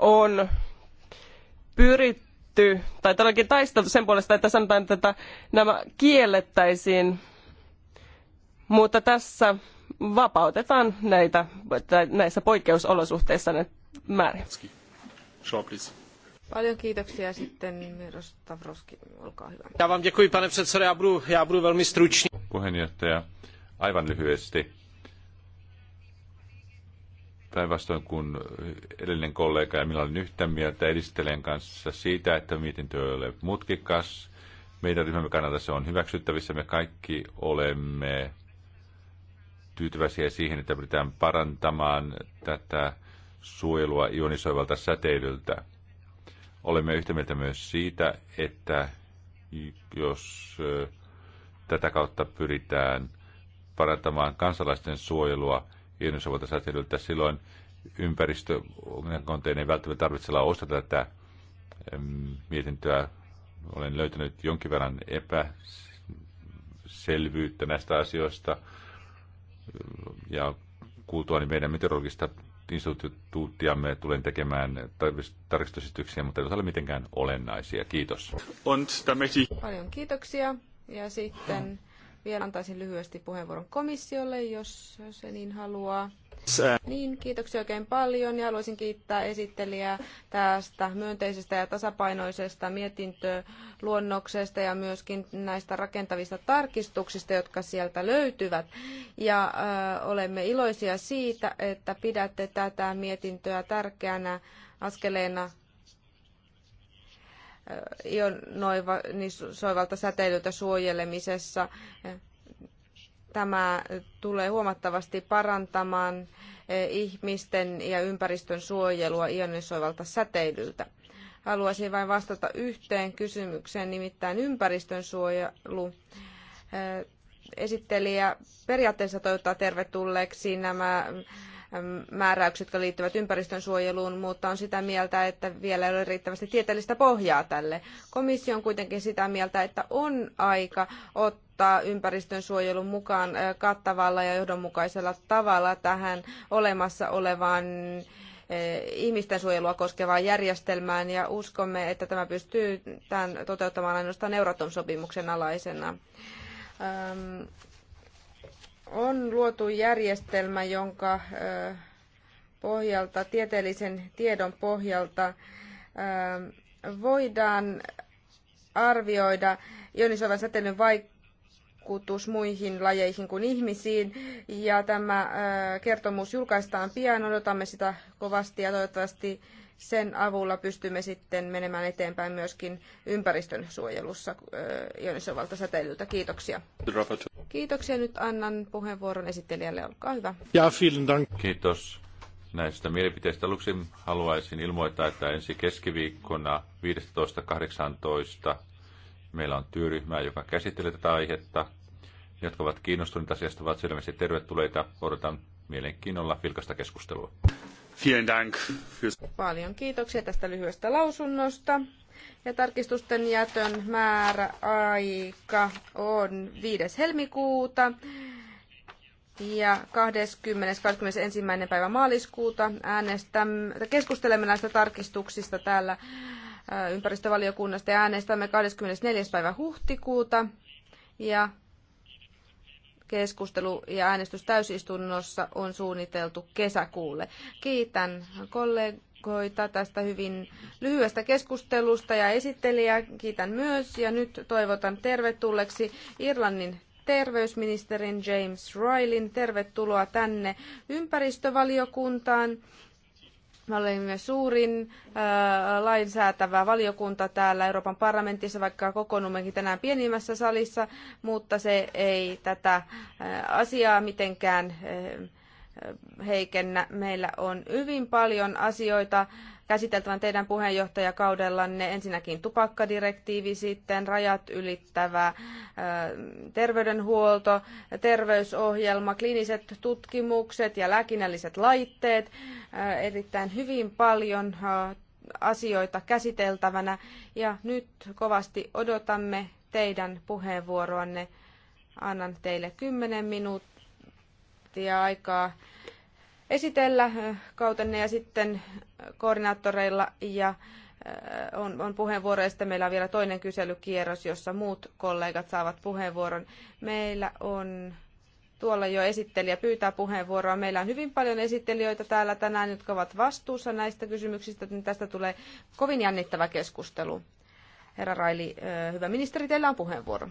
on pyritty, tai todellakin taisteltu sen puolesta, että sanotaan, että nämä kiellettäisiin, mutta tässä vapautetaan näitä, näissä poikkeusolosuhteissa määrin. Paljon kiitoksia sitten Miros olkaa hyvä. Ja vám děkuji, pane předsedo, já budu, já budu velmi stručný. Puheenjohtaja, aivan lyhyesti. Päinvastoin kuin edellinen kollega ja minä olen yhtä mieltä edistelen kanssa siitä, että mietintö ei ole mutkikas. Meidän ryhmämme kannalta se on hyväksyttävissä. Me kaikki olemme tyytyväisiä siihen, että pyritään parantamaan tätä suojelua ionisoivalta säteilyltä. Olemme yhtä mieltä myös siitä, että jos tätä kautta pyritään parantamaan kansalaisten suojelua ionisoivalta säteilyltä, silloin ympäristökonteen ei välttämättä tarvitse olla osa tätä mietintöä. Olen löytänyt jonkin verran epäselvyyttä näistä asioista ja kuultuani meidän meteorologista instituuttiamme tulen tekemään tarkistusesityksiä, mutta ei ole mitenkään olennaisia. Kiitos. Paljon kiitoksia. Ja sitten vielä antaisin lyhyesti puheenvuoron komissiolle, jos se niin haluaa. Niin, kiitoksia oikein paljon ja haluaisin kiittää esittelijää tästä myönteisestä ja tasapainoisesta mietintöluonnoksesta ja myöskin näistä rakentavista tarkistuksista, jotka sieltä löytyvät. Ja ö, äh, olemme iloisia siitä, että pidätte tätä mietintöä tärkeänä askeleena ionoivalta niin säteilyltä suojelemisessa. Tämä tulee huomattavasti parantamaan eh, ihmisten ja ympäristön suojelua ionisoivalta säteilyltä. Haluaisin vain vastata yhteen kysymykseen, nimittäin ympäristön suojelu eh, esittelijä periaatteessa toivottaa tervetulleeksi nämä määräykset, jotka liittyvät ympäristönsuojeluun, mutta on sitä mieltä, että vielä ei ole riittävästi tieteellistä pohjaa tälle. Komissio on kuitenkin sitä mieltä, että on aika ottaa ympäristönsuojelun mukaan kattavalla ja johdonmukaisella tavalla tähän olemassa olevaan ihmisten suojelua koskevaan järjestelmään ja uskomme, että tämä pystyy tämän toteuttamaan ainoastaan Euratom-sopimuksen alaisena on luotu järjestelmä, jonka pohjalta, tieteellisen tiedon pohjalta voidaan arvioida ionisoivan säteilyn vaikutus muihin lajeihin kuin ihmisiin. Ja tämä kertomus julkaistaan pian, odotamme sitä kovasti ja toivottavasti sen avulla pystymme sitten menemään eteenpäin myöskin ympäristön suojelussa ionisovalta säteilyltä. Kiitoksia. Kiitoksia. Nyt annan puheenvuoron esittelijälle. Olkaa hyvä. Ja, dank. Kiitos näistä mielipiteistä. Aluksi haluaisin ilmoittaa, että ensi keskiviikkona 15.18 meillä on työryhmää, joka käsittelee tätä aihetta. Jotka ovat kiinnostuneita asiasta, ovat selvästi tervetulleita. Odotan mielenkiinnolla vilkasta keskustelua. Paljon kiitoksia tästä lyhyestä lausunnosta. Ja tarkistusten jätön määräaika on 5. helmikuuta ja 20. 21. päivä maaliskuuta äänestämme, keskustelemme näistä tarkistuksista täällä ympäristövaliokunnasta ja äänestämme 24. päivä huhtikuuta ja Keskustelu ja äänestys täysistunnossa on suunniteltu kesäkuulle. Kiitän kollegoita tästä hyvin lyhyestä keskustelusta ja esittelijää kiitän myös. Ja nyt toivotan tervetulleeksi Irlannin terveysministerin James Rylin. Tervetuloa tänne ympäristövaliokuntaan. Me olemme suurin äh, lainsäätävä valiokunta täällä Euroopan parlamentissa, vaikka kokoonnummekin tänään pienimmässä salissa, mutta se ei tätä äh, asiaa mitenkään äh, heikennä. Meillä on hyvin paljon asioita, äh, käsiteltävän teidän puheenjohtajakaudellanne ensinnäkin tupakkadirektiivi, sitten rajat ylittävä terveydenhuolto, terveysohjelma, kliiniset tutkimukset ja lääkinnälliset laitteet. Erittäin hyvin paljon asioita käsiteltävänä ja nyt kovasti odotamme teidän puheenvuoroanne. Annan teille kymmenen minuuttia aikaa esitellä äh, kautenne ja sitten äh, koordinaattoreilla ja äh, on, on puheenvuoro ja sitten meillä on vielä toinen kyselykierros, jossa muut kollegat saavat puheenvuoron. Meillä on tuolla jo esittelijä pyytää puheenvuoroa. Meillä on hyvin paljon esittelijöitä täällä tänään, jotka ovat vastuussa näistä kysymyksistä, niin tästä tulee kovin jännittävä keskustelu. Herra Raili, hyvä ministeri, teillä on puheenvuoro.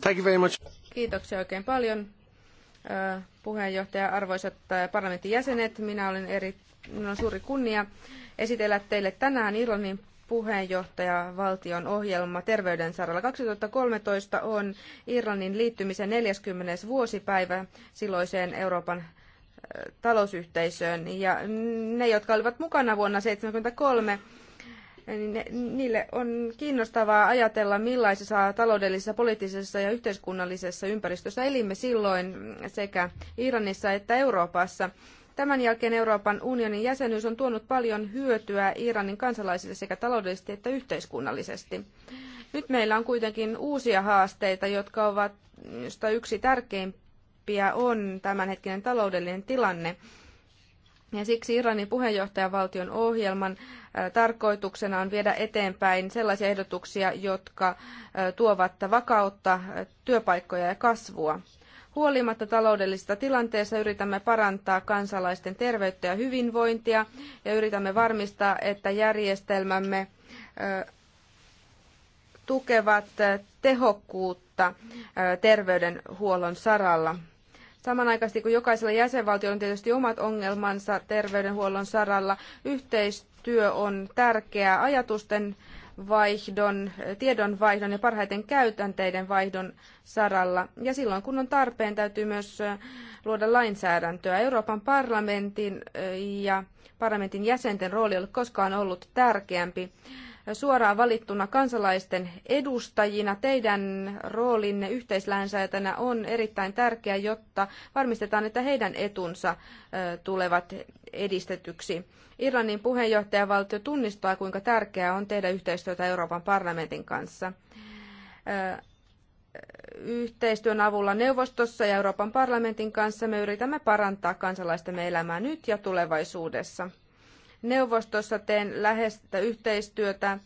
Thank you very much. Kiitoksia oikein paljon puheenjohtaja, arvoisat parlamentin jäsenet. Minä olen eri, minun on suuri kunnia esitellä teille tänään Irlannin puheenjohtaja valtion ohjelma terveyden saralla. 2013 on Irlannin liittymisen 40. vuosipäivä silloiseen Euroopan talousyhteisöön. Ja ne, jotka olivat mukana vuonna 1973, niin niille on kiinnostavaa ajatella, millaisessa taloudellisessa, poliittisessa ja yhteiskunnallisessa ympäristössä elimme silloin sekä Iranissa että Euroopassa. Tämän jälkeen Euroopan unionin jäsenyys on tuonut paljon hyötyä Iranin kansalaisille sekä taloudellisesti että yhteiskunnallisesti. Nyt meillä on kuitenkin uusia haasteita, jotka ovat, josta yksi tärkeimpiä on tämänhetkinen taloudellinen tilanne. Ja siksi Iranin puheenjohtajavaltion ohjelman äh, tarkoituksena on viedä eteenpäin sellaisia ehdotuksia, jotka äh, tuovat vakautta, äh, työpaikkoja ja kasvua. Huolimatta taloudellisesta tilanteesta yritämme parantaa kansalaisten terveyttä ja hyvinvointia ja yritämme varmistaa, että järjestelmämme tukevat tehokkuutta terveydenhuollon saralla. Samanaikaisesti kun jokaisella jäsenvaltiolla on tietysti omat ongelmansa terveydenhuollon saralla, yhteistyö on tärkeää ajatusten vaihdon, tiedonvaihdon ja parhaiten käytänteiden vaihdon saralla. Ja silloin kun on tarpeen, täytyy myös luoda lainsäädäntöä. Euroopan parlamentin ja parlamentin jäsenten rooli ei ole koskaan ollut tärkeämpi suoraan valittuna kansalaisten edustajina. Teidän roolinne yhteislainsäätänä on erittäin tärkeä, jotta varmistetaan, että heidän etunsa tulevat edistetyksi. Irlannin puheenjohtajavaltio tunnistaa, kuinka tärkeää on tehdä yhteistyötä Euroopan parlamentin kanssa yhteistyön avulla neuvostossa ja Euroopan parlamentin kanssa me yritämme parantaa kansalaistemme elämää nyt ja tulevaisuudessa. Neuvostossa teen läheistä yhteistyötä äh,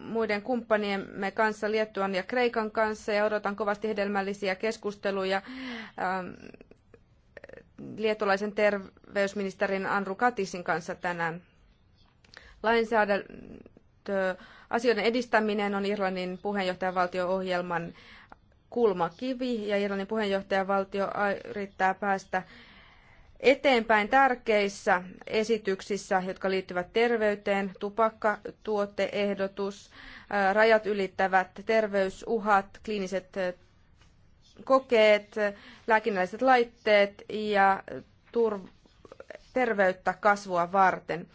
muiden kumppaniemme kanssa, Liettuan ja Kreikan kanssa, ja odotan kovasti hedelmällisiä keskusteluja ähm, liettualaisen terveysministerin Andru Katisin kanssa tänään. Lainsäädäntö asioiden edistäminen on Irlannin puheenjohtajavaltio-ohjelman kulmakivi ja Irlannin puheenjohtajavaltio yrittää päästä eteenpäin tärkeissä esityksissä, jotka liittyvät terveyteen, tupakkatuotteehdotus, rajat ylittävät terveysuhat, kliiniset kokeet, lääkinnälliset laitteet ja terveyttä kasvua varten.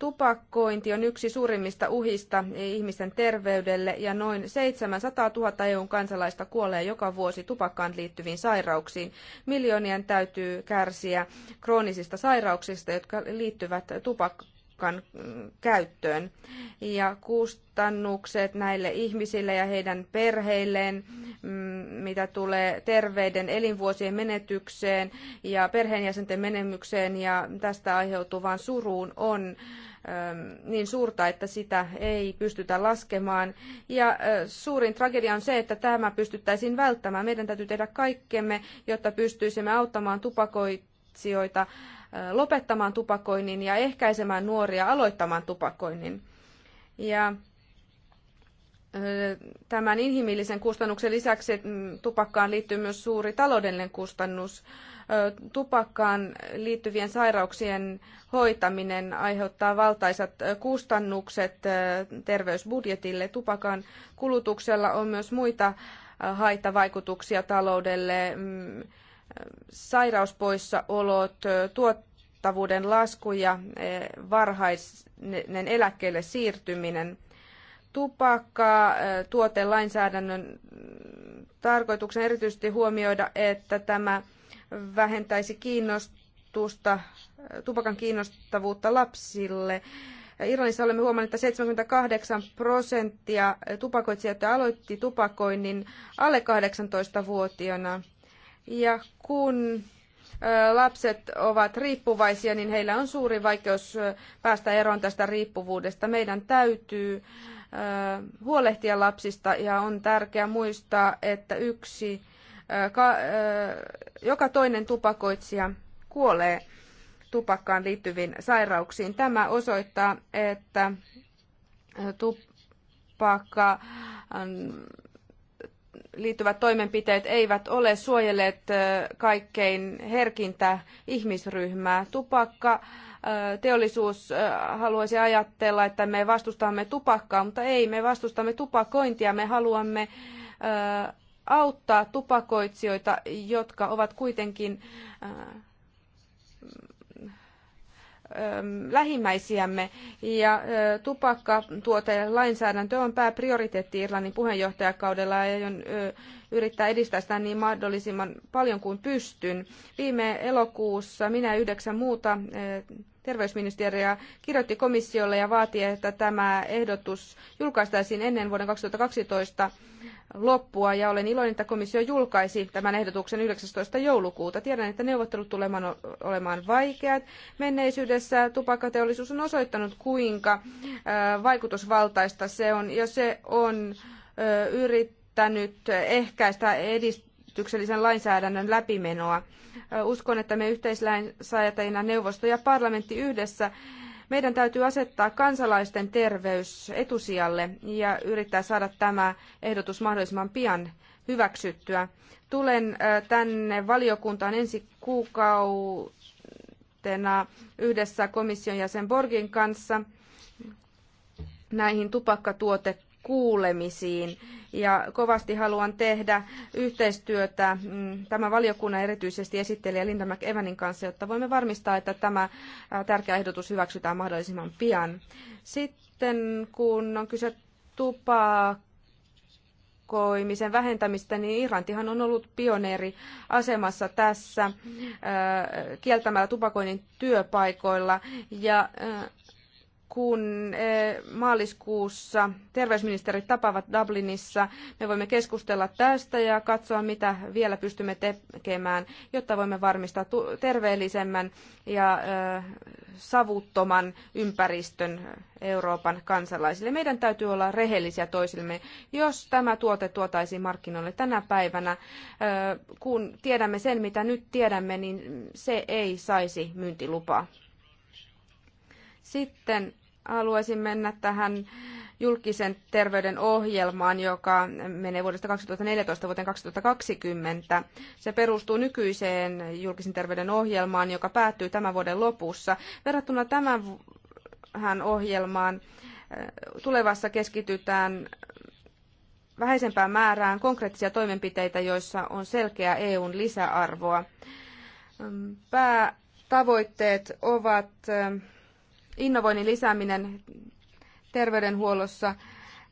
Tupakointi on yksi suurimmista uhista ihmisten terveydelle ja noin 700 000 EUn kansalaista kuolee joka vuosi tupakkaan liittyviin sairauksiin. Miljoonien täytyy kärsiä kroonisista sairauksista, jotka liittyvät tupakan mm, käyttöön. Ja kustannukset näille ihmisille ja heidän perheilleen, mm, mitä tulee terveyden elinvuosien menetykseen ja perheenjäsenten menemykseen ja tästä aiheutuvaan suruun, on Ähm, niin suurta, että sitä ei pystytä laskemaan. Ja äh, suurin tragedia on se, että tämä pystyttäisiin välttämään. Meidän täytyy tehdä kaikkemme, jotta pystyisimme auttamaan tupakoitsijoita äh, lopettamaan tupakoinnin ja ehkäisemään nuoria aloittamaan tupakoinnin. Ja äh, tämän inhimillisen kustannuksen lisäksi mm, tupakkaan liittyy myös suuri taloudellinen kustannus tupakkaan liittyvien sairauksien hoitaminen aiheuttaa valtaisat kustannukset terveysbudjetille. Tupakan kulutuksella on myös muita haittavaikutuksia taloudelle, mm, sairauspoissaolot, tuottavuuden lasku ja varhainen eläkkeelle siirtyminen Tupakka tuotelainsäädännön tarkoituksen erityisesti huomioida, että tämä vähentäisi kiinnostusta, tupakan kiinnostavuutta lapsille. Irlannissa olemme huomanneet, että 78 prosenttia tupakoitsijoita aloitti tupakoinnin alle 18-vuotiaana. Ja kun lapset ovat riippuvaisia, niin heillä on suuri vaikeus päästä eroon tästä riippuvuudesta. Meidän täytyy huolehtia lapsista ja on tärkeää muistaa, että yksi joka toinen tupakoitsija kuolee tupakkaan liittyviin sairauksiin. Tämä osoittaa, että tupakka ähm, liittyvät toimenpiteet eivät ole suojelleet kaikkein herkintä ihmisryhmää. Tupakka teollisuus haluaisi ajatella, että me vastustamme tupakkaa, mutta ei, me vastustamme tupakointia, me haluamme auttaa tupakoitsijoita, jotka ovat kuitenkin äh, ähm, lähimmäisiämme ja äh, tupakkatuotelainsäädäntö on pääprioriteetti Irlannin puheenjohtajakaudella ja on yrittää edistää sitä niin mahdollisimman paljon kuin pystyn. Viime elokuussa minä ja yhdeksän muuta terveysministeriä kirjoitti komissiolle ja vaati, että tämä ehdotus julkaistaisiin ennen vuoden 2012 loppua ja olen iloinen, että komissio julkaisi tämän ehdotuksen 19. joulukuuta. Tiedän, että neuvottelut tulevat olemaan vaikeat. Menneisyydessä tupakkateollisuus on osoittanut, kuinka vaikutusvaltaista se on ja se on yrittänyt ehkäistä edistyksellisen lainsäädännön läpimenoa. Uskon, että me yhteislainsäätäjinä neuvosto ja parlamentti yhdessä meidän täytyy asettaa kansalaisten terveys etusijalle ja yrittää saada tämä ehdotus mahdollisimman pian hyväksyttyä. Tulen tänne valiokuntaan ensi kuukautena yhdessä komission jäsen Borgin kanssa näihin tupakkatuotteisiin kuulemisiin. Ja kovasti haluan tehdä yhteistyötä mm, tämän valiokunnan erityisesti esittelijä Linda McEvanin kanssa, jotta voimme varmistaa, että tämä tärkeä ehdotus hyväksytään mahdollisimman pian. Sitten kun on kyse tupakoimisen vähentämistä, niin Irlantihan on ollut pioneeri asemassa tässä kieltämällä tupakoinnin työpaikoilla. Ja kun eh, maaliskuussa terveysministerit tapaavat Dublinissa, me voimme keskustella tästä ja katsoa, mitä vielä pystymme tekemään, jotta voimme varmistaa terveellisemmän ja eh, savuttoman ympäristön Euroopan kansalaisille. Meidän täytyy olla rehellisiä toisillemme. Jos tämä tuote tuotaisiin markkinoille tänä päivänä, eh, kun tiedämme sen, mitä nyt tiedämme, niin se ei saisi myyntilupaa. Sitten haluaisin mennä tähän julkisen terveyden ohjelmaan, joka menee vuodesta 2014 vuoteen 2020. Se perustuu nykyiseen julkisen terveyden ohjelmaan, joka päättyy tämän vuoden lopussa. Verrattuna tämän ohjelmaan eh, tulevassa keskitytään vähäisempään määrään konkreettisia toimenpiteitä, joissa on selkeää EUn lisäarvoa. Päätavoitteet ovat eh, innovoinnin lisääminen terveydenhuollossa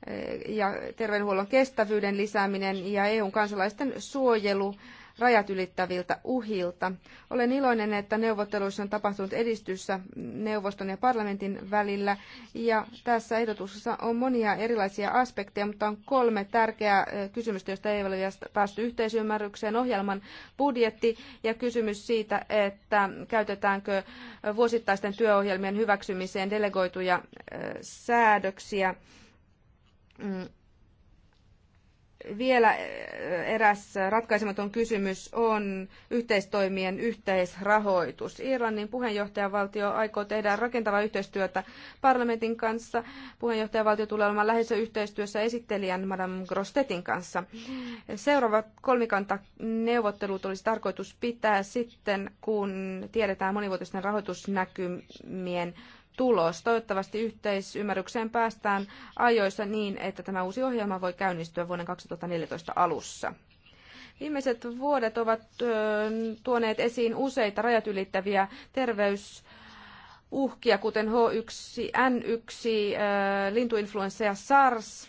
eh, ja terveydenhuollon kestävyyden lisääminen ja EUn kansalaisten suojelu rajat ylittäviltä uhilta. Olen iloinen, että neuvotteluissa on tapahtunut edistyssä neuvoston ja parlamentin välillä ja tässä ehdotuksessa on monia erilaisia aspekteja, mutta on kolme tärkeää eh, kysymystä, joista ei ole vielä päästy yhteisymmärrykseen. Ohjelman budjetti ja kysymys siitä, että käytetäänkö vuosittaisten työohjelmien hyväksymiseen delegoituja eh, säädöksiä mm, vielä äh, eräs ratkaisematon kysymys on yhteistoimien yhteisrahoitus. Irlannin puheenjohtajavaltio aikoo tehdä rakentavaa yhteistyötä parlamentin kanssa. Puheenjohtajavaltio tulee olemaan läheisessä yhteistyössä esittelijän Madame Grostetin kanssa. Seuraavat kolmikantaneuvottelut olisi tarkoitus pitää sitten, kun tiedetään monivuotisten rahoitusnäkymien tulos. Toivottavasti yhteisymmärrykseen päästään ajoissa niin, että tämä uusi ohjelma voi käynnistyä vuoden 2014 alussa. Viimeiset vuodet ovat tuoneet esiin useita rajat ylittäviä terveys uhkia, kuten H1N1, lintuinfluenssa ja SARS.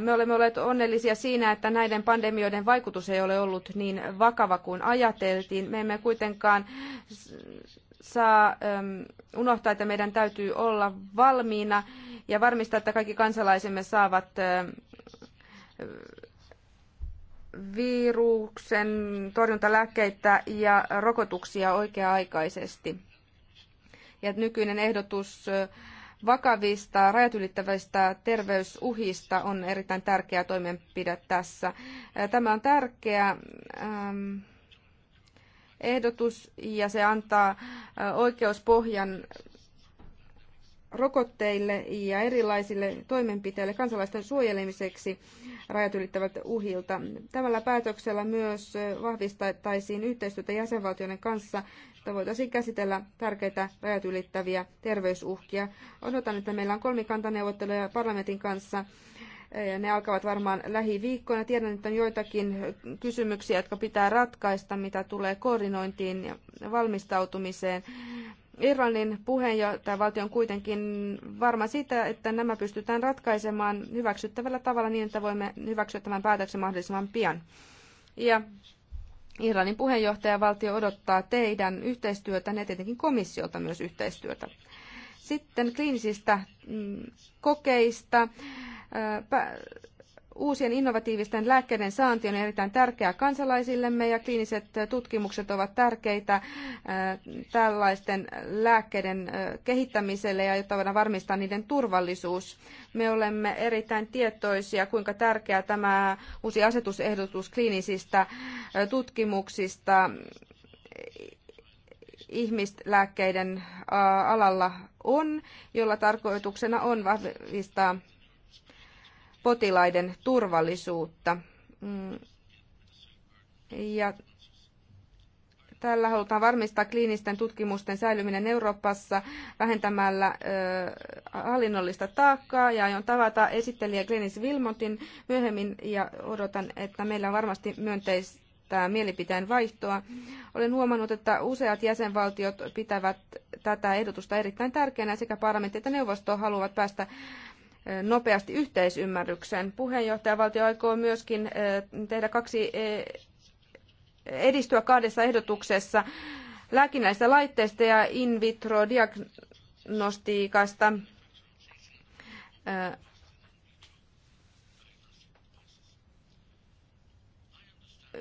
Me olemme olleet onnellisia siinä, että näiden pandemioiden vaikutus ei ole ollut niin vakava kuin ajateltiin. Me emme kuitenkaan saa äm, unohtaa, että meidän täytyy olla valmiina ja varmistaa, että kaikki kansalaisemme saavat äh, viruksen torjuntalääkkeitä ja rokotuksia oikea-aikaisesti. Ja nykyinen ehdotus äh, vakavista rajat ylittävistä terveysuhista on erittäin tärkeä toimenpide tässä. Äh, tämä on tärkeä. Ähm, ehdotus ja se antaa oikeuspohjan rokotteille ja erilaisille toimenpiteille kansalaisten suojelemiseksi rajat ylittävät uhilta. Tällä päätöksellä myös vahvistettaisiin yhteistyötä jäsenvaltioiden kanssa, että voitaisiin käsitellä tärkeitä rajat ylittäviä terveysuhkia. Odotan, että meillä on kolmikantaneuvotteluja parlamentin kanssa ja ne alkavat varmaan lähiviikkoina. Tiedän, että on joitakin kysymyksiä, jotka pitää ratkaista, mitä tulee koordinointiin ja valmistautumiseen. Irlannin puheenjohtaja valtio on kuitenkin varma siitä, että nämä pystytään ratkaisemaan hyväksyttävällä tavalla niin, että voimme hyväksyä tämän päätöksen mahdollisimman pian. Ja Irlannin puheenjohtaja valtio odottaa teidän yhteistyötä ja tietenkin komissiolta myös yhteistyötä. Sitten kliinisistä mm, kokeista uusien innovatiivisten lääkkeiden saanti on erittäin tärkeää kansalaisillemme ja kliiniset tutkimukset ovat tärkeitä tällaisten lääkkeiden kehittämiselle ja jotta voidaan varmistaa niiden turvallisuus. Me olemme erittäin tietoisia, kuinka tärkeää tämä uusi asetusehdotus kliinisistä tutkimuksista ihmislääkkeiden alalla on, jolla tarkoituksena on vahvistaa potilaiden turvallisuutta. Mm. Ja Tällä halutaan varmistaa kliinisten tutkimusten säilyminen Euroopassa vähentämällä hallinnollista taakkaa ja aion tavata esittelijä Glenis Wilmotin myöhemmin ja odotan, että meillä on varmasti myönteistä mielipiteen vaihtoa. Olen huomannut, että useat jäsenvaltiot pitävät tätä ehdotusta erittäin tärkeänä sekä parlamentti että neuvosto haluavat päästä nopeasti yhteisymmärryksen. Puheenjohtajavaltio aikoo myöskin eh, tehdä kaksi eh, edistyä kahdessa ehdotuksessa lääkinnällisistä laitteista ja in vitro diagnostiikasta. Eh,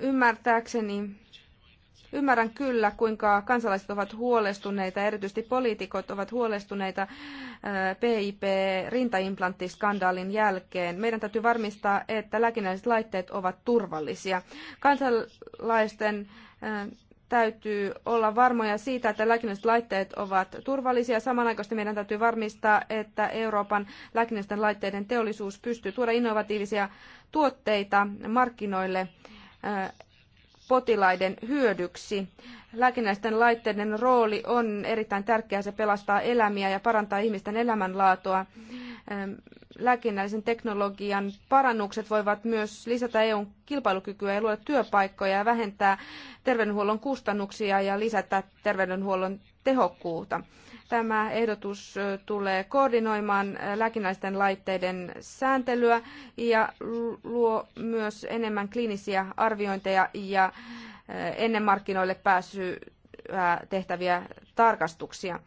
ymmärtääkseni Ymmärrän kyllä, kuinka kansalaiset ovat huolestuneita, erityisesti poliitikot ovat huolestuneita äh, pip rintaimplanttiskandaalin jälkeen. Meidän täytyy varmistaa, että lääkinnälliset laitteet ovat turvallisia. Kansalaisten äh, täytyy olla varmoja siitä, että lääkinnälliset laitteet ovat turvallisia. Samanaikaisesti meidän täytyy varmistaa, että Euroopan lääkinnällisten laitteiden teollisuus pystyy tuoda innovatiivisia tuotteita markkinoille äh, potilaiden hyödyksi. Lääkinnäisten laitteiden rooli on erittäin tärkeä. Se pelastaa elämiä ja parantaa ihmisten elämänlaatua. Ehm, lääkinnällisen teknologian parannukset voivat myös lisätä EUn kilpailukykyä ja luoda työpaikkoja ja vähentää terveydenhuollon kustannuksia ja lisätä terveydenhuollon tehokkuutta. Tämä ehdotus tulee koordinoimaan lääkinnäisten laitteiden sääntelyä ja luo myös enemmän kliinisiä arviointeja ja ennen markkinoille pääsyä tehtäviä tarkastuksia.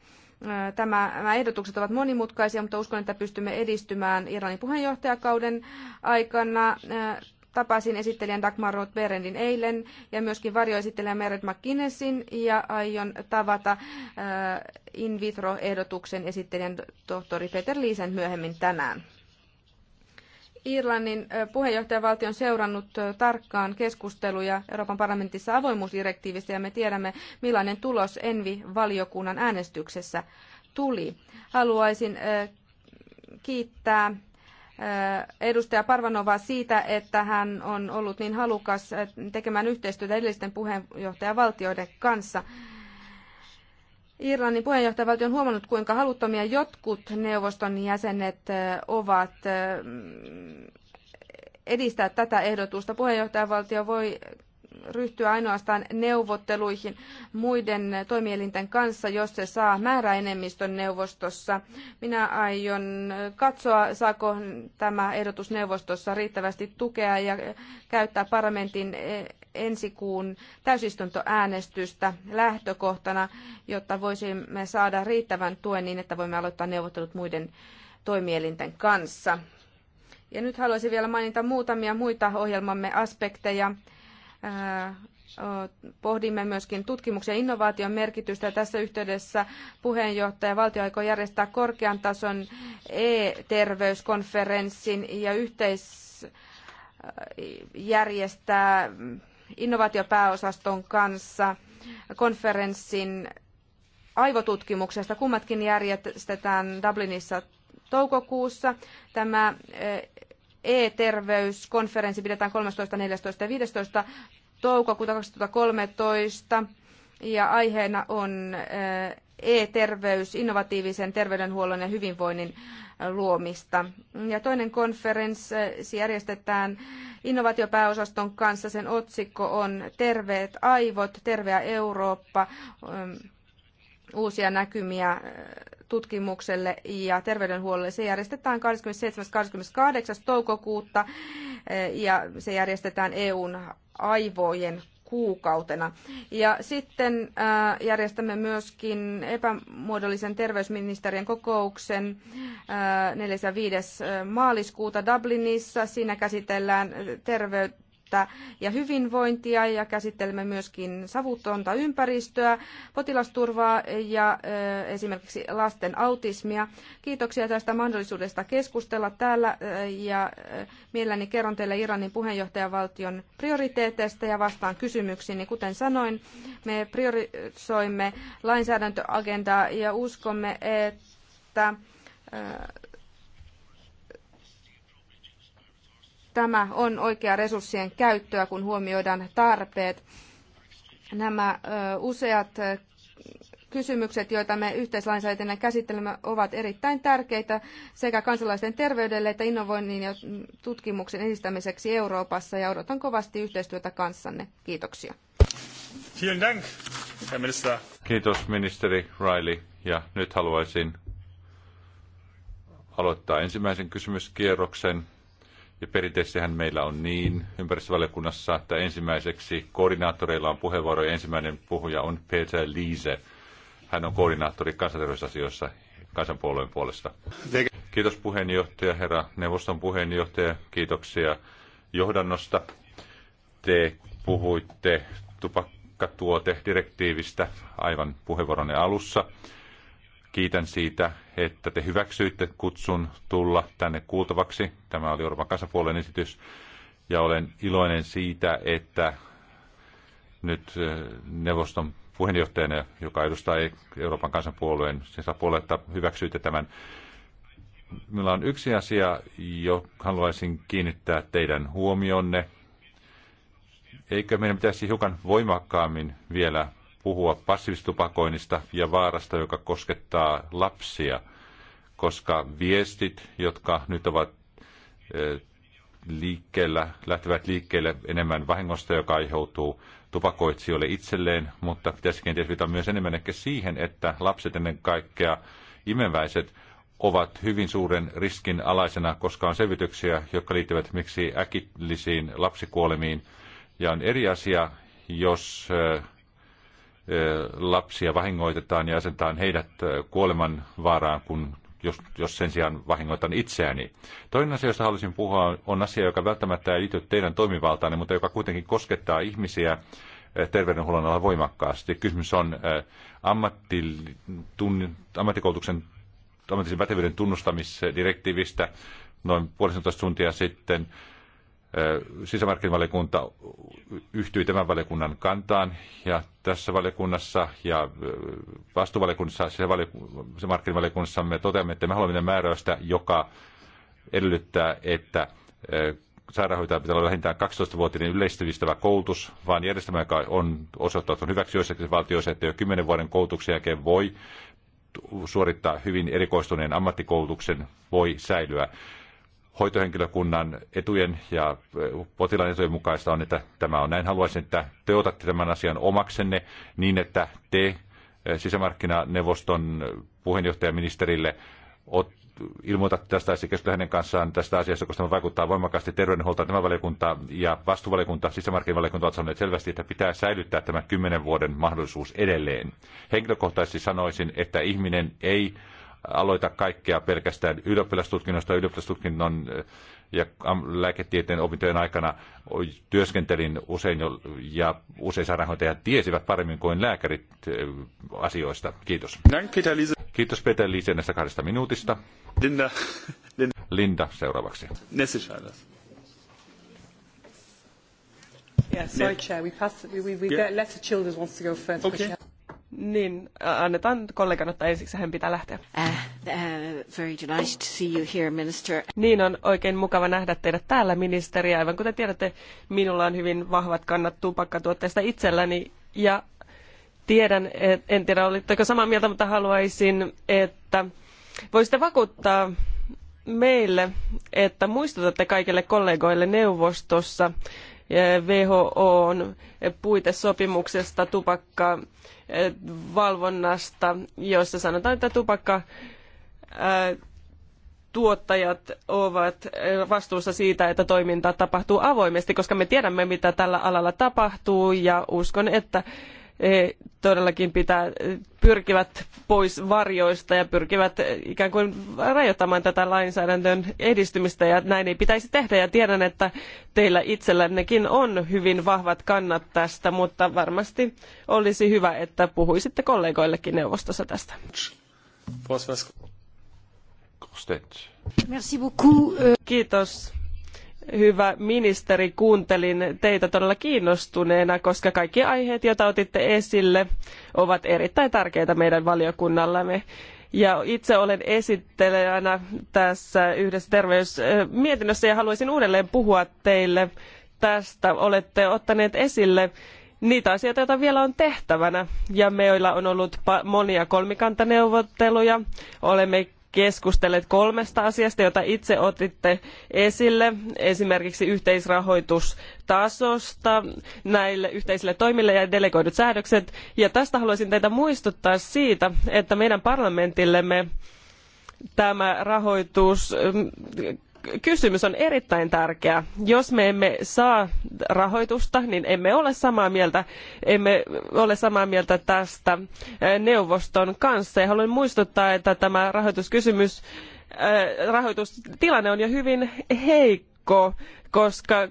Tämä, nämä ehdotukset ovat monimutkaisia, mutta uskon, että pystymme edistymään Irlannin puheenjohtajakauden aikana Tapasin esittelijän Dagmar roth berendin eilen ja myöskin varjoesittelijän Meret McKinnesin ja aion tavata äh, in vitro-ehdotuksen esittelijän tohtori Peter Liisen myöhemmin tänään. Irlannin äh, puheenjohtajavaltio on seurannut äh, tarkkaan keskusteluja Euroopan parlamentissa avoimuusdirektiivistä ja me tiedämme, millainen tulos Envi-valiokunnan äänestyksessä tuli. Haluaisin kiittää edustaja Parvanovaa siitä, että hän on ollut niin halukas tekemään yhteistyötä edellisten puheenjohtajavaltioiden kanssa. Irlannin puheenjohtajavaltio on huomannut, kuinka haluttomia jotkut neuvoston jäsenet ovat edistää tätä ehdotusta. Puheenjohtajavaltio voi ryhtyä ainoastaan neuvotteluihin muiden toimielinten kanssa, jos se saa määräenemmistön neuvostossa. Minä aion katsoa, saako tämä ehdotus neuvostossa riittävästi tukea ja käyttää parlamentin ensi kuun täysistuntoäänestystä lähtökohtana, jotta voisimme saada riittävän tuen niin, että voimme aloittaa neuvottelut muiden toimielinten kanssa. Ja nyt haluaisin vielä mainita muutamia muita ohjelmamme aspekteja. Pohdimme myöskin tutkimuksen ja innovaation merkitystä. Tässä yhteydessä puheenjohtaja valtio aikoo järjestää korkean tason e-terveyskonferenssin ja yhteisjärjestää järjestää innovaatiopääosaston kanssa konferenssin aivotutkimuksesta. Kummatkin järjestetään Dublinissa toukokuussa. Tämä e-terveyskonferenssi pidetään 13, 14 ja 15 toukokuuta 2013 ja aiheena on eh, e-terveys, innovatiivisen terveydenhuollon ja hyvinvoinnin eh, luomista. Ja toinen konferenssi eh, järjestetään innovaatiopääosaston kanssa. Sen otsikko on Terveet aivot, terveä Eurooppa, uusia näkymiä tutkimukselle ja terveydenhuollolle. Se järjestetään 27.–28. toukokuuta eh, ja se järjestetään EUn aivojen kuukautena. Ja sitten eh, järjestämme myöskin epämuodollisen terveysministerien kokouksen äh, eh, 4. ja 5. maaliskuuta Dublinissa. Siinä käsitellään terveyttä terveyttä ja hyvinvointia ja käsittelemme myöskin savutonta ympäristöä, potilasturvaa ja esimerkiksi lasten autismia. Kiitoksia tästä mahdollisuudesta keskustella täällä ja mielelläni kerron teille Iranin puheenjohtajavaltion prioriteeteista ja vastaan kysymyksiin. Kuten sanoin, me priorisoimme lainsäädäntöagendaa ja uskomme, että että tämä on oikea resurssien käyttöä, kun huomioidaan tarpeet. Nämä useat kysymykset, joita me yhteislainsäätäjänä käsittelemme, ovat erittäin tärkeitä sekä kansalaisten terveydelle että innovoinnin ja tutkimuksen edistämiseksi Euroopassa ja odotan kovasti yhteistyötä kanssanne. Kiitoksia. Kiitos ministeri Riley ja nyt haluaisin aloittaa ensimmäisen kysymyskierroksen. Ja perinteissähän meillä on niin ympäristövaliokunnassa, että ensimmäiseksi koordinaattoreilla on puheenvuoro ja ensimmäinen puhuja on Peter Liise. Hän on koordinaattori kansanterveysasioissa kansanpuolueen puolesta. Kiitos puheenjohtaja, herra neuvoston puheenjohtaja. Kiitoksia johdannosta. Te puhuitte tupakkatuotedirektiivistä aivan puheenvuoronne alussa. Kiitän siitä, että te hyväksyitte kutsun tulla tänne kuultavaksi. Tämä oli Euroopan kansapuolen esitys. Ja olen iloinen siitä, että nyt neuvoston puheenjohtajana, joka edustaa Euroopan kansanpuolueen, siis puoletta hyväksyitte tämän. Meillä on yksi asia, johon haluaisin kiinnittää teidän huomionne. Eikö meidän pitäisi hiukan voimakkaammin vielä puhua passiivistupakoinnista ja vaarasta, joka koskettaa lapsia, koska viestit, jotka nyt ovat liikkeellä, lähtevät liikkeelle enemmän vahingosta, joka aiheutuu tupakoitsijoille itselleen, mutta pitäisi kenties viitata myös enemmän ehkä siihen, että lapset ennen kaikkea imeväiset ovat hyvin suuren riskin alaisena, koska on selvityksiä, jotka liittyvät miksi äkillisiin lapsikuolemiin. Ja on eri asia, jos lapsia vahingoitetaan ja asentaan heidät kuoleman vaaraan, kun jos, jos sen sijaan vahingoitan itseäni. Toinen asia, josta haluaisin puhua, on asia, joka välttämättä ei liity teidän toimivaltaanne, mutta joka kuitenkin koskettaa ihmisiä terveydenhuollon alalla voimakkaasti. Kysymys on ammattikoulutuksen ammatillisen pätevyyden tunnustamisdirektiivistä noin puolisentoista tuntia sitten sisämarkkinavaliokunta yhtyi tämän valiokunnan kantaan ja tässä valiokunnassa ja vastuvaliokunnassa sisämarkkinavaliokunnassa me toteamme, että me haluamme määräystä, joka edellyttää, että sairaanhoitajan pitää olla vähintään 12-vuotinen yleistyvistävä koulutus, vaan järjestelmä, joka on osoittautunut hyväksi joissakin valtioissa, että jo 10 vuoden koulutuksen jälkeen voi suorittaa hyvin erikoistuneen ammattikoulutuksen, voi säilyä hoitohenkilökunnan etujen ja potilaan etujen mukaista on, että tämä on näin. Haluaisin, että te otatte tämän asian omaksenne niin, että te sisämarkkinaneuvoston puheenjohtajaministerille ilmoitatte tästä asiasta, keskustella hänen kanssaan tästä asiasta, koska tämä vaikuttaa voimakkaasti terveydenhuoltoon. Tämä valiokunta ja vastuvalikunta, sisämarkkinavaliokunta ovat sanoneet selvästi, että pitää säilyttää tämä kymmenen vuoden mahdollisuus edelleen. Henkilökohtaisesti sanoisin, että ihminen ei aloita kaikkea pelkästään ylioppilastutkinnosta. Ylioppilastutkinnon eh, ja lääketieteen opintojen aikana työskentelin usein jo, ja usein sairaanhoitajat tiesivät paremmin kuin lääkärit eh, asioista. Kiitos. Kiitos Peter Liise näistä kahdesta minuutista. Linda. Linda, Linda seuraavaksi. Nessishalas. Yeah, sorry, Chair. We pass. We, we, we yeah. get Lester Childers wants to go first. Okay. Niin, annetaan kollegan ottaa ensiksi, hän pitää lähteä. Uh, uh, very nice to see you here, minister. Niin on oikein mukava nähdä teidät täällä, ministeri. Aivan kuten tiedätte, minulla on hyvin vahvat kannat tupakkatuotteista itselläni. Ja tiedän, et, en tiedä olitteko samaa mieltä, mutta haluaisin, että voisitte vakuuttaa meille, että muistutatte kaikille kollegoille neuvostossa – WHOn puitesopimuksesta tupakkavalvonnasta, jossa sanotaan, että tupakka tuottajat ovat vastuussa siitä, että toiminta tapahtuu avoimesti, koska me tiedämme, mitä tällä alalla tapahtuu ja uskon, että todellakin pitää, pyrkivät pois varjoista ja pyrkivät ikään kuin rajoittamaan tätä lainsäädännön edistymistä ja näin ei pitäisi tehdä ja tiedän, että teillä itsellännekin on hyvin vahvat kannat tästä, mutta varmasti olisi hyvä, että puhuisitte kollegoillekin neuvostossa tästä. Kiitos hyvä ministeri, kuuntelin teitä todella kiinnostuneena, koska kaikki aiheet, joita otitte esille, ovat erittäin tärkeitä meidän valiokunnallamme. Ja itse olen esittelijänä tässä yhdessä terveysmietinnössä ja haluaisin uudelleen puhua teille tästä. Olette ottaneet esille niitä asioita, joita vielä on tehtävänä. Ja meillä on ollut monia kolmikantaneuvotteluja. Olemme keskustelleet kolmesta asiasta, jota itse otitte esille, esimerkiksi yhteisrahoitustasosta näille yhteisille toimille ja delegoidut säädökset. Ja tästä haluaisin teitä muistuttaa siitä, että meidän parlamentillemme tämä rahoitus kysymys on erittäin tärkeä. Jos me emme saa rahoitusta, niin emme ole samaa mieltä, emme ole samaa mieltä tästä neuvoston kanssa. Ja haluan muistuttaa, että tämä rahoituskysymys, rahoitustilanne on jo hyvin heikko koska 2014-2020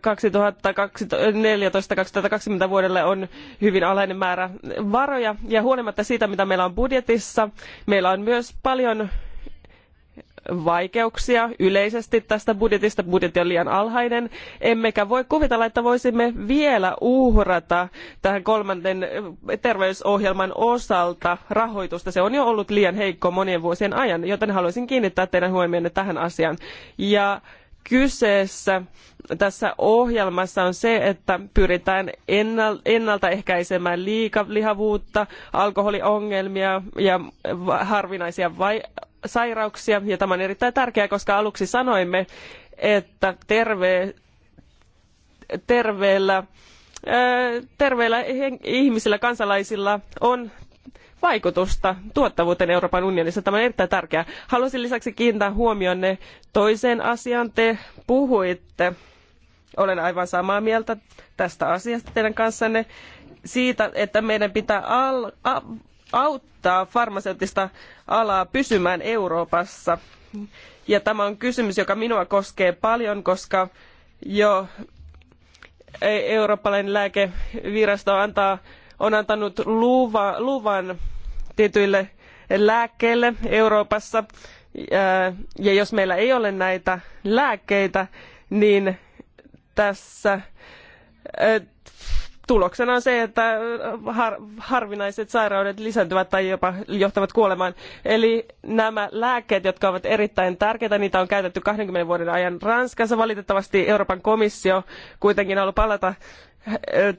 vuodelle on hyvin alhainen määrä varoja. Ja huolimatta siitä, mitä meillä on budjetissa, meillä on myös paljon vaikeuksia yleisesti tästä budjetista. Budjetti on liian alhainen, emmekä voi kuvitella, että voisimme vielä uhrata tähän kolmannen terveysohjelman osalta rahoitusta. Se on jo ollut liian heikko monien vuosien ajan, joten haluaisin kiinnittää teidän huomionne tähän asiaan. Ja kyseessä tässä ohjelmassa on se, että pyritään ennaltaehkäisemään liikalihavuutta, alkoholiongelmia ja harvinaisia vai- sairauksia ja tämä on erittäin tärkeää, koska aluksi sanoimme, että terve, terveellä, terveillä ihmisillä, kansalaisilla on vaikutusta tuottavuuteen Euroopan unionissa. Tämä on erittäin tärkeää. Haluaisin lisäksi kiinnittää huomionne toiseen asiaan. Te puhuitte, olen aivan samaa mieltä tästä asiasta teidän kanssanne, siitä, että meidän pitää al- auttaa farmaseuttista alaa pysymään Euroopassa. Ja tämä on kysymys, joka minua koskee paljon, koska jo e- eurooppalainen lääkevirasto antaa, on antanut luva, luvan tietyille lääkkeille Euroopassa. Ja jos meillä ei ole näitä lääkkeitä, niin tässä tuloksena on se, että äh, har, harvinaiset sairaudet lisääntyvät tai jopa johtavat kuolemaan. Eli nämä lääkkeet, jotka ovat erittäin tärkeitä, niitä on käytetty 20 vuoden ajan Ranskassa. Valitettavasti Euroopan komissio kuitenkin haluaa palata äh,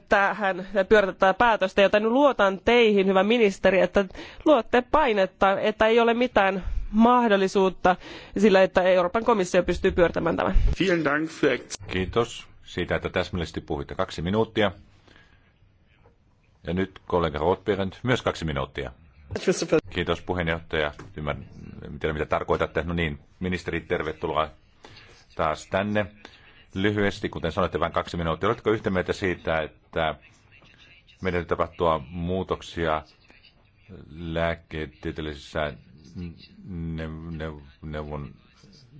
tähän pyöritetään päätöstä, joten luotan teihin, hyvä ministeri, että luotte painetta, että ei ole mitään mahdollisuutta sillä, että Euroopan komissio pystyy pyörtämään tämän. Kiitos siitä, että täsmällisesti puhuitte kaksi minuuttia. Ja nyt kollega Rothberg, myös kaksi minuuttia. Kiitos puheenjohtaja. Ymmärrän, tiedä mitä tarkoitatte. No niin, ministeri, tervetuloa taas tänne. Lyhyesti, kuten sanoitte, vain kaksi minuuttia. Oletko yhtä mieltä siitä, että meidän tapahtua muutoksia lääketieteellisessä neuvon,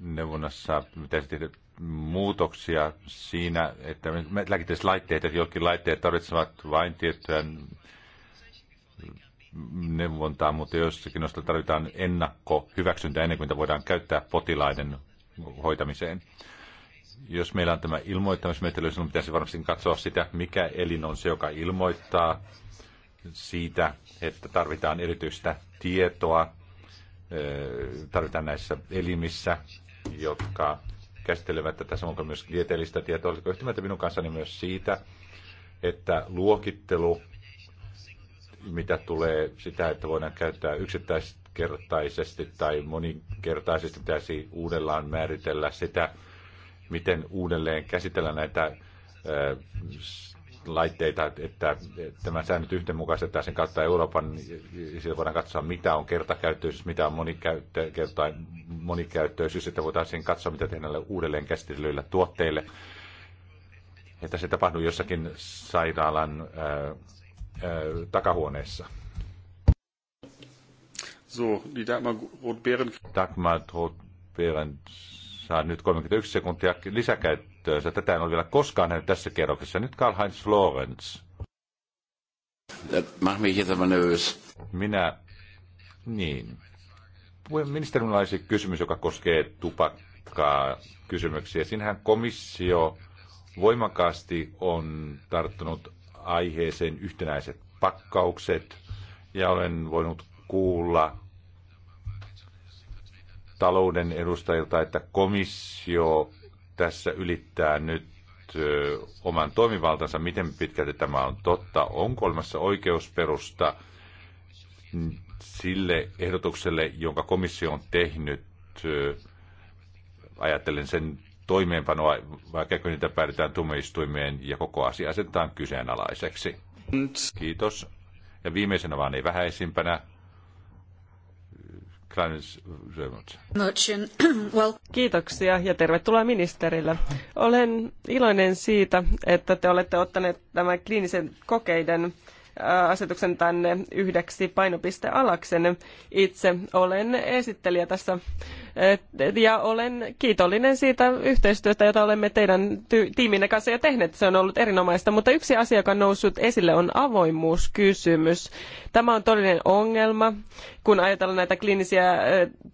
neuvonnassa Mitä tehdä muutoksia siinä, että lääkitieteelliset laitteet, että jotkin laitteet tarvitsevat vain tiettyä neuvontaa, mutta jossakin noista tarvitaan hyväksyntä ennen kuin niitä voidaan käyttää potilaiden hoitamiseen. Jos meillä on tämä ilmoittamismenettely, niin pitäisi varmasti katsoa sitä, mikä elin on se, joka ilmoittaa siitä, että tarvitaan erityistä tietoa, tarvitaan näissä elimissä, jotka käsittelevät tätä, samoin kuin myös tieteellistä tietoa. olisiko yhtymättä minun kanssani myös siitä, että luokittelu, mitä tulee sitä, että voidaan käyttää yksittäiskertaisesti tai moninkertaisesti, pitäisi uudellaan määritellä sitä, miten uudelleen käsitellä näitä laitteita, että tämä säännöt yhdenmukaistetaan sen kautta Euroopan, sillä voidaan katsoa mitä on kertakäyttöisyys, mitä on monikäyttö, kerta, monikäyttöisyys, että voitaisiin katsoa mitä tehdään näille uudelleen käsitellyillä tuotteille. Että se tapahtuu jossakin sairaalan ää, ää, takahuoneessa. So, die Dagmar Rotbeeren... Dagmar Rotbeeren saa nyt 31 sekuntia lisäkäyttöönsä. Tätä en ole vielä koskaan nähnyt tässä kerroksessa. Nyt Karl-Heinz Lorenz. Minä, niin. minulla olisi kysymys, joka koskee tupakkaa kysymyksiä. Siinähän komissio voimakkaasti on tarttunut aiheeseen yhtenäiset pakkaukset ja olen voinut kuulla talouden edustajilta, että komissio tässä ylittää nyt oman toimivaltansa, miten pitkälti tämä on totta, onko olemassa oikeusperusta sille ehdotukselle, jonka komissio on tehnyt, ajattelen sen toimeenpanoa, vaikka niitä päädytään tuomioistuimeen ja koko asia asetetaan kyseenalaiseksi. Kiitos. Ja viimeisenä vaan ei vähäisimpänä, *clears throat* Kiitoksia ja tervetuloa ministerille. Olen iloinen siitä, että te olette ottaneet tämän kliinisen kokeiden asetuksen tänne yhdeksi painopistealaksen. Itse olen esittelijä tässä ja olen kiitollinen siitä yhteistyöstä, jota olemme teidän tiiminne kanssa jo tehneet. Se on ollut erinomaista, mutta yksi asia, joka on noussut esille, on avoimuuskysymys. Tämä on todellinen ongelma, kun ajatellaan näitä kliinisiä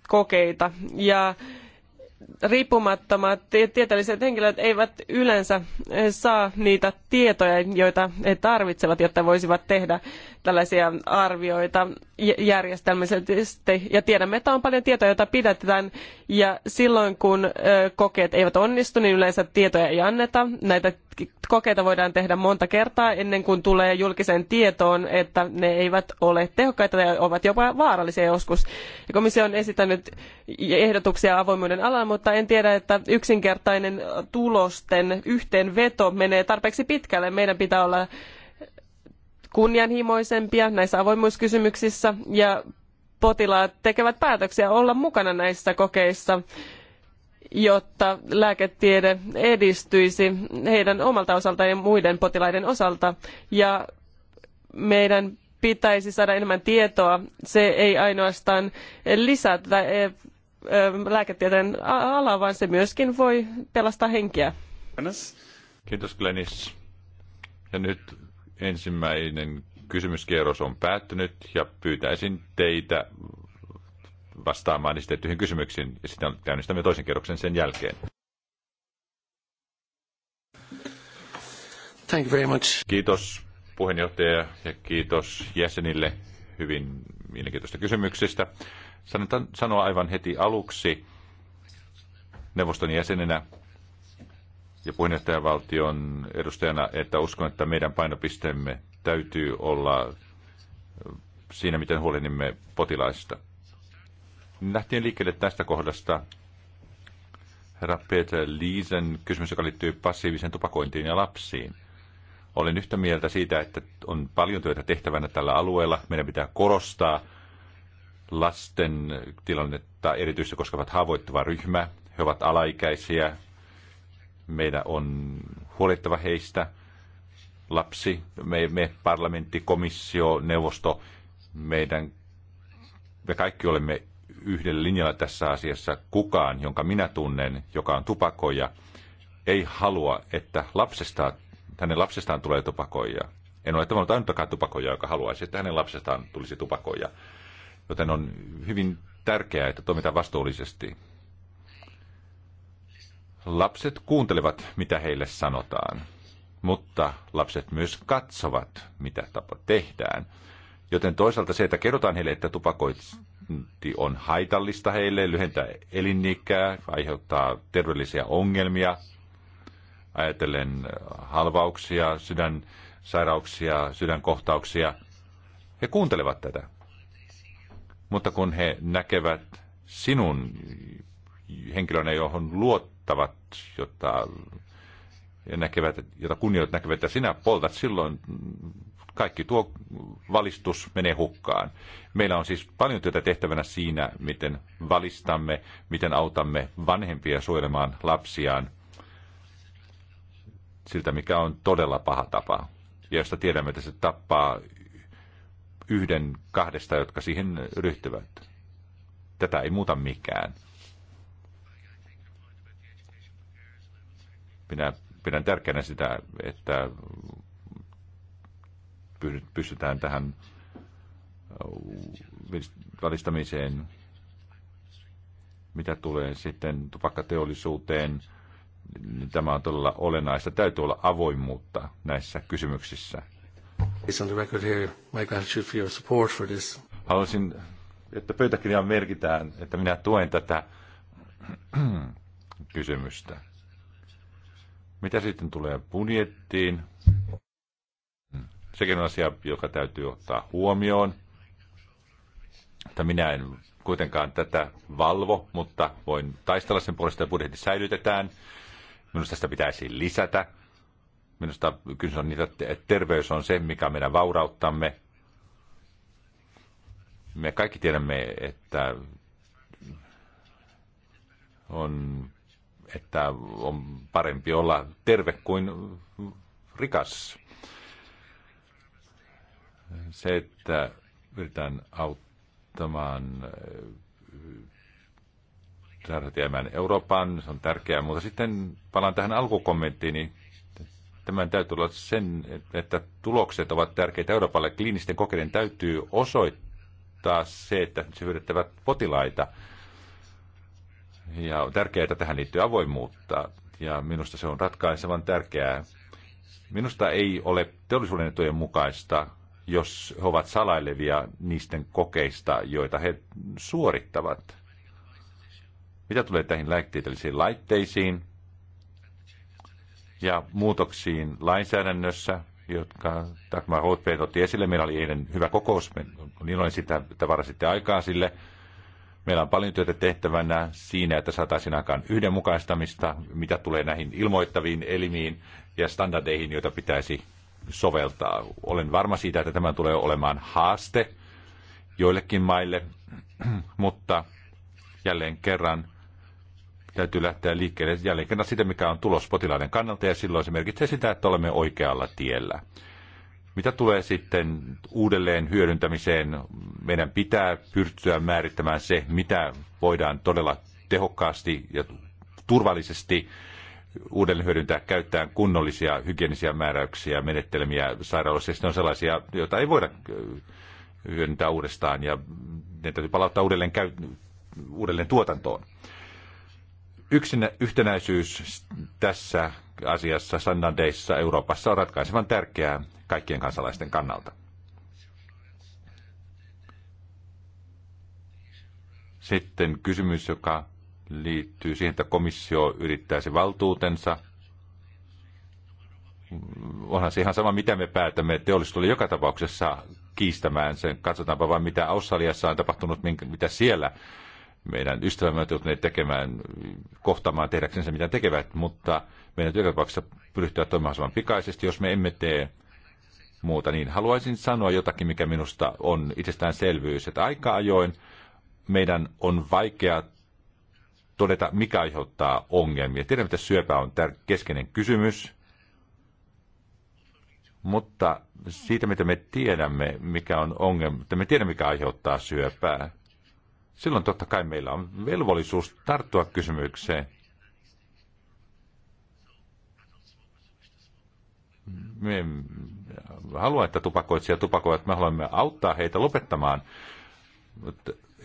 kokeita ja riippumattomat tieteelliset henkilöt eivät yleensä eh, saa niitä tietoja, joita he tarvitsevat, jotta voisivat tehdä tällaisia arvioita järjestelmällisesti ja tiedämme, että on paljon tietoja, joita pidätetään ja silloin kun kokeet eivät onnistu, niin yleensä tietoja ei anneta. Näitä kokeita voidaan tehdä monta kertaa ennen kuin tulee julkiseen tietoon, että ne eivät ole tehokkaita ja ovat jopa vaarallisia joskus. Ja komissio on esittänyt ehdotuksia avoimuuden alalla, mutta en tiedä, että yksinkertainen tulosten yhteenveto menee tarpeeksi pitkälle. Meidän pitää olla kunnianhimoisempia näissä avoimuuskysymyksissä ja potilaat tekevät päätöksiä olla mukana näissä kokeissa, jotta lääketiede edistyisi heidän omalta osaltaan ja muiden potilaiden osalta. Ja meidän pitäisi saada enemmän tietoa. Se ei ainoastaan lisää tätä eh, eh, lääketieteen alaa, vaan se myöskin voi pelastaa henkiä. Kiitos Glenis. Ja nyt Ensimmäinen kysymyskierros on päättynyt ja pyytäisin teitä vastaamaan esitettyihin kysymyksiin ja sitten käynnistämme toisen kierroksen sen jälkeen. Thank you very much. Kiitos puheenjohtaja ja kiitos jäsenille hyvin mielenkiintoista kysymyksistä. Sanotaan, sanoa aivan heti aluksi neuvoston jäsenenä ja puheenjohtajavaltion edustajana, että uskon, että meidän painopisteemme täytyy olla siinä, miten huolehdimme potilaista. Lähtien liikkeelle tästä kohdasta herra Peter Liisen kysymys, joka liittyy passiiviseen tupakointiin ja lapsiin. Olen yhtä mieltä siitä, että on paljon työtä tehtävänä tällä alueella. Meidän pitää korostaa lasten tilannetta erityisesti koskevat haavoittuva ryhmä. He ovat alaikäisiä, meidän on huolittava heistä, lapsi, me, me parlamentti, komissio, neuvosto, meidän, me kaikki olemme yhdellä linjalla tässä asiassa. Kukaan, jonka minä tunnen, joka on tupakoija, ei halua, että lapsesta, hänen lapsestaan tulee tupakoija. En ole tavannut ainuttakaan tupakoija, joka haluaisi, että hänen lapsestaan tulisi tupakoija. Joten on hyvin tärkeää, että toimitaan vastuullisesti. Lapset kuuntelevat, mitä heille sanotaan, mutta lapset myös katsovat, mitä tapa tehdään. Joten toisaalta se, että kerrotaan heille, että tupakointi on haitallista heille, lyhentää elinikää, aiheuttaa terveellisiä ongelmia, ajatellen äh, halvauksia, sydänsairauksia, sydänkohtauksia. He kuuntelevat tätä. Mutta kun he näkevät sinun henkilönä, johon luot, polttavat, jotta ja näkevät, jota kunnioit näkevät, että sinä poltat, silloin kaikki tuo valistus menee hukkaan. Meillä on siis paljon työtä tehtävänä siinä, miten valistamme, miten autamme vanhempia suojelemaan lapsiaan siltä, mikä on todella paha tapa. Ja josta tiedämme, että se tappaa yhden kahdesta, jotka siihen ryhtyvät. Tätä ei muuta mikään. Minä pidän tärkeänä sitä, että pystytään tähän äh, valistamiseen, mitä tulee sitten tupakkateollisuuteen. Tämä on todella olennaista. Täytyy olla avoimuutta näissä kysymyksissä. Haluaisin, että pöytäkirjaan merkitään, että minä tuen tätä *clears throat* kysymystä. Mitä sitten tulee budjettiin? Sekin on asia, joka täytyy ottaa huomioon. Että minä en kuitenkaan tätä valvo, mutta voin taistella sen puolesta, että budjetti säilytetään. Minusta sitä pitäisi lisätä. Minusta kysymys on niitä, että terveys on se, mikä meidän vaurauttamme. Me kaikki tiedämme, että on että on parempi olla terve kuin rikas. Se, että yritän auttamaan äh, sairaat jäämään Eurooppaan, se on tärkeää. Mutta sitten palaan tähän alkukommenttiin, niin tämän täytyy olla sen, että tulokset ovat tärkeitä Euroopalle. Kliinisten kokeiden täytyy osoittaa se, että se hyödyttävät potilaita. Ja on tärkeää, että tähän liittyy avoimuutta. Ja minusta se on ratkaisevan tärkeää. Minusta ei ole teollisuuden etujen mukaista, jos he ovat salailevia niisten kokeista, joita he suorittavat. Mitä tulee tähän lääketieteellisiin laitteisiin ja muutoksiin lainsäädännössä, jotka Dagmar Rothberg otti esille. Meillä oli eilen hyvä kokous, niin olen sitä, että varasitte aikaa sille. Meillä on paljon työtä tehtävänä siinä, että saataisiin aikaan yhdenmukaistamista, mitä tulee näihin ilmoittaviin elimiin ja standardeihin, joita pitäisi soveltaa. Olen varma siitä, että tämä tulee olemaan haaste joillekin maille, *clears throat* mutta jälleen kerran täytyy lähteä liikkeelle jälleen kerran sitä, mikä on tulos potilaiden kannalta, ja silloin se merkitsee sitä, että olemme oikealla tiellä. Mitä tulee sitten uudelleen hyödyntämiseen, meidän pitää pyrkiä määrittämään se, mitä voidaan todella tehokkaasti ja turvallisesti uudelleen hyödyntää käyttäen kunnollisia hygienisiä määräyksiä, menettelmiä sairaaloissa. Sitten on sellaisia, joita ei voida hyödyntää uudestaan ja ne täytyy palauttaa uudelleen, käy, uudelleen tuotantoon. Yksinä, yhtenäisyys tässä asiassa standardeissa Euroopassa on ratkaisevan tärkeää kaikkien kansalaisten kannalta. Sitten kysymys, joka liittyy siihen, että komissio yrittäisi valtuutensa. Onhan se ihan sama, mitä me päätämme. Teollisuus oli joka tapauksessa kiistämään sen. Katsotaanpa vain, mitä Australiassa on tapahtunut, mitä siellä meidän ystävämme ovat joutuneet tekemään, kohtaamaan se, mitä tekevät, mutta meidän joka tapauksessa ryhtyä toimimaan pikaisesti, jos me emme tee muuta. Niin haluaisin sanoa jotakin, mikä minusta on itsestäänselvyys, että aika ajoin meidän on vaikea todeta, mikä aiheuttaa ongelmia. Tiedämme, että syöpä on tär- keskeinen kysymys, mutta siitä, mitä me tiedämme, mikä on ongelma, että me tiedämme, mikä aiheuttaa syöpää, silloin totta kai meillä on velvollisuus tarttua kysymykseen. Me haluamme, että tupakoitsijat tupakoivat. Me haluamme auttaa heitä lopettamaan.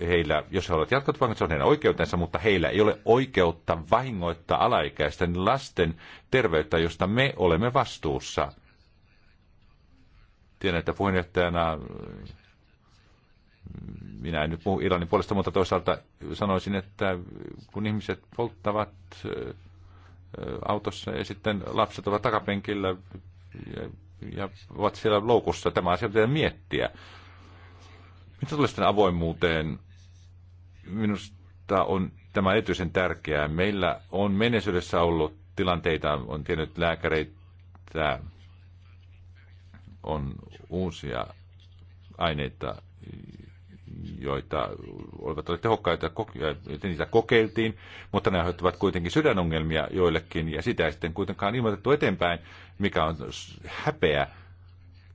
Heillä, jos he haluavat tupakoita, se on heidän oikeutensa, mutta heillä ei ole oikeutta vahingoittaa alaikäisten lasten terveyttä, josta me olemme vastuussa. Tiedän, että puheenjohtajana minä en nyt puhu Iranin puolesta, mutta toisaalta sanoisin, että kun ihmiset polttavat autossa ja sitten lapset ovat takapenkillä ja, ja ovat siellä loukussa, tämä asia pitää miettiä. Mitä tulee sitten avoimuuteen? Minusta on tämä erityisen tärkeää. Meillä on menneisyydessä ollut tilanteita, on tiennyt lääkäreitä, on uusia aineita, joita olivat tehokkaita, tehokkaita, niitä kokeiltiin, mutta ne aiheuttavat kuitenkin sydänongelmia joillekin, ja sitä ei sitten kuitenkaan ilmoitettu eteenpäin, mikä on häpeä,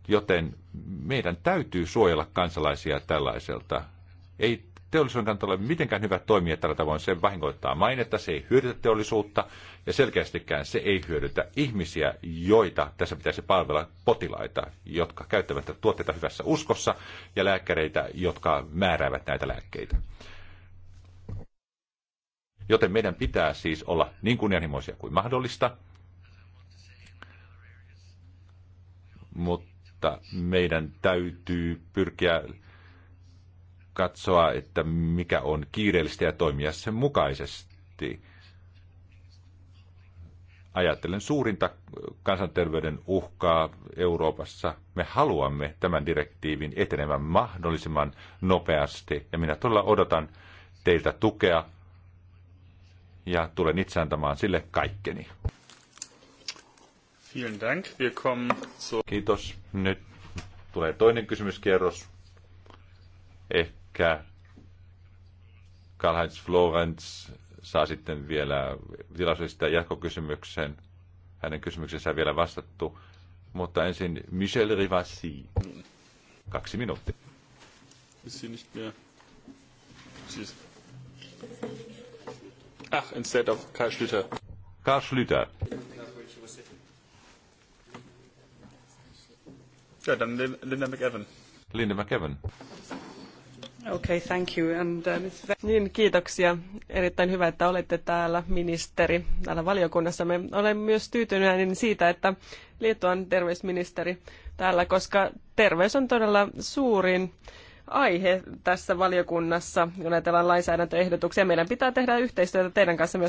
joten meidän täytyy suojella kansalaisia tällaiselta. Ei teollisuuden kannalta ole mitenkään hyvä toimia tällä tavoin. Se vahingoittaa mainetta, se ei hyödytä teollisuutta ja selkeästikään se ei hyödytä ihmisiä, joita tässä pitäisi palvella potilaita, jotka käyttävät tuotteita hyvässä uskossa ja lääkäreitä, jotka määräävät näitä lääkkeitä. Joten meidän pitää siis olla niin kunnianhimoisia kuin mahdollista, mutta meidän täytyy pyrkiä katsoa, että mikä on kiireellistä ja toimia sen mukaisesti. Ajattelen suurinta kansanterveyden uhkaa Euroopassa. Me haluamme tämän direktiivin etenevän mahdollisimman nopeasti ja minä todella odotan teiltä tukea ja tulen itse antamaan sille kaikkeni. Kiitos. Nyt tulee toinen kysymyskierros. Ehkä Karl-Heinz Florenz saa sitten vielä tilaisuudesta jatkokysymyksen. Hänen kysymyksensä vielä vastattu. Mutta ensin Michel Rivasi. Kaksi minuuttia. Ach, instead of Karl Schlüter. Karl Schlüter. Ja, dann Linda McEwan. Linda McEwan. Okay, thank you. And, uh, Niin, kiitoksia. Erittäin hyvä, että olette täällä ministeri täällä valiokunnassa. Me olen myös tyytyväinen siitä, että Liettuan terveysministeri täällä, koska terveys on todella suurin aihe tässä valiokunnassa, kun ajatellaan lainsäädäntöehdotuksia. Meidän pitää tehdä yhteistyötä teidän kanssa,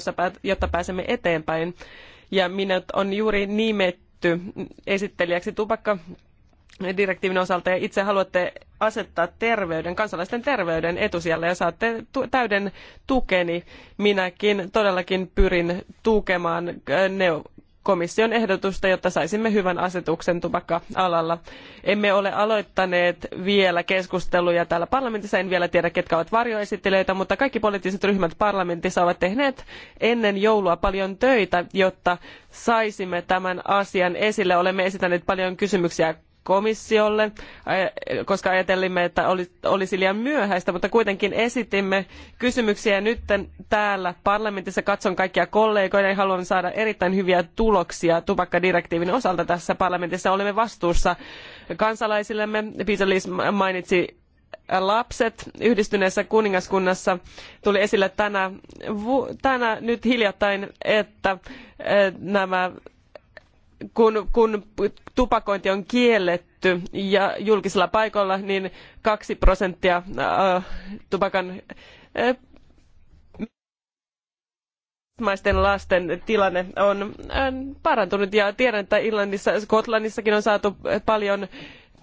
jotta pääsemme eteenpäin. Ja minä on juuri nimetty esittelijäksi tupakka direktiivin osalta ja itse haluatte asettaa terveyden, kansalaisten terveyden etusijalle ja saatte täyden tukeni. Minäkin todellakin pyrin tukemaan äh, neu- komission ehdotusta, jotta saisimme hyvän asetuksen tupakka-alalla. Emme ole aloittaneet vielä keskusteluja täällä parlamentissa, en vielä tiedä ketkä ovat varjoesittelijöitä, mutta kaikki poliittiset ryhmät parlamentissa ovat tehneet ennen joulua paljon töitä, jotta saisimme tämän asian esille. Olemme esittäneet paljon kysymyksiä komissiolle, koska ajattelimme, että olisi liian myöhäistä, mutta kuitenkin esitimme kysymyksiä ja nyt täällä parlamentissa katson kaikkia kollegoja ja haluan saada erittäin hyviä tuloksia tupakkadirektiivin osalta tässä parlamentissa. Olemme vastuussa kansalaisillemme. Peter Lees mainitsi lapset yhdistyneessä kuningaskunnassa tuli esille tänä, tänä nyt hiljattain, että eh, nämä kun, tupakointi on kielletty ja julkisilla paikoilla, niin kaksi prosenttia äh, tupakan äh, maisten lasten tilanne on äh, parantunut ja tiedän, että Irlannissa, Skotlannissakin on saatu paljon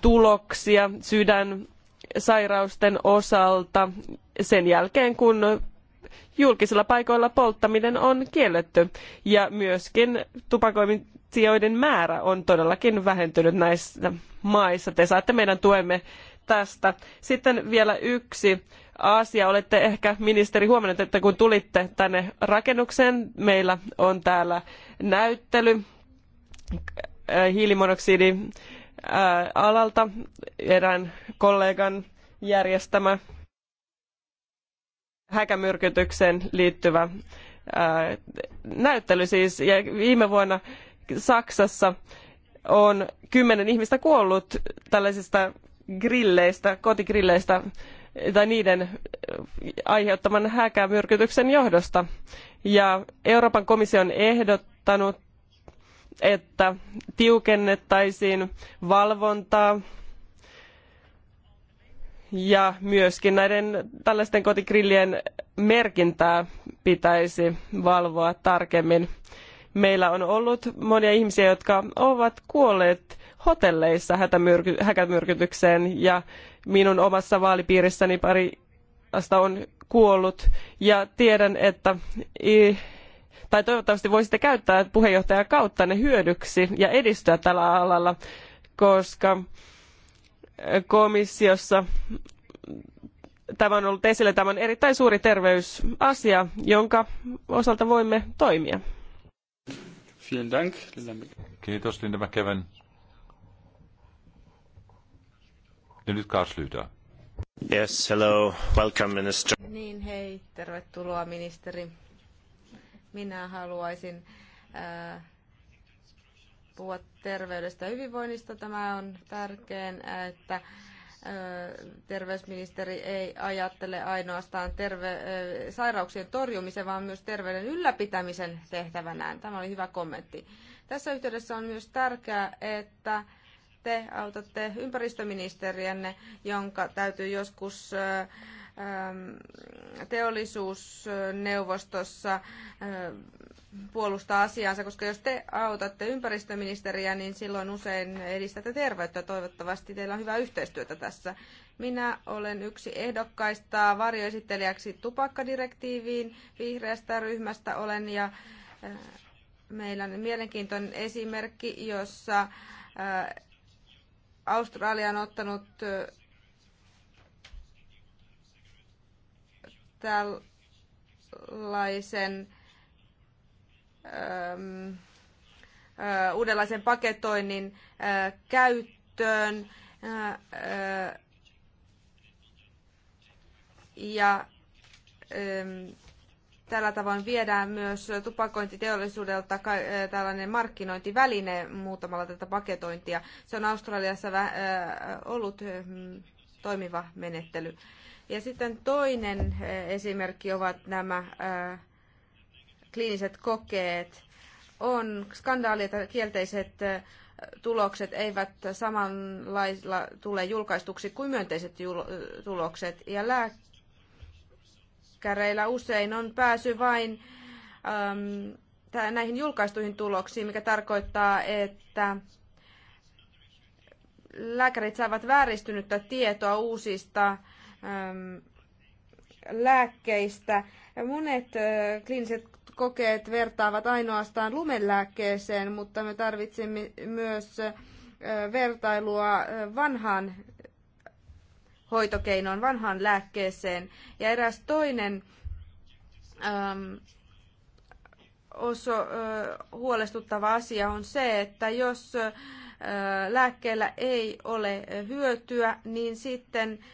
tuloksia sydänsairausten osalta sen jälkeen, kun julkisilla paikoilla polttaminen on kielletty ja myöskin tupakoinnin transaktioiden määrä on todellakin vähentynyt näissä maissa. Te saatte meidän tuemme tästä. Sitten vielä yksi asia. Olette ehkä ministeri huomannut, että kun tulitte tänne rakennukseen, meillä on täällä näyttely hiilimonoksidin alalta erään kollegan järjestämä häkämyrkytykseen liittyvä näyttely siis. Ja viime vuonna Saksassa on kymmenen ihmistä kuollut tällaisista grilleistä, kotigrilleistä tai niiden äh, aiheuttaman häkämyrkytyksen johdosta. Ja Euroopan komissio on ehdottanut, että tiukennettaisiin valvontaa ja myöskin näiden tällaisten kotigrillien merkintää pitäisi valvoa tarkemmin. Meillä on ollut monia ihmisiä, jotka ovat kuolleet hotelleissa hätämyrky- häkämyrkytykseen ja minun omassa vaalipiirissäni pari lasta on kuollut ja tiedän, että tai toivottavasti voisitte käyttää puheenjohtajan kautta ne hyödyksi ja edistyä tällä alalla, koska komissiossa tämä on ollut esillä. Tämä on erittäin suuri terveysasia, jonka osalta voimme toimia. Vielen Dank, Linda Kiitos, Linda McKeven. Ja nyt Kars Yes, hello. Welcome, minister. Niin, hei. Tervetuloa, ministeri. Minä haluaisin äh, puhua terveydestä ja hyvinvoinnista. Tämä on tärkeää, äh, että äh, terveysministeri ei ajattele ainoastaan terve, sairauksien torjumisen, vaan myös terveyden ylläpitämisen tehtävänään. Tämä oli hyvä kommentti. Tässä yhteydessä on myös tärkeää, että te autatte ympäristöministeriänne, jonka täytyy joskus teollisuusneuvostossa puolustaa asiaansa, koska jos te autatte ympäristöministeriä, niin silloin usein edistätte terveyttä. Toivottavasti teillä on hyvää yhteistyötä tässä. Minä olen yksi ehdokkaista varjoesittelijäksi tupakkadirektiiviin vihreästä ryhmästä olen ja äh, meillä on mielenkiintoinen esimerkki, jossa äh, Australia on ottanut äh, tällaisen uudenlaisen paketoinnin käyttöön. Ja tällä tavoin viedään myös tupakointiteollisuudelta tällainen markkinointiväline muutamalla tätä paketointia. Se on Australiassa ollut toimiva menettely. Ja sitten toinen esimerkki ovat nämä kliiniset kokeet. On skandaali, että kielteiset äh, tulokset eivät samanlailla tule julkaistuksi kuin myönteiset äh, tulokset. Ja lääkäreillä usein on pääsy vain äm, näihin julkaistuihin tuloksiin, mikä tarkoittaa, että lääkärit saavat vääristynyttä tietoa uusista äm, lääkkeistä. Monet äh, kliiniset kokeet vertaavat ainoastaan lumelääkkeeseen, mutta me tarvitsemme myös vertailua vanhaan hoitokeinoon, vanhaan lääkkeeseen. Ja eräs toinen äm, oso, äh, huolestuttava asia on se, että jos äh, lääkkeellä ei ole hyötyä, niin sitten äh,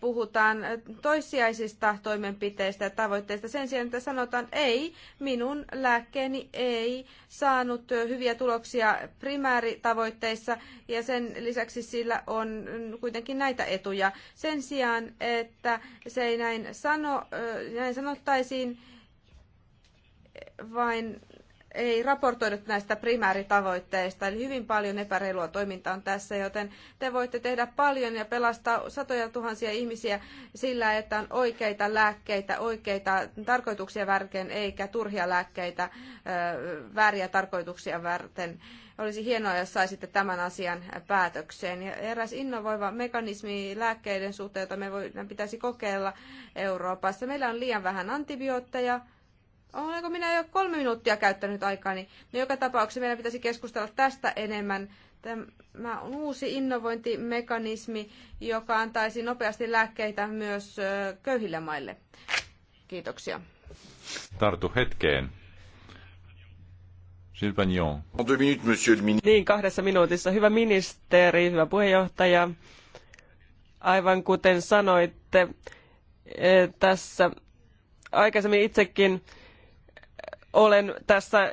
puhutaan toissijaisista toimenpiteistä ja tavoitteista sen sijaan, että sanotaan, että ei, minun lääkkeeni ei saanut hyviä tuloksia primääritavoitteissa ja sen lisäksi sillä on kuitenkin näitä etuja. Sen sijaan, että se ei näin, sano, näin sanottaisiin, vain ei raportoinut näistä primääritavoitteista, eli hyvin paljon epäreilua toimintaa on tässä, joten te voitte tehdä paljon ja pelastaa satoja tuhansia ihmisiä sillä, että on oikeita lääkkeitä, oikeita tarkoituksia värken, eikä turhia lääkkeitä vääriä tarkoituksia varten. Olisi hienoa, jos saisitte tämän asian päätökseen. Ja eräs innovoiva mekanismi lääkkeiden suhteen, jota me voidaan, pitäisi kokeilla Euroopassa. Meillä on liian vähän antibiootteja, Olenko minä jo kolme minuuttia käyttänyt niin No joka tapauksessa meidän pitäisi keskustella tästä enemmän. Tämä on uusi innovointimekanismi, joka antaisi nopeasti lääkkeitä myös köyhille maille. Kiitoksia. Tartu hetkeen. Niin, kahdessa minuutissa. Hyvä ministeri, hyvä puheenjohtaja. Aivan kuten sanoitte e, tässä aikaisemmin itsekin, olen tässä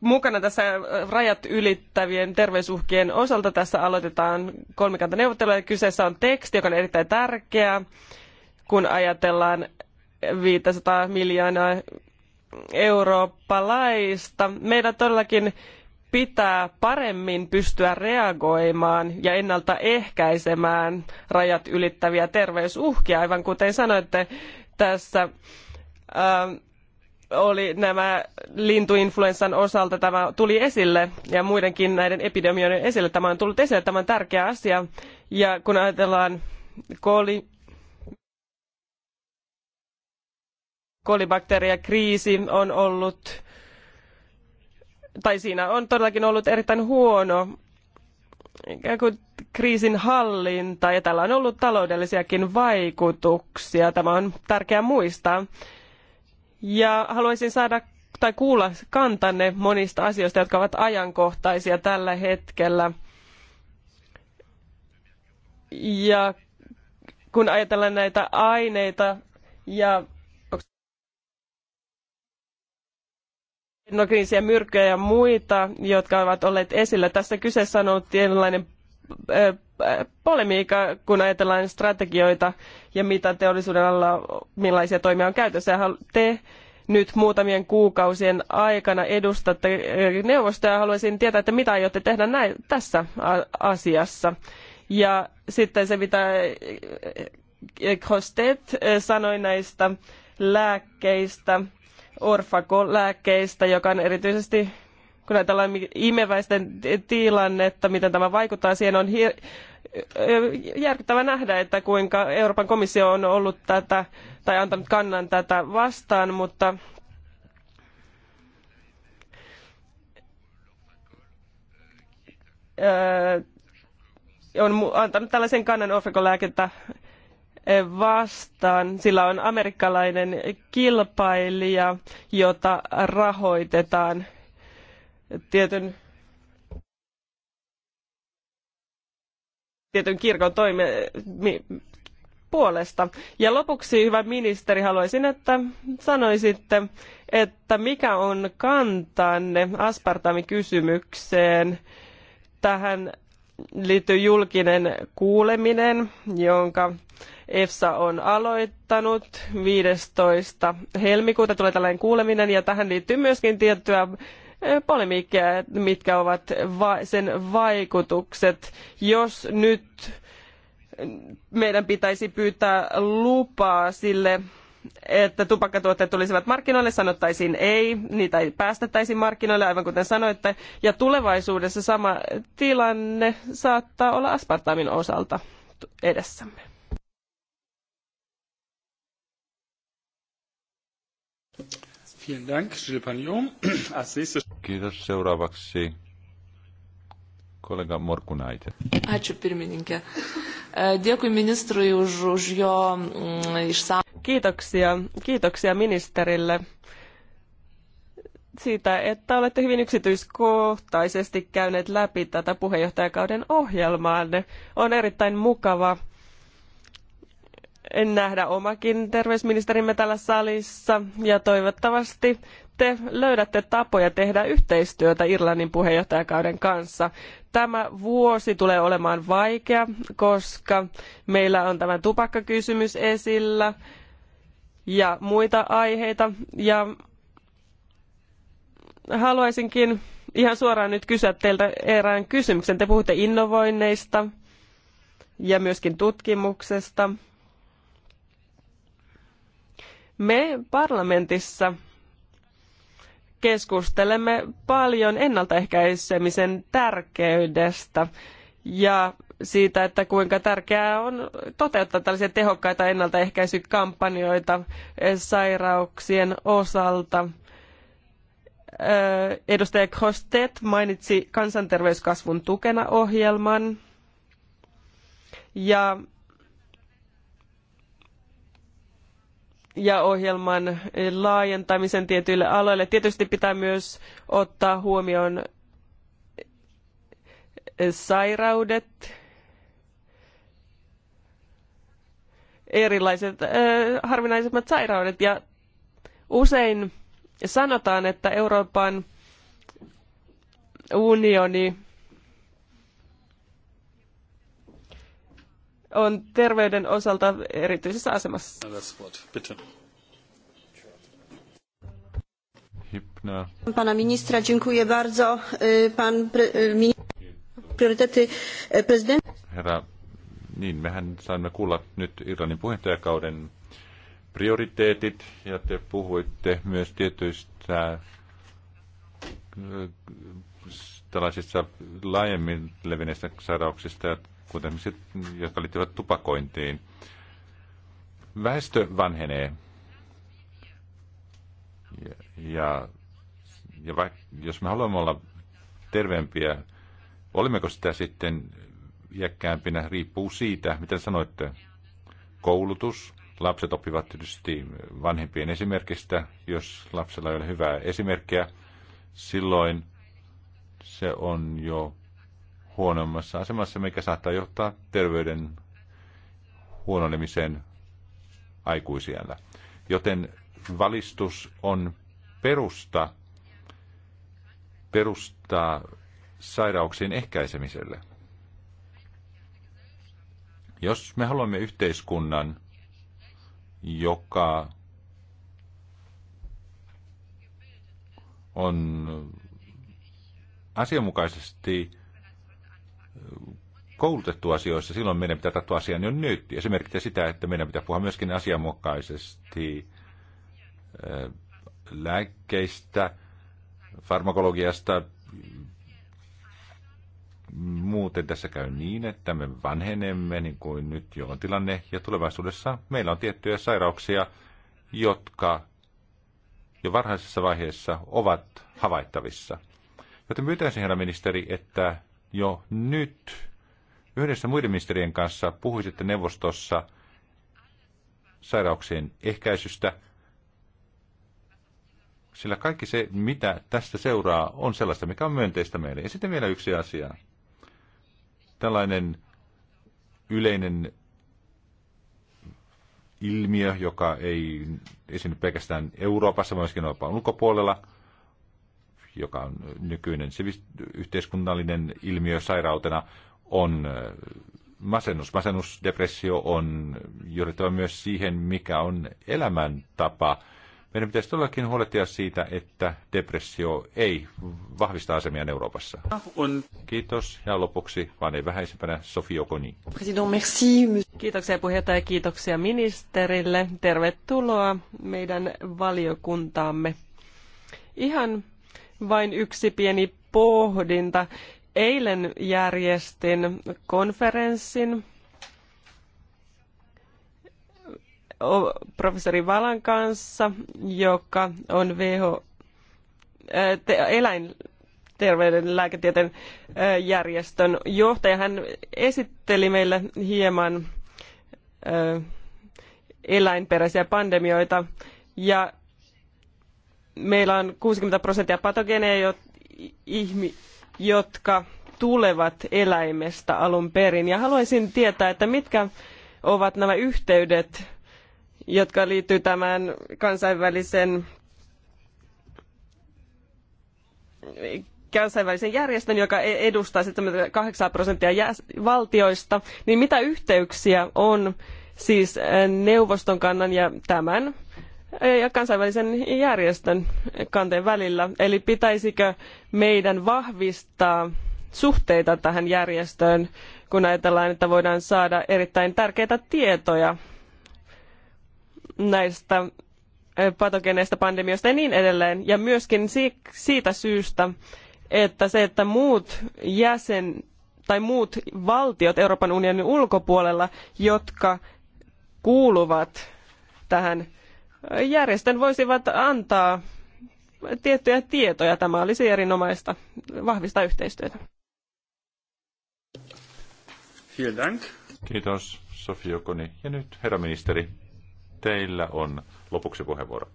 mukana tässä rajat ylittävien terveysuhkien osalta. Tässä aloitetaan kolmikantaneuvotteluja. Kyseessä on teksti, joka on erittäin tärkeä, kun ajatellaan 500 miljoonaa eurooppalaista. Meidän todellakin pitää paremmin pystyä reagoimaan ja ennaltaehkäisemään rajat ylittäviä terveysuhkia, aivan kuten sanoitte tässä. Äh, oli nämä lintuinfluenssan osalta tämä tuli esille ja muidenkin näiden epidemioiden esille tämä on tullut esille, tämä on tärkeä asia. Ja kun ajatellaan koli, kolibakteriakriisi on ollut, tai siinä on todellakin ollut erittäin huono ikään kuin kriisin hallinta ja tällä on ollut taloudellisiakin vaikutuksia. Tämä on tärkeää muistaa ja haluaisin saada tai kuulla kantanne monista asioista, jotka ovat ajankohtaisia tällä hetkellä. Ja kun ajatellaan näitä aineita ja endokriinisiä myrkkyjä ja muita, jotka ovat olleet esillä. Tässä kyseessä on ollut tietynlainen polemiikka, kun ajatellaan strategioita ja mitä teollisuuden alla, millaisia toimia on käytössä. Te nyt muutamien kuukausien aikana edustatte eh, neuvostoa ja haluaisin tietää, että mitä aiotte tehdä näin, tässä asiassa. Ja sitten se, mitä Kostet eh, eh, sanoi näistä lääkkeistä, orfako lääkkeistä joka on erityisesti kun ajatellaan imeväisten tilannetta, miten tämä vaikuttaa siihen, on järkyttävä nähdä, että kuinka Euroopan komissio on ollut tätä tai antanut kannan tätä vastaan, mutta on antanut tällaisen kannan lääkettä vastaan. Sillä on amerikkalainen kilpailija, jota rahoitetaan tietyn tietyn kirkon toime, mi, puolesta. Ja lopuksi, hyvä ministeri, haluaisin, että sanoisitte, että mikä on kantanne kysymykseen Tähän liittyy julkinen kuuleminen, jonka EFSA on aloittanut 15. helmikuuta tulee tällainen kuuleminen ja tähän liittyy myöskin tiettyä polemiikkia, mitkä ovat sen vaikutukset, jos nyt meidän pitäisi pyytää lupaa sille, että tupakkatuotteet tulisivat markkinoille, sanottaisiin ei, niitä ei päästettäisi markkinoille, aivan kuten sanoitte, ja tulevaisuudessa sama tilanne saattaa olla aspartaamin osalta edessämme. Vielen Dank, Gilles Pagnon. Kiitos. Seuraavaksi kollega Morkunaitė. Ačiū pirmininkė. E, dėkui ministrui už, už jo mm, Kiitoksia, kiitoksia ministerille siitä, että olette hyvin yksityiskohtaisesti käyneet läpi tätä puheenjohtajakauden ohjelmaanne. On erittäin mukava en nähdä omakin terveysministerimme täällä salissa ja toivottavasti te löydätte tapoja tehdä yhteistyötä Irlannin puheenjohtajakauden kanssa. Tämä vuosi tulee olemaan vaikea, koska meillä on tämä tupakkakysymys esillä ja muita aiheita ja haluaisinkin ihan suoraan nyt kysyä teiltä erään kysymyksen. Te puhutte innovoinneista ja myöskin tutkimuksesta – me parlamentissa keskustelemme paljon ennaltaehkäisemisen tärkeydestä ja siitä, että kuinka tärkeää on toteuttaa tällaisia tehokkaita ennaltaehkäisykampanjoita sairauksien osalta. Edustaja Kostet mainitsi kansanterveyskasvun tukena ohjelman ja ja ohjelman laajentamisen tietyille aloille. Tietysti pitää myös ottaa huomioon sairaudet, erilaiset äh, harvinaisemmat sairaudet. Ja usein sanotaan, että Euroopan unioni on terveyden osalta erityisessä asemassa. Pana ministra, dziękuję bardzo. Pan pre, priorytety prezydent... Herra, niin mehän saimme kuulla nyt Irlannin puheenjohtajakauden prioriteetit ja te puhuitte myös tietyistä tällaisista laajemmin levinneistä sairauksista, kuten jotka liittyvät tupakointiin. Väestö vanhenee. Ja, ja, ja vaikka, jos me haluamme olla terveempiä, olimmeko sitä sitten iäkkäämpinä, riippuu siitä, mitä sanoitte. Koulutus, lapset oppivat tietysti vanhempien esimerkistä. Jos lapsella ei ole hyvää esimerkkiä, silloin se on jo huonommassa asemassa, mikä saattaa johtaa terveyden huononemiseen aikuisiellä. Joten valistus on perusta, perusta sairauksien ehkäisemiselle. Jos me haluamme yhteiskunnan, joka on asianmukaisesti koulutettu asioissa, silloin meidän pitää tarttua asiaan jo nyt. Ja se merkitsee sitä, että meidän pitää puhua myöskin asianmukaisesti äh, lääkkeistä, farmakologiasta. Muuten tässä käy niin, että me vanhenemme, niin kuin nyt jo on tilanne, ja tulevaisuudessa meillä on tiettyjä sairauksia, jotka jo varhaisessa vaiheessa ovat havaittavissa. Joten pyytäisin, herra ministeri, että jo nyt yhdessä muiden ministerien kanssa puhuisitte neuvostossa sairauksien ehkäisystä, sillä kaikki se, mitä tästä seuraa, on sellaista, mikä on myönteistä meille. Ja sitten vielä yksi asia. Tällainen yleinen ilmiö, joka ei esiinny pelkästään Euroopassa, vaan myöskin Euroopan ulkopuolella – joka on nykyinen yhteiskunnallinen ilmiö sairautena, on masennus. Masennusdepressio on johdettava myös siihen, mikä on elämäntapa. Meidän pitäisi todellakin huolehtia siitä, että depressio ei vahvista asemia Euroopassa. On. Kiitos. Ja lopuksi, vaan ei vähäisempänä, Sofi Okoni. Kiitoksia puheenjohtaja ja kiitoksia ministerille. Tervetuloa meidän valiokuntaamme. Ihan vain yksi pieni pohdinta. Eilen järjestin konferenssin professori Valan kanssa, joka on WHO eläinterveyden lääketieteen järjestön johtaja. Hän esitteli meille hieman eläinperäisiä pandemioita ja meillä on 60 prosenttia patogeneja, jotka tulevat eläimestä alun perin. Ja haluaisin tietää, että mitkä ovat nämä yhteydet, jotka liittyvät tämän kansainvälisen kansainvälisen järjestön, joka e- edustaa 78 prosenttia valtioista, niin mitä yhteyksiä on siis neuvoston kannan ja tämän ja kansainvälisen järjestön kanteen välillä. Eli pitäisikö meidän vahvistaa suhteita tähän järjestöön, kun ajatellaan, että voidaan saada erittäin tärkeitä tietoja näistä patogeneista pandemioista ja niin edelleen. Ja myöskin siitä syystä, että se, että muut jäsen tai muut valtiot Euroopan unionin ulkopuolella, jotka kuuluvat tähän järjestön voisivat antaa tiettyjä tietoja. Tämä olisi erinomaista vahvistaa yhteistyötä. Kiitos Sofi Jokoni. Ja nyt herra ministeri, teillä on lopuksi puheenvuoro.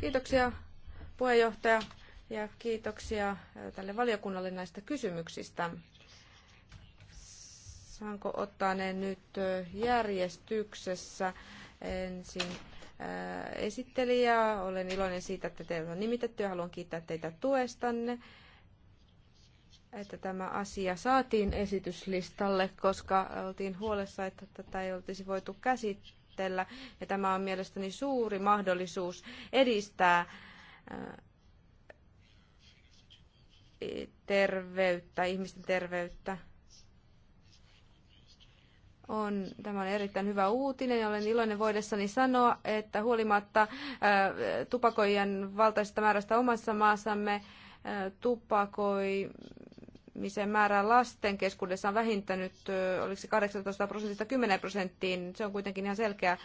Kiitoksia puheenjohtaja ja kiitoksia tälle valiokunnalle näistä kysymyksistä. Saanko ottaa ne nyt järjestyksessä? Ensin esittelijä. Olen iloinen siitä, että teillä on nimitetty ja haluan kiittää teitä tuestanne että tämä asia saatiin esityslistalle, koska oltiin huolessa, että tätä ei olisi voitu käsitellä. Ja tämä on mielestäni suuri mahdollisuus edistää terveyttä, ihmisten terveyttä. On, tämä on erittäin hyvä uutinen ja olen iloinen voidessani sanoa, että huolimatta äh, tupakoijan valtaisesta määrästä omassa maassamme äh, tupakoi sen määrä lasten keskuudessa on vähintänyt, äh, oliko se 18 prosentista 10 prosenttiin, se on kuitenkin ihan selkeä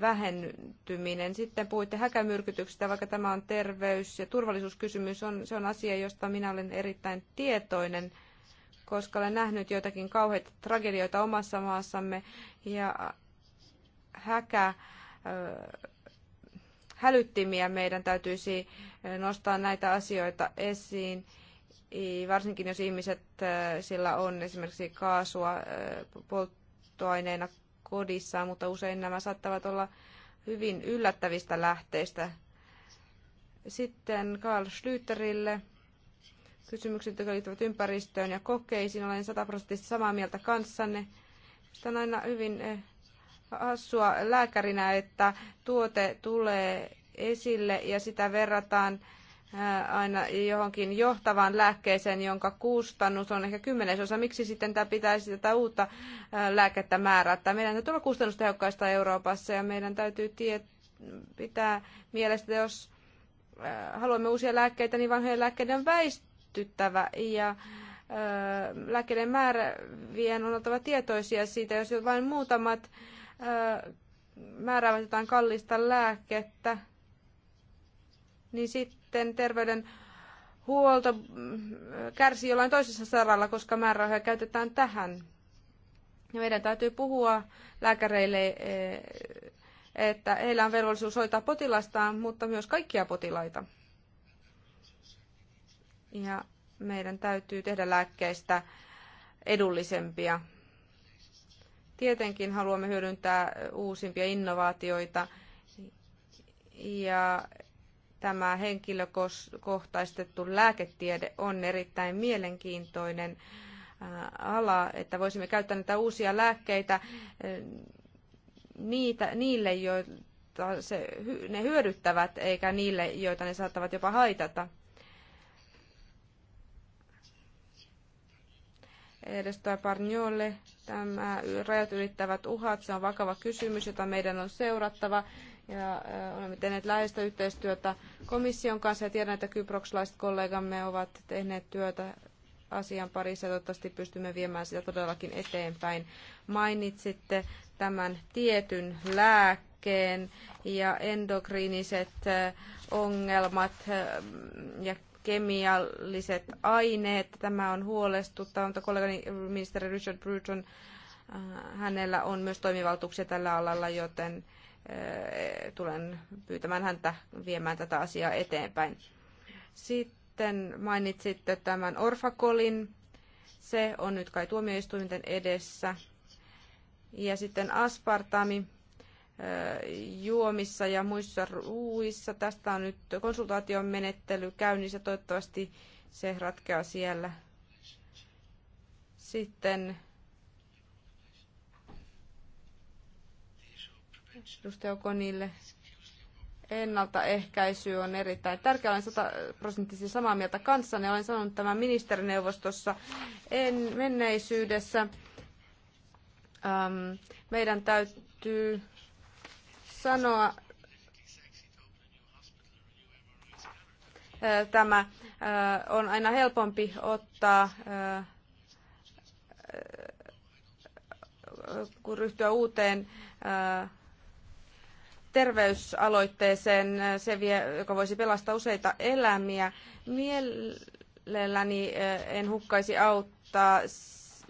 vähentyminen. Sitten puhuitte häkämyrkytyksestä vaikka tämä on terveys- ja turvallisuuskysymys, on, se on asia, josta minä olen erittäin tietoinen, koska olen nähnyt joitakin kauheita tragedioita omassa maassamme ja häkä hälyttimiä meidän täytyisi nostaa näitä asioita esiin, varsinkin jos ihmiset sillä on esimerkiksi kaasua polttoaineena kodissaan, mutta usein nämä saattavat olla hyvin yllättävistä lähteistä. Sitten Karl Schlüterille kysymykset, jotka liittyvät ympäristöön ja kokeisiin. Olen sataprosenttisesti samaa mieltä kanssanne. Sitä on aina hyvin eh, hassua lääkärinä, että tuote tulee esille ja sitä verrataan aina johonkin johtavaan lääkkeeseen, jonka kustannus on ehkä kymmenesosa. Miksi sitten tämä pitäisi tätä uutta lääkettä määrätä? Meidän täytyy olla kustannustehokkaista Euroopassa ja meidän täytyy tiet pitää mielestä, jos haluamme uusia lääkkeitä, niin vanhojen lääkkeiden on väistyttävä ja lääkkeiden määrävien on oltava tietoisia siitä, jos vain muutamat määräävät jotain kallista lääkettä, niin sitten sitten terveydenhuolto mm, kärsii jollain toisessa saralla, koska määrärahoja käytetään tähän. Meidän täytyy puhua lääkäreille, eh, että heillä on velvollisuus hoitaa potilastaan, mutta myös kaikkia potilaita. Ja meidän täytyy tehdä lääkkeistä edullisempia. Tietenkin haluamme hyödyntää uusimpia innovaatioita ja tämä henkilökohtaistettu lääketiede on erittäin mielenkiintoinen äh, ala, että voisimme käyttää näitä uusia lääkkeitä äh, niitä, niille, joita se, ne hyödyttävät, eikä niille, joita ne saattavat jopa haitata. edustaja Parniolle. Tämä rajat ylittävät uhat, se on vakava kysymys, jota meidän on seurattava ja olemme tehneet läheistä yhteistyötä komission kanssa ja tiedän, että kyproksilaiset kollegamme ovat tehneet työtä asian parissa ja toivottavasti pystymme viemään sitä todellakin eteenpäin. Mainitsitte tämän tietyn lääkkeen ja endokriiniset ongelmat ja kemialliset aineet. Tämä on huolestuttavaa mutta kollegani ministeri Richard Bruton, hänellä on myös toimivaltuuksia tällä alalla, joten tulen pyytämään häntä viemään tätä asiaa eteenpäin. Sitten mainitsitte tämän Orfakolin. Se on nyt kai tuomioistuinten edessä. Ja sitten aspartami juomissa ja muissa ruuissa. Tästä on nyt konsultaation menettely käynnissä. Toivottavasti se ratkeaa siellä. Sitten edustaja Okonille. Ennaltaehkäisy on erittäin tärkeää. Olen sataprosenttisesti samaa mieltä kanssanne. Olen sanonut tämän ministerineuvostossa en, menneisyydessä. Ähm, meidän täytyy sanoa tämä. on aina helpompi ottaa kun ryhtyä uuteen terveysaloitteeseen, se vie, joka voisi pelastaa useita elämiä. Mielelläni eh, en hukkaisi auttaa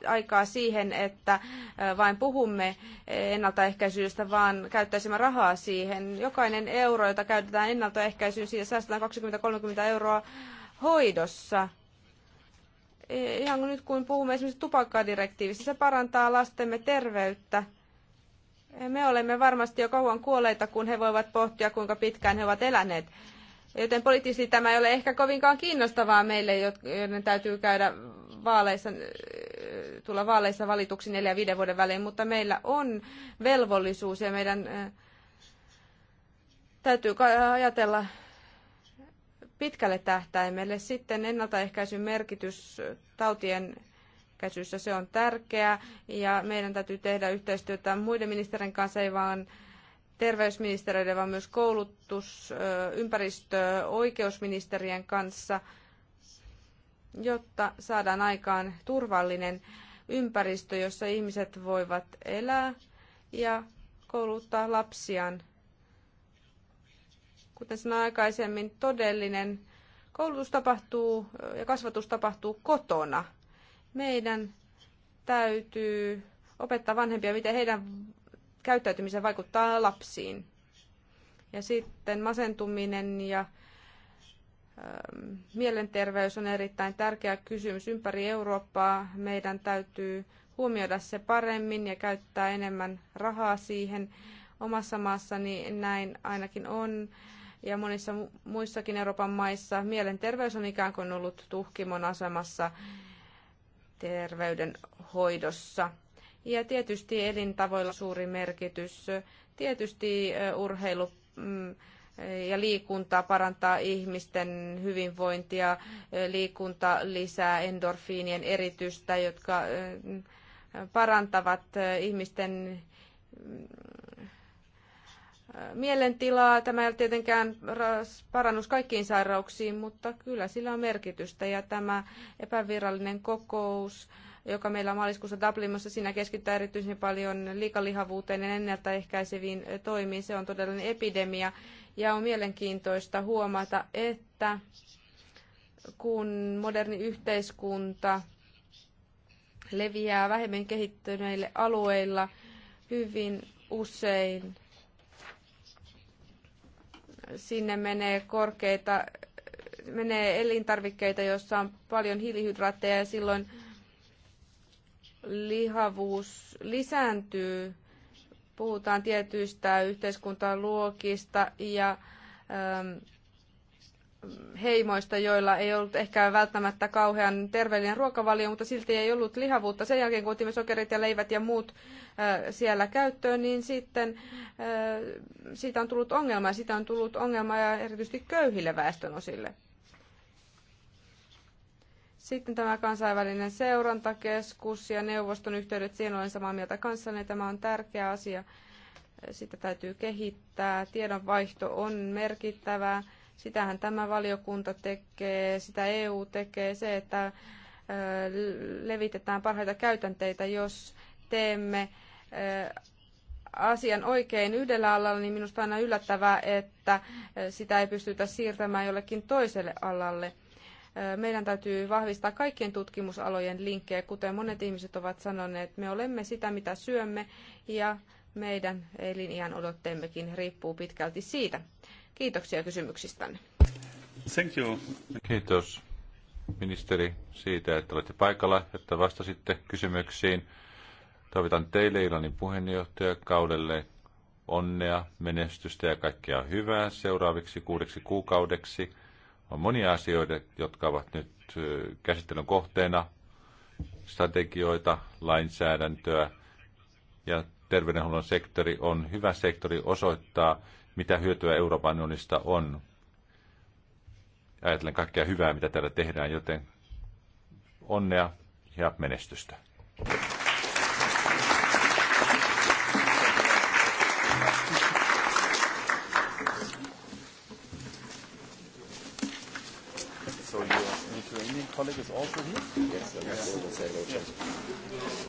aikaa siihen, että eh, vain puhumme ennaltaehkäisyystä, vaan käyttäisimme rahaa siihen. Jokainen euro, jota käytetään ennaltaehkäisyyn, siitä säästetään 20-30 euroa hoidossa. Eh, ihan nyt kun puhumme esimerkiksi tupakkadirektiivistä, se parantaa lastemme terveyttä me olemme varmasti jo kauan kuolleita, kun he voivat pohtia, kuinka pitkään he ovat eläneet. Joten poliittisesti tämä ei ole ehkä kovinkaan kiinnostavaa meille, joiden täytyy käydä vaaleissa, tulla vaaleissa valituksi neljä viiden vuoden välein, mutta meillä on velvollisuus ja meidän täytyy ajatella pitkälle tähtäimelle sitten ennaltaehkäisyn merkitys tautien ehkäisyssä. Se on tärkeää ja meidän täytyy tehdä yhteistyötä muiden ministerien kanssa, ei vaan terveysministeriöiden, vaan myös koulutus, ympäristö, oikeusministerien kanssa, jotta saadaan aikaan turvallinen ympäristö, jossa ihmiset voivat elää ja kouluttaa lapsiaan. Kuten sanoin aikaisemmin, todellinen koulutus tapahtuu ja kasvatus tapahtuu kotona – meidän täytyy opettaa vanhempia, miten heidän käyttäytymisen vaikuttaa lapsiin. Ja sitten masentuminen ja ähm, mielenterveys on erittäin tärkeä kysymys ympäri Eurooppaa. Meidän täytyy huomioida se paremmin ja käyttää enemmän rahaa siihen. Omassa maassani näin ainakin on ja monissa muissakin Euroopan maissa mielenterveys on ikään kuin ollut tuhkimon asemassa terveydenhoidossa. Ja tietysti elintavoilla suuri merkitys. Tietysti urheilu mm, ja liikunta parantaa ihmisten hyvinvointia. Liikunta lisää endorfiinien eritystä, jotka parantavat ihmisten mm, mielentilaa. Tämä ei ole tietenkään parannus kaikkiin sairauksiin, mutta kyllä sillä on merkitystä. Ja tämä epävirallinen kokous, joka meillä on maaliskuussa Dublinissa, siinä keskittää erityisen paljon liikalihavuuteen ja ennaltaehkäiseviin toimiin. Se on todellinen epidemia ja on mielenkiintoista huomata, että kun moderni yhteiskunta leviää vähemmän kehittyneille alueilla, hyvin usein Sinne menee korkeita, menee elintarvikkeita, joissa on paljon hiilihydraatteja ja silloin lihavuus lisääntyy. Puhutaan tietyistä yhteiskuntaluokista ja ähm, heimoista, joilla ei ollut ehkä välttämättä kauhean terveellinen ruokavalio, mutta silti ei ollut lihavuutta. Sen jälkeen kun otimme sokerit ja leivät ja muut siellä käyttöön, niin sitten siitä on tullut ongelma ja siitä on tullut ongelma ja erityisesti köyhille väestönosille. Sitten tämä kansainvälinen seurantakeskus ja neuvoston yhteydet, siihen olen samaa mieltä kanssanne, tämä on tärkeä asia. Sitä täytyy kehittää. Tiedonvaihto on merkittävää Sitähän tämä valiokunta tekee, sitä EU tekee, se, että levitetään parhaita käytänteitä, jos teemme asian oikein yhdellä alalla, niin minusta on aina yllättävää, että sitä ei pystytä siirtämään jollekin toiselle alalle. Meidän täytyy vahvistaa kaikkien tutkimusalojen linkkejä, kuten monet ihmiset ovat sanoneet. Me olemme sitä, mitä syömme, ja meidän eliniän odotteemmekin riippuu pitkälti siitä. Kiitoksia kysymyksistänne. Thank you. Kiitos ministeri siitä, että olette paikalla, että vastasitte kysymyksiin. Toivotan teille Irlannin puheenjohtajakaudelle onnea, menestystä ja kaikkea hyvää seuraaviksi kuudeksi kuukaudeksi. On monia asioita, jotka ovat nyt käsittelyn kohteena, strategioita, lainsäädäntöä ja terveydenhuollon sektori on hyvä sektori osoittaa, mitä hyötyä Euroopan unionista on. Ajatellen kaikkea hyvää, mitä täällä tehdään, joten onnea ja menestystä. So your Lithuanian colleague is also here? Yes, yes. Yes.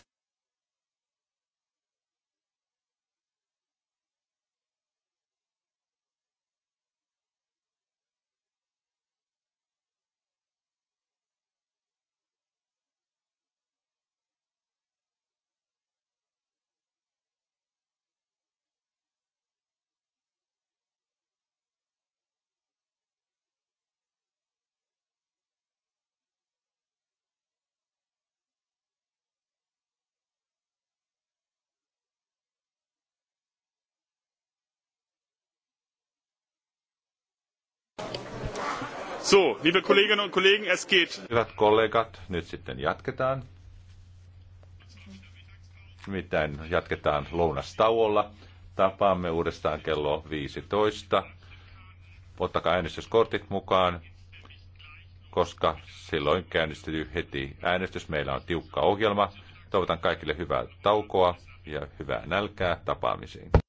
So, liebe Kolleginnen und Kollegen, es geht. Hyvät kollegat, nyt sitten jatketaan. Nimittäin jatketaan lounastauolla. Tapaamme uudestaan kello 15. Ottakaa äänestyskortit mukaan, koska silloin käynnistyy heti äänestys. Meillä on tiukka ohjelma. Toivotan kaikille hyvää taukoa ja hyvää nälkää tapaamisiin.